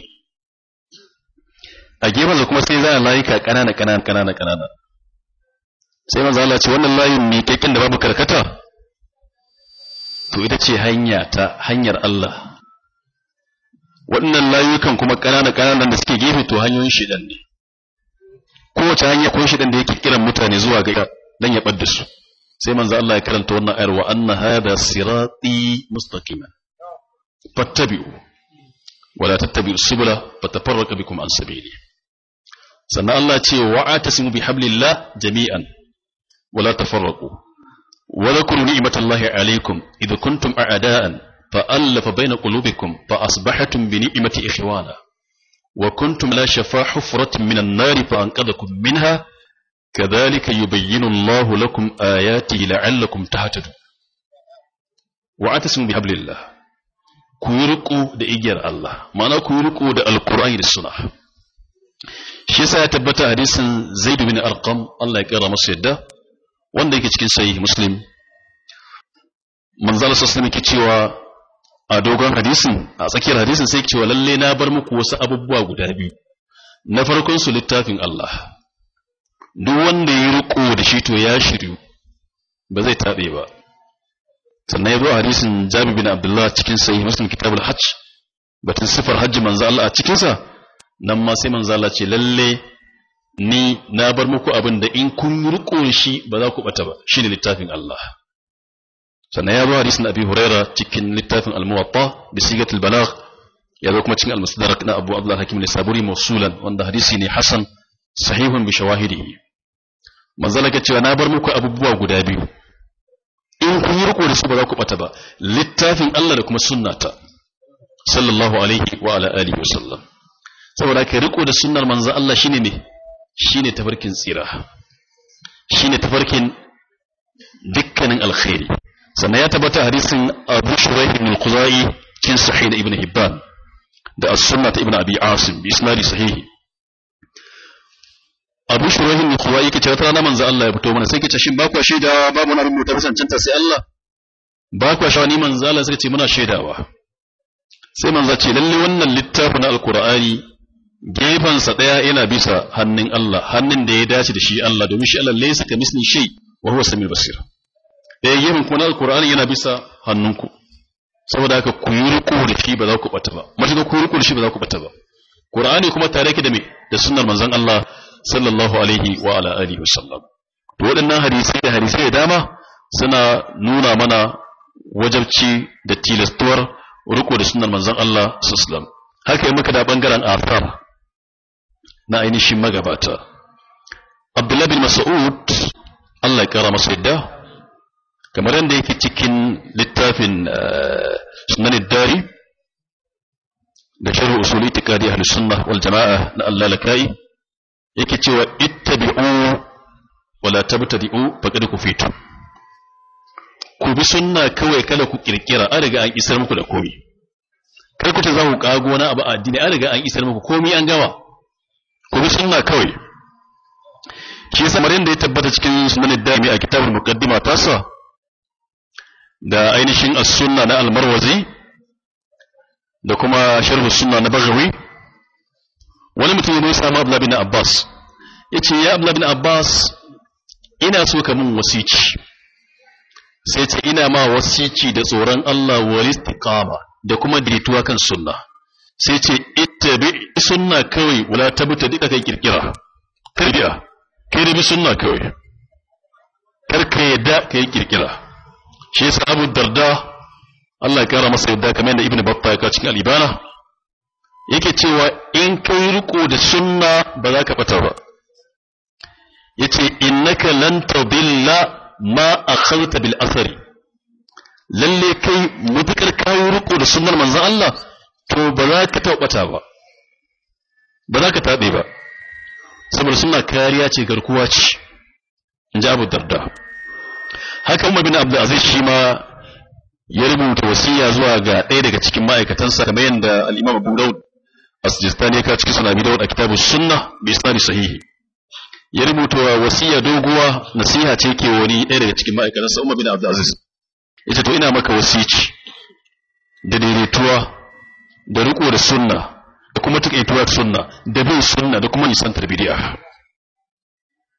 a gefen kuma sai ya zana layuka kanana kanana kanana kanana sai manzo Allah ce wannan layin mai kakkin da babu karkata to ita ce hanya ta hanyar Allah waɗannan layukan kuma ƙanana ƙananan da suke gefe to hanyoyin shaidan ne kowace hanya kun shaidan da yake kiran mutane zuwa ga dan ya ɓadda su sai manzo Allah ya karanta wannan ayar wa anna hada sirati mustaqiman fattabi'u wala tattabi'u subula fatafarraqu bikum an sabili sannan Allah ce wa atasimu bihablillah jami'an wala tafarraqu wa dhkuru ni'matallahi alaykum idh kuntum a'da'an fa allafa baina qulubikum fa asbahatum bi ni'mati ikhwana wa kuntum la shafa hufratin minan nar fa anqadhakum minha kadhalika yubayyinu Allahu lakum ayatihi la'allakum tahtadun wa atasimu bi hablillah ku yi riko da igiyar Allah ma'ana ku yi riko da alkur'ani da suna shi yasa ya tabbata hadisin Zaid bin Arqam Allah ya kara masu yadda wanda yake cikin sahih Muslim manzo Allah sallallahu alaihi cewa a dogon hadisin a tsakiyar hadisin sai cewa lalle na bar muku wasu abubuwa guda biyu na farkon su littafin Allah duk wanda ya riko da shi to ya shiryu ba zai tabe ba sannan ya zo a hadisin Jabir bin Abdullah cikin sahih Muslim kitabul hajj batun sifar hajji manzo Allah a cikin sa nan ma sai manzo Allah ce lalle ni na bar muku abin da in kun riko shi ba za ku bata ba shine littafin Allah sannan ya zo na abi huraira cikin littafin al-muwatta bi sigatil balagh ya zo kuma cikin al na abu abdullah hakim al-saburi mawsulan wanda hadisi ne hasan sahihun bi shawahidihi manzala ke cewa na bar muku abubuwa guda biyu in kun yi riko da su ba za ku bata ba littafin Allah da kuma sunnata sallallahu alaihi wa ala alihi wa sallam saboda kai riko da sunnar manzo Allah shine ne shine tafarkin tsira shine tafarkin dukkanin alkhairi sannan ya tabbata hadisin abu shuraih ibn al-khuzai kin sahih da ibn hibban da as-sunna ta ibn abi asim bi isnadi sahihi abu shuraih ibn al-khuzai yake cewa rana manzo Allah ya fito mana sai kace shin ba ku shaida ba mu na rubuta ta, sai Allah ba ku shaida ni manzo Allah sai ce muna shaidawa sai manzo ce lalle wannan littafin na gefen sa ɗaya yana bisa hannun Allah hannun da ya dace da shi Allah domin shi Allah laysa ka misli shay wa huwa samiul basir ɗaya gefen kuma na alkur'ani yana bisa hannunku saboda haka ku yi riko da shi ba za ku ɓata ba matuƙa ku yi riko da shi ba za ku bata ba qur'ani kuma tare ki da me da sunnar manzon Allah sallallahu alaihi wa ala alihi wasallam waɗannan hadisi da hadisi dama suna nuna mana wajabci da tilastuwar riko da sunnar manzon Allah sallallahu haka yi muka da ɓangaren athar na ainihin magabata Abdullah bin Mas'ud Allah ya ƙara masu yadda kamar yadda yake cikin littafin eh, sunan dari da sharh usul itiqadi ahlus sunnah wal jamaa na Allah lakai yake cewa ittabi'u wala tabtadi'u faqad kufitu ku bi sunna kawai kala ku kirkira an riga an isar muku da komai kar ku ta za ku kago na abu addini an riga an isar muku komai an gama ku bi sunna kawai shi yasa marin da ya tabbata cikin sunan dami a kitabul muqaddima tasa da ainihin as-sunna na al-marwazi da kuma sharh sunna na baghawi wani mutum ya sai abdullah bin abbas yace ya abdullah bin abbas ina so ka min wasici sai ce ina ma wasici da tsoron Allah wal istiqama da kuma dirituwa kan sunna sai ce ittabi sunna kawai wala tabuta dika kai kirkira kirkira kai da bi sunna kawai kar ka yadda kai kirkira shi yasa Abu Darda Allah ya kara masa yadda kamar yadda Ibn Battah ya cikin yake cewa in kai riko da sunna ba za ka fata ba yace innaka lan tadilla ma akhadta bil athari lalle kai mutukar kayi riko da sunnar manzon Allah to ba za ka tabbata ba ba za ka tabe ba saboda suna kariya ce garkuwa ce in ji abu darda haka umar bin abdulaziz shi ma ya rubuta wasiya zuwa ga ɗaya daga cikin ma'aikatansa kamar yadda al'imam abu daud a sistani ya cikin suna bidawar a kitabu sunna bi isnadi sahihi ya rubuta wasiya doguwa nasiha ce ke wani ɗaya daga cikin ma'aikatansa umar bin abdulaziz ita to ina maka wasici da daidaituwa da riko da sunna da kuma tuƙaituwa sunna da bin sunna da kuma nisantar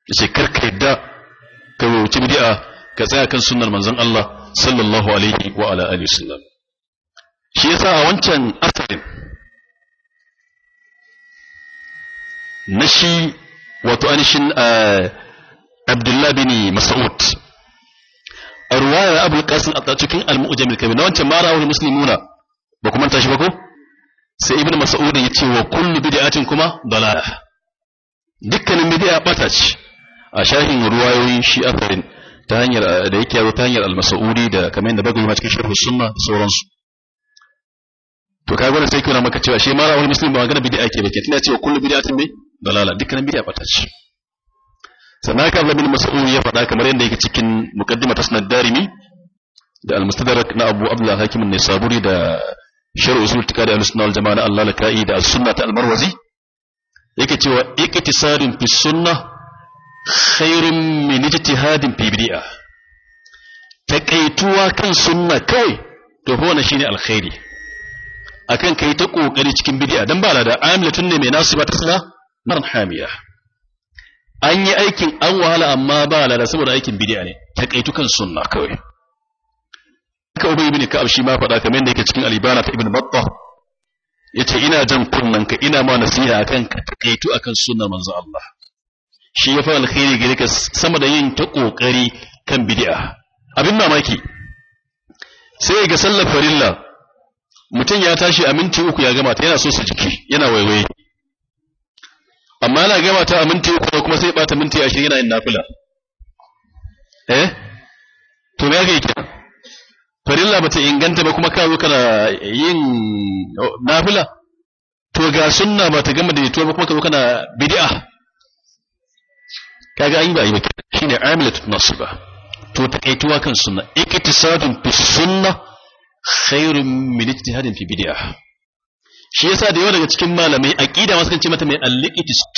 Ya ce, karka yadda ka wuce bid'a ka tsaya kan sunnar manzon Allah sallallahu alaihi wa ala alihi wasallam shi yasa a wancan asalin na shi wato anishin eh, Abdullah bin Mas'ud a ruwaya Abu Qasim a cikin al-Mu'jam al-Kabir na wancan mara wani muslimuna ba kuma tashi ba ko sai Ibn Mas'ud ya ce wa kullu bid'atin kuma dalala dukkanin bid'a bata ce a shahin ruwayoyin shi afarin ta hanyar eh, da yake yaro ta hanyar al-mas'udi da kamar yadda bagawi ma cikin sharh sunna sauransu to kaga wannan sai kira maka cewa shi mara ra'ayin muslim ba magana bid'a ke bake tana cewa kullu bid'atin bi dalala Dukkanin bid'a bata ce sannan ka Abdullah bin Mas'ud ya faɗa kamar yadda yake cikin muqaddimat asnad darimi da al-mustadrak na Abu Abdullah Hakim an-Nisaburi da sharh usul tiqadi al-sunnah wal jama'a Allah al-ka'i da as-sunnah al-marwazi yake cewa iktisadun fi sunnah khairun min ijtihadin fi bid'a kan sunna kai to fa wannan shine alkhairi akan kai ta kokari cikin bid'a dan ba da amilatun ne mai nasiba ta sala maran hamiya an yi aikin an wahala amma ba lada saboda aikin bid'a ne takaitu kan sunna kawai haka ubay ibn ka'ab shi ma faɗa kamar yadda yake cikin alibana ta ibn battah yace ina jan kunnanka ina ma nasiha akan ka takaitu akan sunna manzo Allah shi ya fi alkhairi gare ka sama da yin ta kokari kan bid'a abin mamaki sai ga sallar farilla mutum ya tashi a minti uku ya gama ta yana so su jiki yana waiwaye amma yana gama ta a minti uku kuma sai bata minti ashirin yana yin nafila eh to me yake kira farilla bata inganta ba kuma kawo kana yin nafila to ga sunna bata gama da ba kuma kawo kana bid'a kaga an yi ba a yi ba shine amilatu nasiba to takaituwa kan sunna iktisadun fi sunna khairun min ijtihadin fi bid'ah shi yasa da yawa daga cikin malamai aqida masu kance mata mai al-iqtisad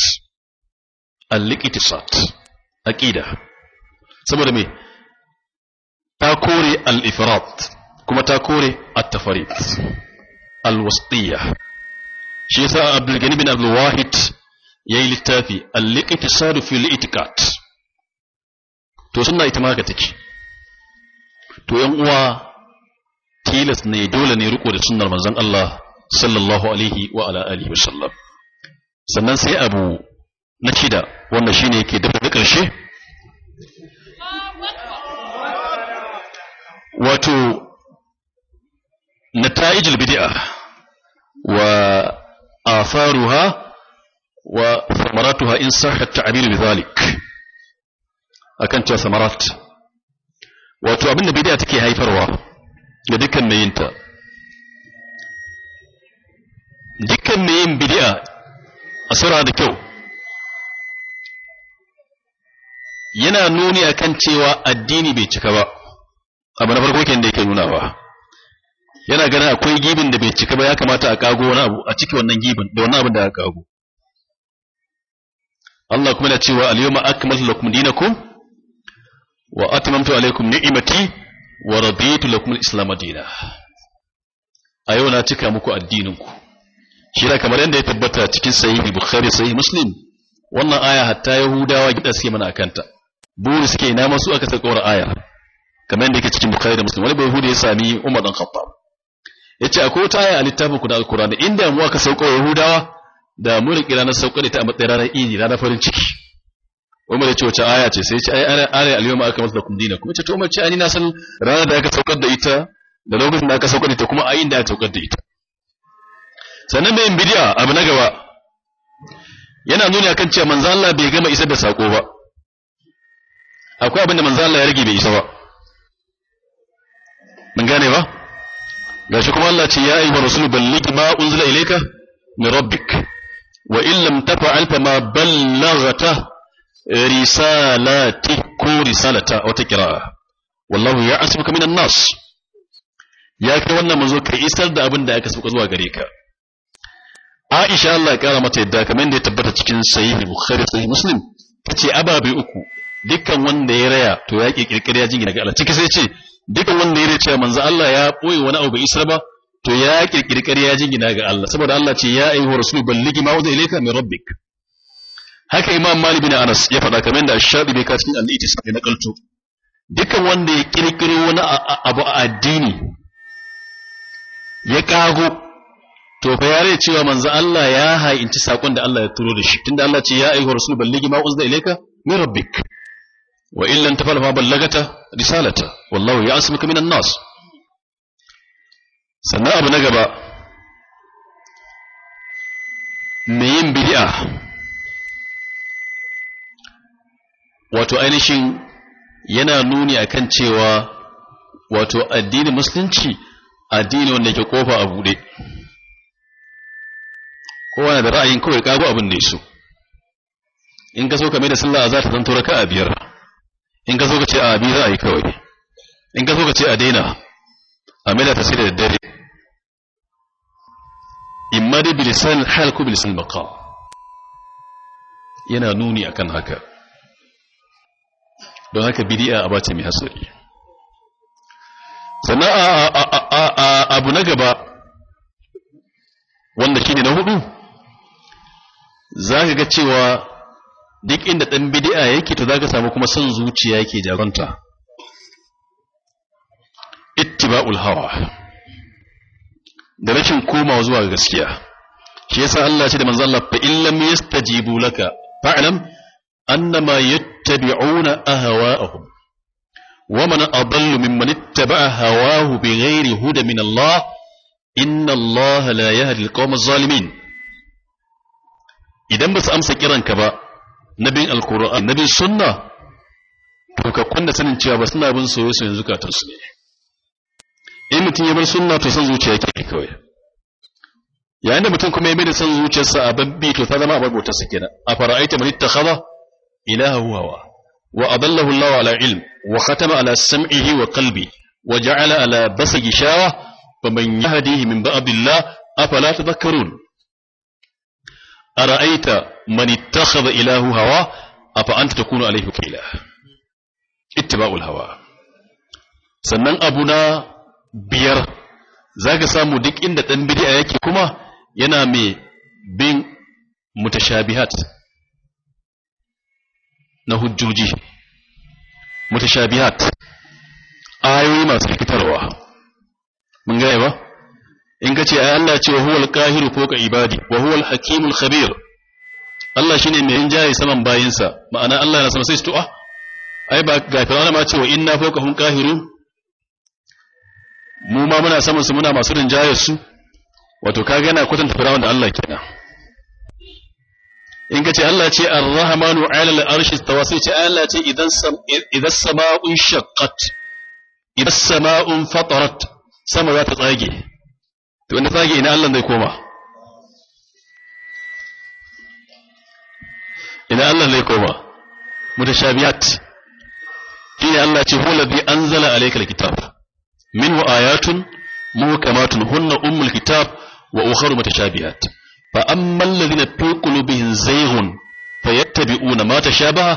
al-iqtisad aqida saboda me ta kore al-ifrat kuma ta kore at-tafarid al-wasṭiyya shi yasa Abdul Ghani bin Abdul Wahid yayi littafi al-iqtisadu fil itiqad to sunna ita ma take to yan uwa tilas ne dole ne riko da sunnar manzon Allah sallallahu alaihi wa ala alihi wa sallam sannan sai abu na shida wanda shine yake dafa da karshe wato نتائج البدعة وآثارها Wa in sahha صح التعبير zalik akan cewa samarat wato abinda bidiya take haifarwa ga dukkan mayinta yinta dukkan mai yin bidiya a sura da kyau yana nuni akan cewa addini bai cika ba abu na farko kenan da yake nuna ba yana ganin akwai gibin da bai cika ba ya kamata a kago wani abu a ciki wannan gibin da wannan abin da aka kago Allah kuma yana cewa al-yawma akmaltu lakum dinakum wa atmamtu alaykum ni'mati wa raditu lakum al-islam dinan a yau na cika muku addininku shi da kamar yadda ya tabbata cikin sahihi bukhari sahihi muslim wannan aya hatta yahudawa gida suke mana akanta buri suke ina masu aka saka kora ayar kamar yadda yake cikin bukhari da muslim wani bai hudu ya sami umar dan khattab yace akwai wata aya a littafin ku da al alqur'ani inda mu aka sauko yahudawa da mu kira ranar sauƙa da ta a matsayin ranar idi ranar farin ciki umar ya ce wace aya ce sai ya ce ai aya al-yawma aka masa lakum dinakum ce to umar ce ani na san ranar da aka saukar da ita da lokacin da aka saukar da ita kuma ayin da aka saukar da ita sannan mai bidiya abu na gaba yana nuni akan cewa manzo Allah bai gama isar da sako ba akwai abin da manzo Allah ya rage bai isa ba mun gane ba gashi kuma Allah ce ya ayyuhar rasul balligh ma unzila ilayka min rabbik wa illam tafa'al kama ballaghta risalati ko risalata wata kira'a wallahu ya asibuka minan nas ya kai wannan manzo kai isar da abin da aka sauka zuwa gare ka Aisha Allah ya kara mata yadda kamar da ya tabbata cikin sahihi Bukhari sahihi Muslim tace ababe uku dukkan wanda ya raya to ya kirkire ya jingina ga Allah ciki sai ce dukkan wanda ya raya cewa manzo Allah ya boye wani abu bai isar ba to ya kirkiri ƙarya jingina ga Allah saboda Allah ce ya ayyuhu rasul balligi ma wuzai ilayka min rabbik haka imam malik bin anas ya faɗa kamar da ash bai ka cikin al-itisaf na kalto dukkan wanda ya kirkiro wani abu a addini ya kago to fa yare cewa manzo Allah ya ha'inci sakon da Allah ya turo da shi tunda Allah ce ya ayyuhu rasul balligi ma wuzai ilayka min rabbik wa illan tafal fa ballagata risalata wallahu ya'asmuka minan nas sannan abu na gaba mai yin bidi'a wato ainihin yana nuni akan cewa wato addinin musulunci addini wanda ke kofa a buɗe kowane da ra'ayin kawai kago abin da su. in ka so ka mai da sallah za ta zanto raka a biyar in ka so ka ce a biyar za a yi kawai in ka so ka ce a daina a mai da tasiri da daddare imma dai bilisan hal ko bilisan yana nuni akan haka don haka bid'a aba ce mai hasari sannan abu na gaba wanda shine na hudu zaka ga cewa duk inda dan bid'a yake to zaka samu kuma son zuciya yake jaranta ittiba'ul hawa da rashin komawa zuwa ga gaskiya shi yasa Allah ce da manzo Allah fa in lam yastajibu laka fa'lam annama yattabi'una ahwa'ahum wa man adallu mimman ittaba'a hawahu bighairi huda min Allah inna Allah la yahdi al zalimin idan ba su amsa kiranka ba nabin alkur'an nabin sunna to ka kunna sanin cewa ba suna bin soyayya yanzu katar su ne in mutum ya bar sunna to san zuciya yake kawai yayin da mutum kuma ya da san zuciyarsa a babbi to ta zama a ta sa kenan a fara'aita mani ta ittakhadha ilaha Hawa, wa adallahu Allah ala ilm wa khatama ala sam'ihi wa qalbi wa ja'ala ala basa basari shawa faman yahdihi min ba'dillah afala tadhakkarun ara'aita man ittakhadha ilahu hawa afa anta takunu alayhi wakila ittiba'ul hawa sannan abuna biyar za ka samu duk inda ɗan a yake kuma yana mai bin mutashabihat na hujjoji mutashabihat ayoyi masu rikitarwa mun gaya ba in ka ce Allah ce wa huwal qahiru ko ka ibadi wa huwal hakimul khabir Allah shine mai rinjaye saman bayinsa ma'ana Allah na sama sai su to ah, ai ba ga fir'auna ma ce wa inna fawqahum qahirun mu ma muna samun su muna masu rinjayar su wato kaga yana kwatanta firawun da Allah kenan in kace Allah ce ar-rahmanu 'ala al-arshi istawa sai ce Allah ce idan sam idan sama'un shaqqat idan sama'un fatarat sama ya ta tsage to inda tsage ina Allah zai koma ina Allah zai koma mutashabiyat shine Allah ce huwa ladhi anzala alayka al kitaba min wa ayatun muhkamatun hunna ummul kitab wa ukharu ba an amma alladhina fi qulubihim zayghun fayattabi'una ma tashabaha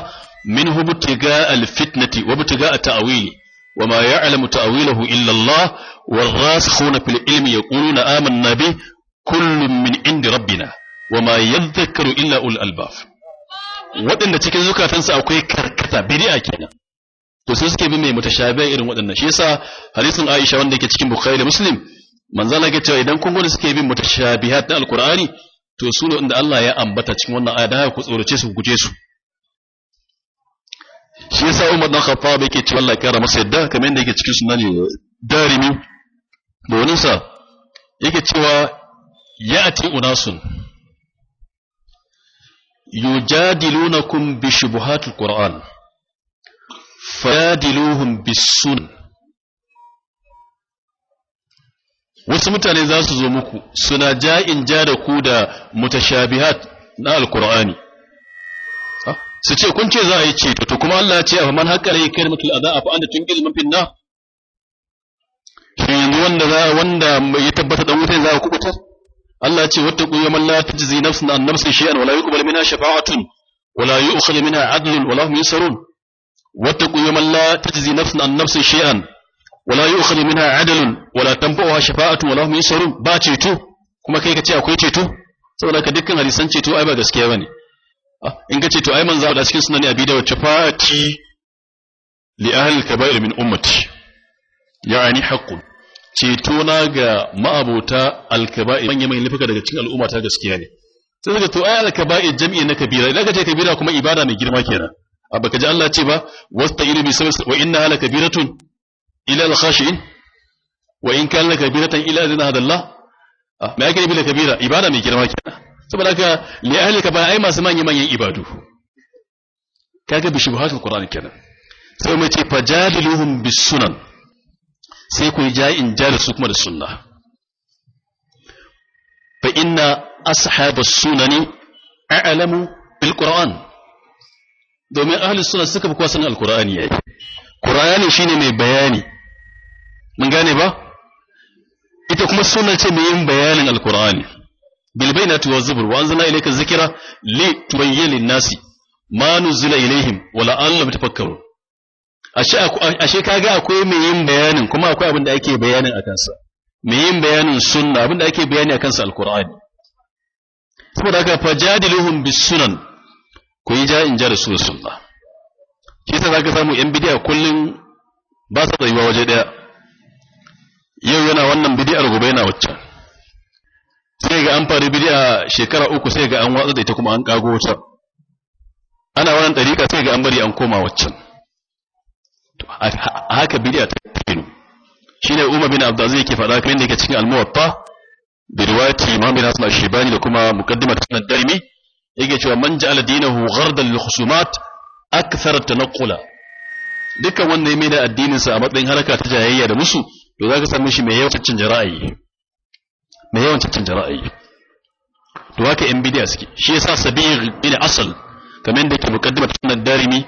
minhu ibtigaa alfitnati wa ibtigaa ta'wili وما يعلم تأويله إلا الله والراسخون في العلم يقولون آمنا به كل من عند ربنا وما يذكر إلا أولو الألباب waɗanda cikin zukatansu akwai karkata bid'a kenan to sai suke bin mai mutashabihan irin waɗannan shi yasa hadisin Aisha wanda yake cikin Bukhari da Muslim manzo Allah yake cewa idan kun gode suke bin mutashabihat na alqur'ani to su ne inda Allah ya ambata cikin wannan aya da ku tsorace su ku guje su shi yasa Umar dan Khattab yake cewa Allah ya kara masa yadda kamar yadda yake cikin sunan darimi da wani sa yake cewa ya'ti unasun yujadilunakum bi shubuhatil qur'an fayadiluhum bisun wasu mutane za su zo muku suna ja'in ja da ku da mutashabihat na alkur'ani ah, su ce kun ce za a yi ceto to kuma Allah ya ce a man haƙa rai kai mutul adha afa anta tunqil man finna to yanzu wanda za wanda ya tabbata dan wuta za ku kubutar Allah ya ce wattaqu yawman la tajzi nafsun an nafsin shay'an wala yuqbal minha shafa'atun wala yu'khadh minha 'adlun wala hum yunsarun واتقوا يوما لا تجزي نفس عن نفس شيئا ولا يؤخذ منها عدل ولا تنفعها شفاعة ولا هم ينصرون با ceto kuma kai kace akwai ceto saboda ka dukkan hadisan ceto ai ba gaskiya bane ah, in ka ceto ai manzo da cikin sunan abi dawud shafa'ati li ahli al-kaba'ir min ummati yani haqqun ceto na ga ma'abota al-kaba'ir manyan manyan lafuka daga cikin al'umma ta gaskiya ne sai daga to ai al-kaba'ir jam'i na kabira idan ka ce kabira kuma ibada mai girma kenan a ah, baka ji Allah ce ba wasta'inu bi sabr wa inna la kabiratun ila al khashi'in wa in kana kabiratan ila adina hadallah ah, me yake bi kabira ibada mai girma kenan saboda haka li ahlika ba ai masu manyan manyan ibadu kaga bi shubuhatul qur'an kenan sai mu ce fajadiluhum bis sunan sai ku ja in ja su kuma da sunna fa inna ashabas sunani a'lamu bil qur'an domin ahli suna suka fi kwasan sanin alkur'ani yayi qur'ani shine mai bayani mun gane ba ita kuma sunna ce mai yin bayanin alkur'ani bil bainati wa zubur wa anzalna ilayka dhikra li tubayyana lin-nasi ma nuzila ilayhim wa la'allahum yatafakkarun ashe ashe kaga akwai mai yin bayanin kuma akwai abin da ake bayanin akan sa mai yin bayanin sunna abin da ake bayani akan sa alkur'ani saboda haka fajadiluhum bis sunan ku yi ja in su sunna kisa za ka samu yan bidiya kullum ba su tsayuwa waje ɗaya yau yana wannan bidiyar gobe yana waccan sai ga an fari bidiya shekara uku sai ga an watsa da ita kuma an kago wata ana wannan ɗarika sai ga an bari an koma waccan haka bidiya ta ginu shi ne umar bin abdul yake faɗa kamar da yake cikin almuwatta da riwayati imam bin hasan al-shibani da kuma muqaddimat sunan darimi yake cewa man ja'ala dinahu ghardan lil khusumat akthar tanqula dukkan wanda ya mai da addinin sa a matsayin haraka ta jayayya da musu to zaka same shi mai yawan cin ra'ayi mai yawan cin ra'ayi to haka yan bidiya suke shi yasa sabir bin asal kamar da ke muqaddimat sunan darimi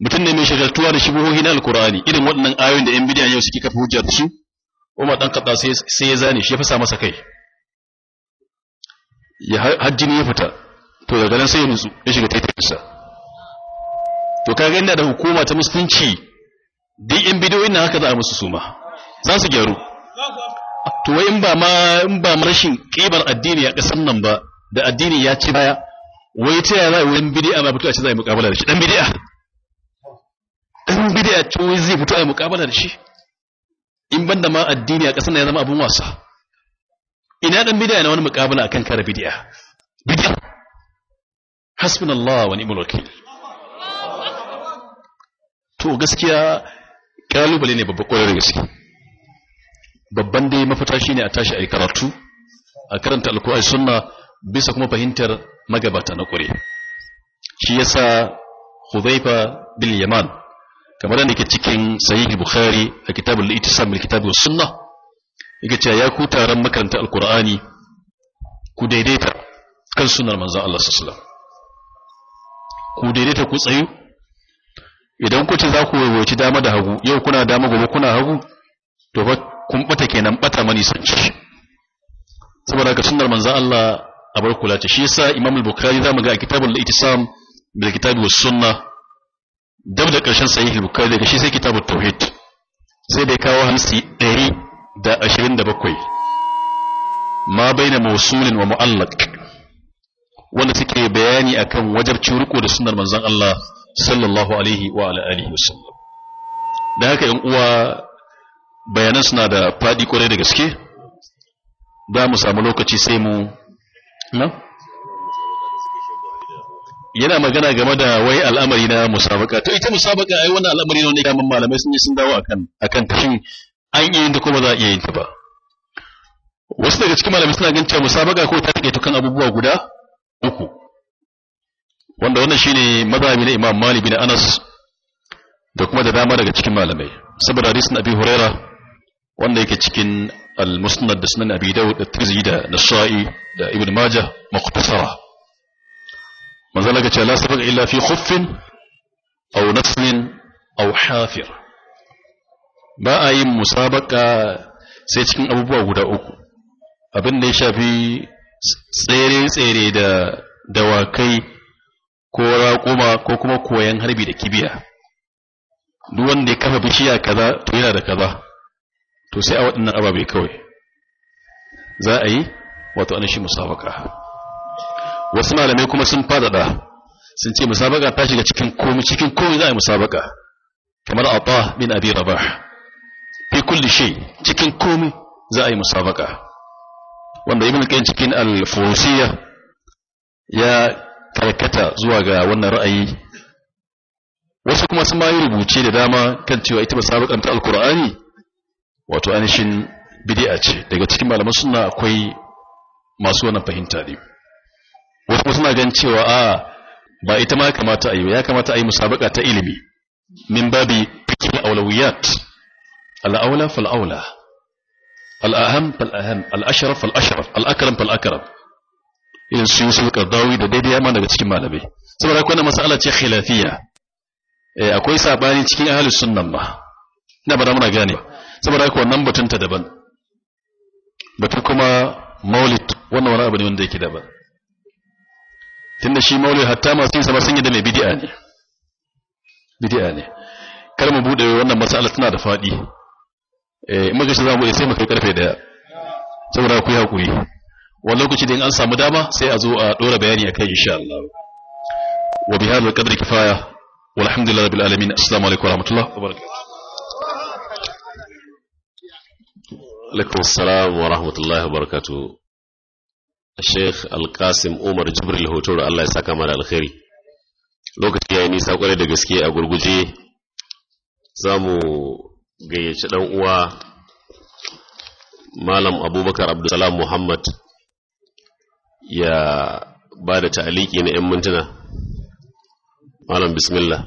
mutum ne mai shagaltuwa da shubuhohi na alkur'ani irin waɗannan ayoyin da yan bidiyan yau suke kafa hujjar su Umar dan kaɗa sai ya zane shi ya fasa masa kai ya hajjini ya fita to daga nan sai ya nutsu ya shiga taitaisa to kaga inda da hukuma ta musulunci duk in bidiyoyin nan haka za a musu suma za su gyaru to wai in ba ma in ba rashin kibar addini a kasar nan ba da addini ya ci baya wai ta yaya za a wurin bidiya ba fito a ce za a yi muƙabala da shi dan bidiya dan bidiya ce wai zai fito a yi muƙabala da shi in banda ma addini a kasar nan ya zama abun wasa ina dan bidiya na wani muƙabala akan kare bidiya bidiya hasbunallah wa wani wakil to gaskiya kalubale ne babban kwarar gaske babban dai mafita ne a tashi ayi karatu a karanta alkur'ani sunna bisa kuma fahimtar magabata na kure shi yasa huzaifa bin Yaman kamar da ke cikin sahih Bukhari a kitabul itisam samun kitab was yake cewa ya ku taron makaranta alkur'ani ku daidaita kan sunnar manzan Allah sallallahu alaihi wasallam ku daidaita ku tsayu idan ku ce za ku waiwaci dama da hagu yau kuna dama gobe kuna hagu to fa kun bata kenan bata mani sanci saboda ka sunnar manzo Allah a bar kula ta shi yasa Imam al-Bukhari zamu ga kitabul itisam bil kitabi was sunna dab da karshen sahih al-Bukhari daga shi sai kitabut tauhid sai da kawo hamsi 127 ma baina mawsulin wa mu'allaq wanda suke bayani akan wajabci riko da sunnar manzon Allah sallallahu alaihi wa ala alihi wasallam da haka yan uwa bayanan suna da fadi kwarai da gaske Da mu samu lokaci sai mu na yana magana game da wai al'amari na musabaka to ita musabaka ai wannan al'amari ne da malamai sun yi sun dawo akan akan tashin an yi ta kuma za a iya yin ta ba wasu daga cikin malamai suna ganin cewa musabaka ko ta take tukan abubuwa guda uku wanda wannan shine mazhabi na Imam Malik bin Anas da kuma da dama daga cikin malamai saboda hadisin Abi Huraira wanda yake cikin al-Musnad da Sunan Abi Dawud da Tirmidhi da Nasa'i da Ibn Majah mukhtasara manzo Allah ce la sabaq illa fi khuffin aw naslin aw hafir ba a yin musabaka sai cikin abubuwa guda uku abin da ya shafi tsere-tsere da dawakai ko raƙuma ko kuma koyan harbi da kibiya duk wanda ya kafa bishiya kaza to yana da kaza to sai a waɗannan ababe kawai za a yi wato an shi musabaka wasu malamai kuma sun fadada sun ce musabaka ta shiga cikin komi cikin komi za a yi musabaka kamar abba bin abi rabah fi kulli shay cikin komi za a yi musabaka wanda ibn qayyim cikin al fusiyya ya karkata zuwa ga wannan ra'ayi wasu kuma sun bayi rubuce da dama kan cewa ita ba sabakanta al-qur'ani wato anishin bid'a ce daga cikin malaman sunna akwai masu wannan fahimta ne wasu suna gan cewa a ba ita ma kamata a yi ya kamata a yi musabaka ta ilimi min babi fikil awlawiyat al-awla fal-awla al'aham fal'aham al'asharaf fal'asharaf al'akaram fal'akaram irin su da daidai yama daga cikin saboda mas'ala ce akwai sabani cikin ba da muna gane saboda batun ta daban batun kuma maulid wannan wani abu ne wanda yake daban tunda shi maulid hatta masu yin sun yi da mai bid'a ne bid'a ne kar mu bude wannan mas'ala tana da faɗi eh in za mu sai mu kai karfe daya saboda ku yi hakuri wani lokaci da in an samu dama sai a zo a ɗora bayani a akai insha Allah wa bi hadha al-qadri kifaya walhamdulillahi rabbil alamin assalamu alaikum warahmatullahi wabarakatuh alaikum assalam wa rahmatullahi wa barakatuh Sheikh Al-Qasim Umar Jibril Hotoro Allah ya saka mana alkhairi lokaci ya yi nisa kwarai da gaske a gurguje zamu. gayyaci ɗan uwa malam abubakar abdulsalam muhammad ya ba da ta'aliki na 'yan mintuna malam bismillah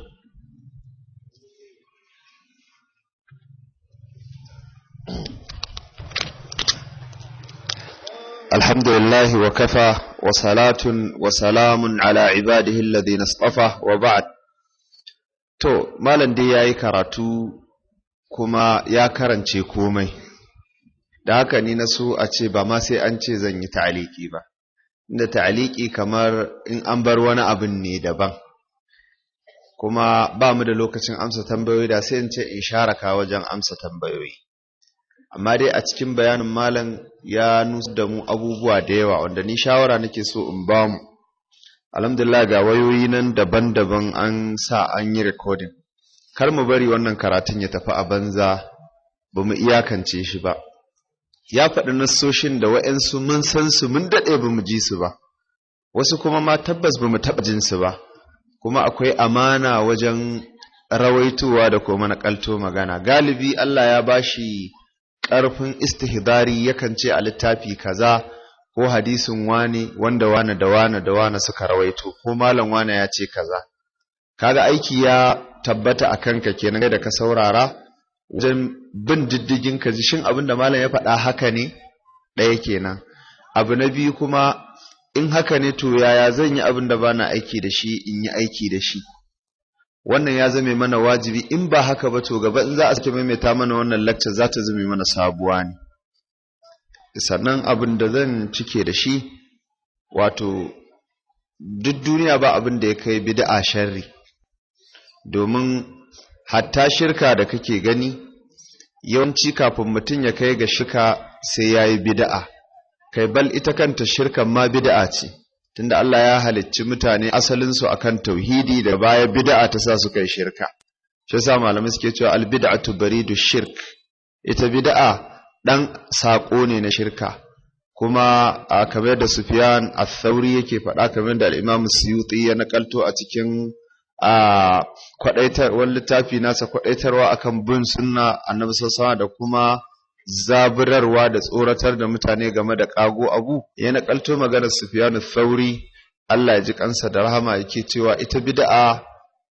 الحمد لله وكفى وصلاة وسلام على عباده الذين اصطفى وبعد تو مالن دي yayi karatu kuma ya karance komai da haka ni na so a ce ba ma sai an ce zan yi ta'aliki ba inda ta'aliki kamar in an bar wani abin ne daban kuma ba mu da lokacin amsa tambayoyi da sai in ce in sharaka wajen amsa tambayoyi amma dai a cikin bayanin malam ya nusa da mu abubuwa da yawa wanda ni shawara nake so in ba mu alhamdulillah ga wayoyi nan daban-daban an sa an yi rikodin. kar mu bari wannan karatun ya tafi a banza ba mu iyakance shi ba ya faɗi nassoshin da wa'yansu mun san su mun daɗe ba mu ji su ba wasu kuma ma tabbas ba mu taɓa jin su ba kuma akwai amana wajen rawaitowa da kuma naƙalto magana galibi Allah ya ba shi ƙarfin istihdari yakan ce a littafi kaza ko hadisin wani wanda wane da wane da wane suka rawaito ko malam wane ya ce kaza kaga aiki ya tabbata a kanka kenan da ka saurara wajen bin diddigin ka ji shin abin da malam ya faɗa haka ne ɗaya kenan abu na biyu kuma in haka ne to yaya zan yi abin da bana aiki da shi in yi aiki da shi wannan ya zame mana wajibi in ba haka ba to gaba in za a sake maimaita mana wannan lecture za ta zame mana sabuwa ne sannan abin da zan cike da shi wato duk duniya ba abin da ya kai bid'a sharri domin hatta shirka da kake gani yawanci kafin mutum ya kai ga shirka sai ya yi bida'a kai bal ita kanta shirkan ma bida'a ce tunda Allah ya halicci mutane asalinsu kan tauhidi da baya bida'a ta sa su kai shirka shi sa malamai suke cewa albid'atu baridu shirk ita bida'a dan sako ne na shirka kuma a kamar da Sufyan al-Thawri yake faɗa kamar da al-Imam Suyuti ya nakalto a cikin a kwadaitar wani littafi nasa kwadaitarwa akan bin sunna annabi sallallahu da kuma zaburarwa da tsoratar da mutane game da ƙago abu ya nakalto maganar Sufyan sauri. Allah ya ji kansa da rahama yake cewa ita bid'a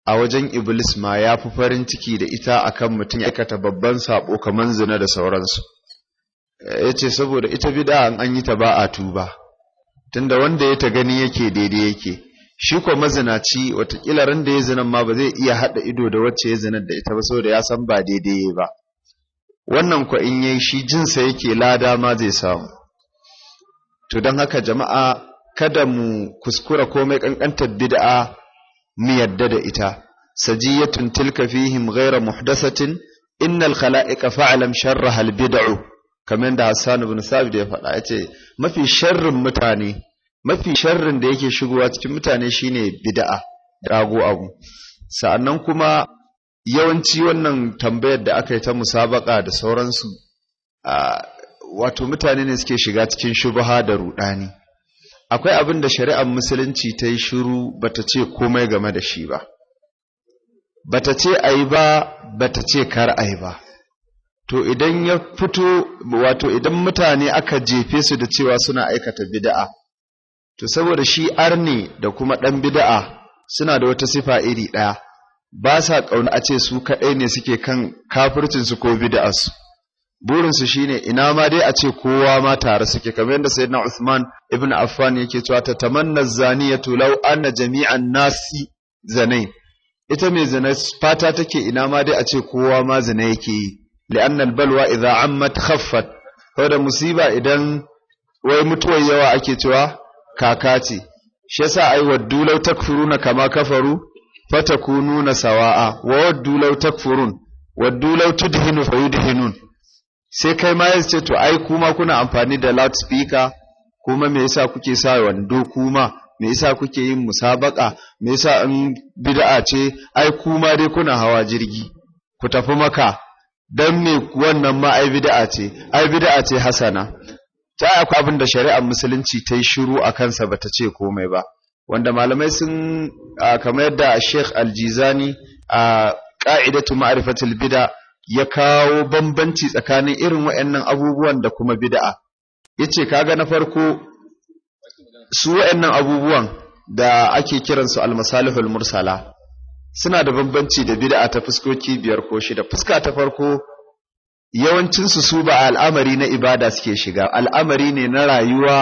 a wajen Iblis ma ya fi farin ciki da ita akan mutum ya aikata babban sabo kamar zina da sauransu yace saboda ita bid'a an yi ta ba a tuba tunda wanda ya ta gani yake daidai yake shi ko mazinaci watakila ran da ya zinan ma ba zai iya haɗa ido da wacce ya zinar da ita ba saboda ya san ba daidai ba wannan ko in yayi shi jinsa yake lada ma zai samu to don haka jama'a kada mu kuskura komai ƙanƙantar bid'a mu yadda da ita sajiyatun tilka fihim ghaira muhdathatin innal khala'iqa fa'alam sharra al bid'u kamar da Hassan ibn Sabit ya faɗa yace mafi sharrin mutane mafi sharrin da yake shigowa cikin mutane shine bid'a dago abu sa'annan kuma yawanci wannan tambayar da aka yi ta musabaka da sauransu wato mutane ne suke shiga cikin shubha da rudani akwai abin da shari'ar musulunci ta yi shiru bata ce komai game da shi ba bata ce ayi ba bata ce kar ayi ba to idan ya fito wato idan mutane aka jefe su da cewa suna aikata bida'a. to saboda shi arne da kuma ɗan bida'a suna da wata sifa iri ɗaya ba sa ƙauna a ce su kaɗai ne suke kan kafircinsu ko bida'arsu burinsu shi ne ina ma dai a ce kowa ma tare suke kamar yadda sayyidina Uthman ibn Affan yake cewa ta tamanna zaniyatu law anna jami'an nasi zanai ita mai zina fata take ina ma dai a ce kowa ma zina yake yi li'anna balwa idza ammat khaffat saboda musiba idan wai mutuwar yawa ake cewa kaka ce shi yasa ai waddu law takfuruna kama kafaru nuna sawa'a wa waddu law takfurun waddu law tudhinu fayudhinun sai kai ma yace to ai kuma kuna amfani da speaker, kuma me yasa kuke sa wando kuma me yasa kuke yin musabaka me yasa in bid'a ce ai kuma dai kuna hawa jirgi ku tafi maka dan me wannan ma ai bid'a ce ai bid'a ce hasana ta akwai abin da shari'ar musulunci ta yi shiru a kansa ba ta ce komai ba wanda malamai sun kamar yadda sheikh aljizani a ƙa'idatu ma'arifatul bida ya kawo bambanci tsakanin irin waɗannan abubuwan da kuma bida'a yace kaga na farko su waɗannan abubuwan da ake kiransu almasalihul mursala suna da bambanci da bida'a ta fuskoki biyar ko shida fuska ta farko yawancinsu su ba al'amari na ibada suke shiga al'amari ne na rayuwa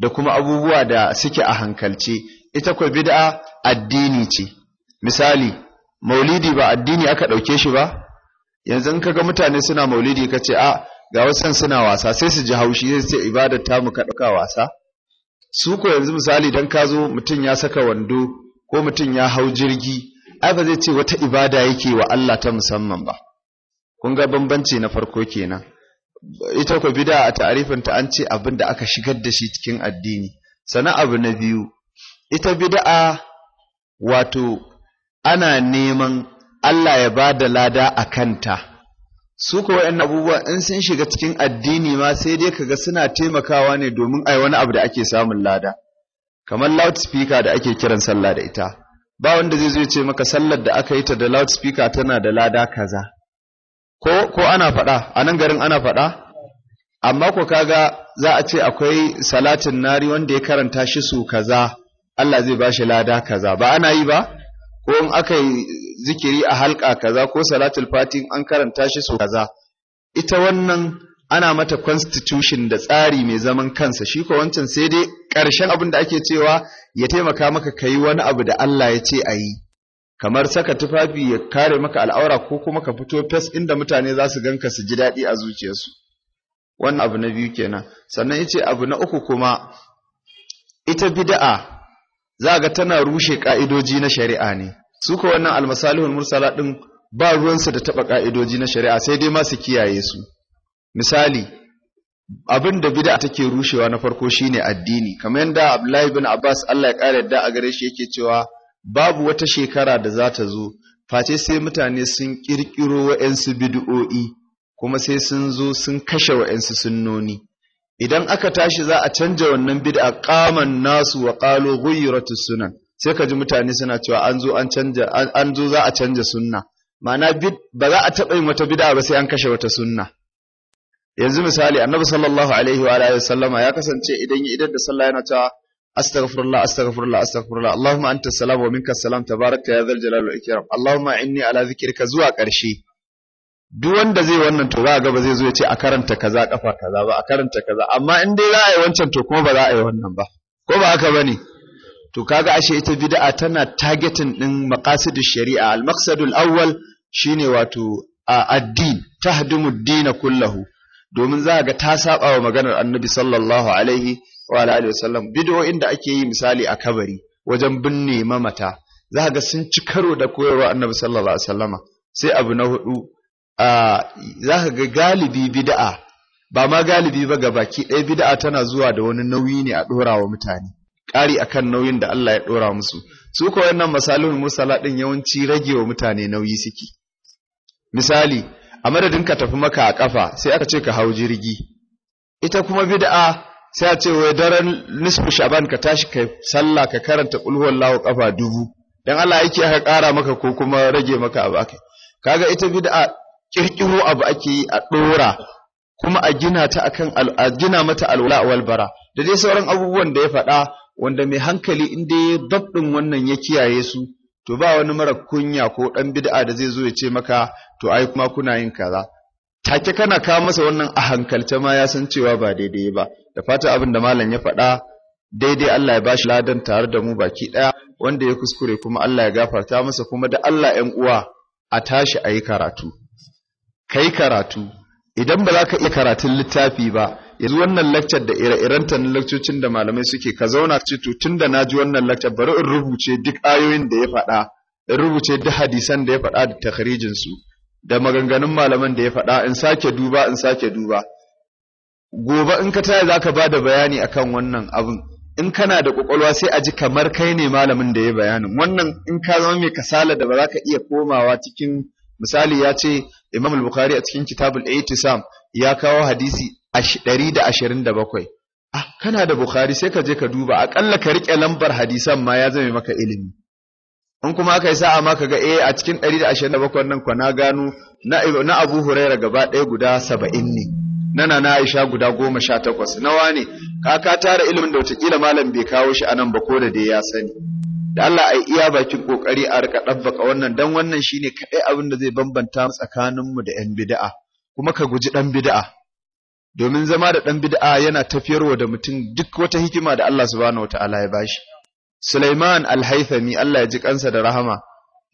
da kuma abubuwa da suke a hankalce ita kwa bid'a addini ce misali maulidi ba addini aka ɗauke shi ba yanzu kaga mutane suna maulidi ka ce a ga wasu suna wasa sai su ji haushi sai ce ibadar ta mu ɗauka wasa su ko yanzu misali don ka zo mutum ya saka wando ko mutum ya hau jirgi ai ba zai ce wata ibada yake wa Allah ta musamman ba kun ga bambanci na farko kenan ita ko bid'a a ta'arifin ta an ce abin da aka shigar da shi cikin addini sana abu na biyu ita bida'a wato ana neman Allah ya ba da lada a kanta su ko waɗannan abubuwa in sun shiga cikin addini ma sai dai kaga suna taimakawa ne domin ai wani abu da ake samun lada kamar loudspeaker da ake kiran sallah da ita ba wanda zai zo ya ce maka sallar da aka yi ta da loudspeaker tana da lada kaza ko ko ana faɗa a nan garin ana faɗa amma ko kaga za a ce akwai salatin nari wanda ya karanta shi su kaza Allah zai bashi lada kaza ba ana yi ba ko in aka yi zikiri a halka kaza ko salatul fatin an karanta shi su kaza ita wannan ana mata constitution da tsari mai zaman kansa shi ko wancan sai dai ƙarshen abin da ake cewa ya taimaka maka kayi wani abu da Allah ya ce a yi kamar saka tufafi ya kare maka al'aura ko kuma ka fito fes inda mutane za su ganka su ji daɗi a zuciyarsu wannan abu na biyu kenan sannan yace abu na uku kuma ita bid'a za ga tana rushe ka'idoji na shari'a ne su ko wannan almasalihul mursala din ba ruwansu da taba ka'idoji na shari'a sai dai ma su kiyaye su misali abin da bid'a take rushewa na farko shine addini kamar yadda Abdullahi bin Abbas Allah ya kare yadda a gare shi yake cewa babu wata shekara da za ta zo face sai mutane sun ƙirƙiro wa'yansu bid'o'i kuma sai sun zo sun kashe wa'yansu sunnoni idan aka tashi za a canja wannan bid'a qaman nasu wa qalu ghayratu sunan sai ka ji mutane suna cewa an zo an canja za a canja sunna ma'ana ba za a taɓa yin wata bid'a ba sai an kashe wata sunna yanzu misali annabi sallallahu alaihi wa alihi sallama ya kasance idan ya idar da sallah yana cewa الله استغفر الله Allahumma anta اللهم wa السلام ومنك tabaraka ya يا ذا الجلال والاكرام Allahumma inni ala ذكرك zuwa ƙarshe duk wanda zai wannan to za ga ba zai zo ya ce a karanta kaza kafa kaza ba a karanta kaza amma in dai za a yi wancan to kuma ba za a yi wannan ba ko ba haka bane to kaga ashe ita bid'a tana targeting din maqasidish shari'a al-maqsadul awwal shine wato ad-din tahdumu ad-din kullahu domin za ga ta saba wa maganar annabi sallallahu alaihi wa alihi wasallam bid'o'in da ake yi misali a kabari wajen binne mamata za ga sun ci karo da koyarwa annabi sallallahu alaihi wasallama sai abu na hudu za ka ga galibi bid'a ba ma galibi ba gabaki ɗaya bid'a tana zuwa da wani nauyi ne a ɗora wa mutane ƙari akan nauyin da Allah ya ɗora musu su ko wannan misalin musala yawanci rage wa mutane nauyi suke misali a madadin ka tafi maka a ƙafa sai aka ce ka hau jirgi ita kuma bid'a sai a ce wai daren nisfu shaban ka tashi kai sallah ka karanta kulhuwan lahu kafa dubu dan Allah yake aka kara maka ko kuma rage maka abu akai kaga ita bid'a kirkiro abu ake yi a dora kuma a gina ta akan a gina mata alwala wal bara da dai sauran abubuwan da ya faɗa wanda mai hankali in dai dabbin wannan ya kiyaye su to ba wani mara kunya ko dan bid'a da zai zo ya ce maka to ai kuma kuna yin kaza take kana kawo masa wannan a Ta ma ya san cewa ba daidai ba da fata abin da malam ya faɗa daidai Allah ya bashi ladan tare da mu baki ɗaya wanda ya kuskure kuma Allah ya gafarta masa kuma da Allah ‘yan uwa a tashi a yi karatu. kai karatu, idan ba za ka iya karatun littafi ba, yanzu wannan lakcar da ire-irenta na lakcocin da malamai suke ka zauna ci tun da na ji wannan lakcar bari in rubuce duk ayoyin da ya faɗa, in rubuce duk hadisan da ya faɗa da takarijinsu, da maganganun malaman da ya faɗa in sake duba in sake duba. gobe in ka taya ba da bayani a kan wannan abin in kana da kwakwalwa sai a ji kamar kai ne malamin da ya bayanin wannan in ka zama mai kasala da ba za ka iya komawa cikin misali ya ce imam al-bukhari a cikin kitabul itisam ya kawo hadisi da da ashirin bakwai. ah kana da bukhari sai ka je ka duba akalla ka riƙe lambar hadisan ma ya zame maka ilimi in kuma aka yi sa'a ma ka ga eh a cikin ɗari da da ashirin bakwai nan kwana gano na Abu Huraira gaba ɗaya guda saba'in ne nana na Aisha guda goma sha takwas nawa ne ka tara ilimin da watakila malam bai kawo shi anan ba ko da dai ya sani da Allah ai iya bakin kokari a rika ɗabbaka wannan dan wannan shine kadai abin da zai bambanta tsakanin mu da yan bid'a kuma ka guji ɗan bid'a domin zama da ɗan bid'a yana tafiyarwa da mutum duk wata hikima da Allah subhanahu wataala ya bashi Sulaiman al-Haythami Allah ya ji kansa da rahama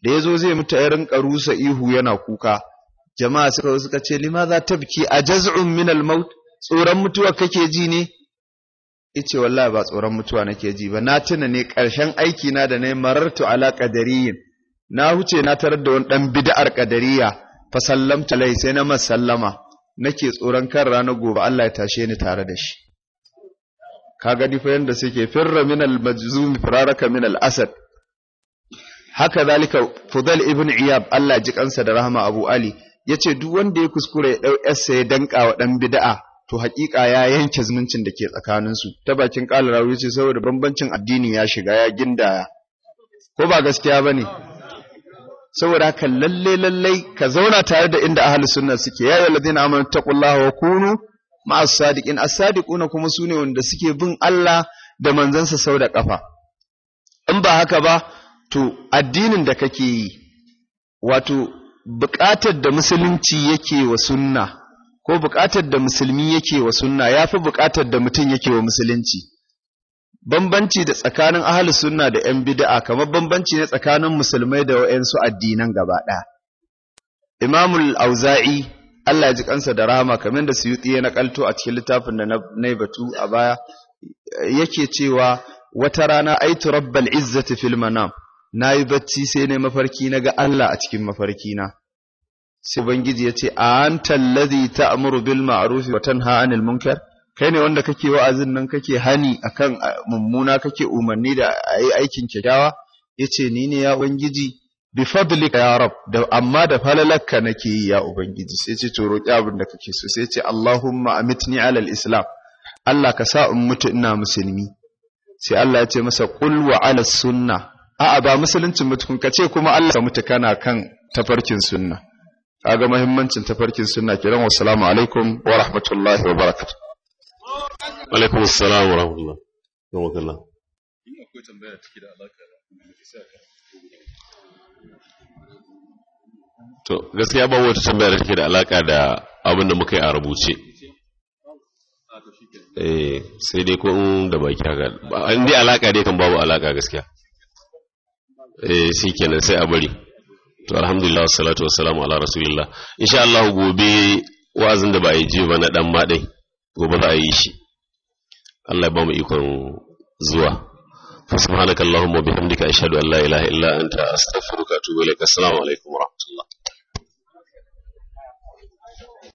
da yazo zai mutu ya rinka rusa ihu yana kuka jama'a suka suka ce limaza tabki a jaz'un min al-maut tsoron mutuwa kake ji ne yace wallahi ba tsoron mutuwa nake ji ba na tuna ne karshen aiki na da nayi marartu ala qadariyin na huce na tarar da wani dan bid'ar qadariya fa sallamta lai sai na masallama nake tsoron kan rana gobe Allah ya tashe ni tare da shi ka gani fa yanda suke firra min al-majzum firaraka min al-asad haka zalika fudal ibn iyab Allah ji kansa da rahama abu ali Ya ce duk wanda ya kuskura ya dau yarsa ya danka wa ɗan bida'a, to haƙiƙa ya yanke zumuncin da ke tsakaninsu ta bakin ƙala rawu ce saboda bambancin addini ya shiga ya gindaya ko ba gaskiya bane saboda haka lalle lalle ka zauna tare da inda ahalus sunna suke ya ayyuhal ladina amanu taqullaha wa kunu ma'as sadiqin as-sadiquna kuma sune wanda suke bin Allah da manzansa sau da kafa in ba haka ba to addinin da kake yi wato buƙatar da musulunci yake wa sunna ko buƙatar da musulmi yake wa sunna ya fi buƙatar da mutum yake wa musulunci bambanci da tsakanin ahli sunna da 'yan bida'a kamar bambanci ne tsakanin musulmai da wa'yansu addinan gaba ɗaya imamul auza'i Allah ji kansa da rahama kamar da suyuti ya nakalto a cikin littafin da na batu a baya yake cewa wata rana aitu rabbal izzati fil manam na yi bacci sai na mafarki na ga Allah a cikin mafarkina sai bangiji ya ce a tallazi ta amuru bil ma'arufi wa tanha 'anil munkar kai ne wanda kake wa'azin nan kake hani a kan mummuna kake umarni da yi aikin kyakkyawa ce ni ne ya ubangiji bi fadlik ya rab da amma da falalakka nake yi ya ubangiji sai ce to roƙi abin da kake so sai ce allahumma amitni alal islam Allah ka sa in mutu ina musulmi sai Allah ya ce masa kul wa ala sunna a'a ba musuluncin mutukun ka ce kuma Allah ka mutu kana kan tafarkin sunna kaga muhimmancin tafarkin sunna kiran wassalamu alaikum wa rahmatullahi wa barakatuh wa alaikum assalam wa rahmatullahi wa barakatuh ina akwai tambaya take da alaka to gaskiya ba wata tambaya da take da alaka da abin da muka yi a rubuce eh sai dai ko in da baki haka in dai alaka dai kan babu alaka gaskiya eh shi kenan sai a bari to alhamdulillah wassalatu wassalamu ala rasulillah insha Allah gobe wa'azin da ba yi je ba na dan dai gobe za a yi shi Allah ya ba mu ikon zuwa fa subhanakallahumma bihamdika ashhadu an la ilaha illa anta astaghfiruka wa atubu ilaik assalamu alaikum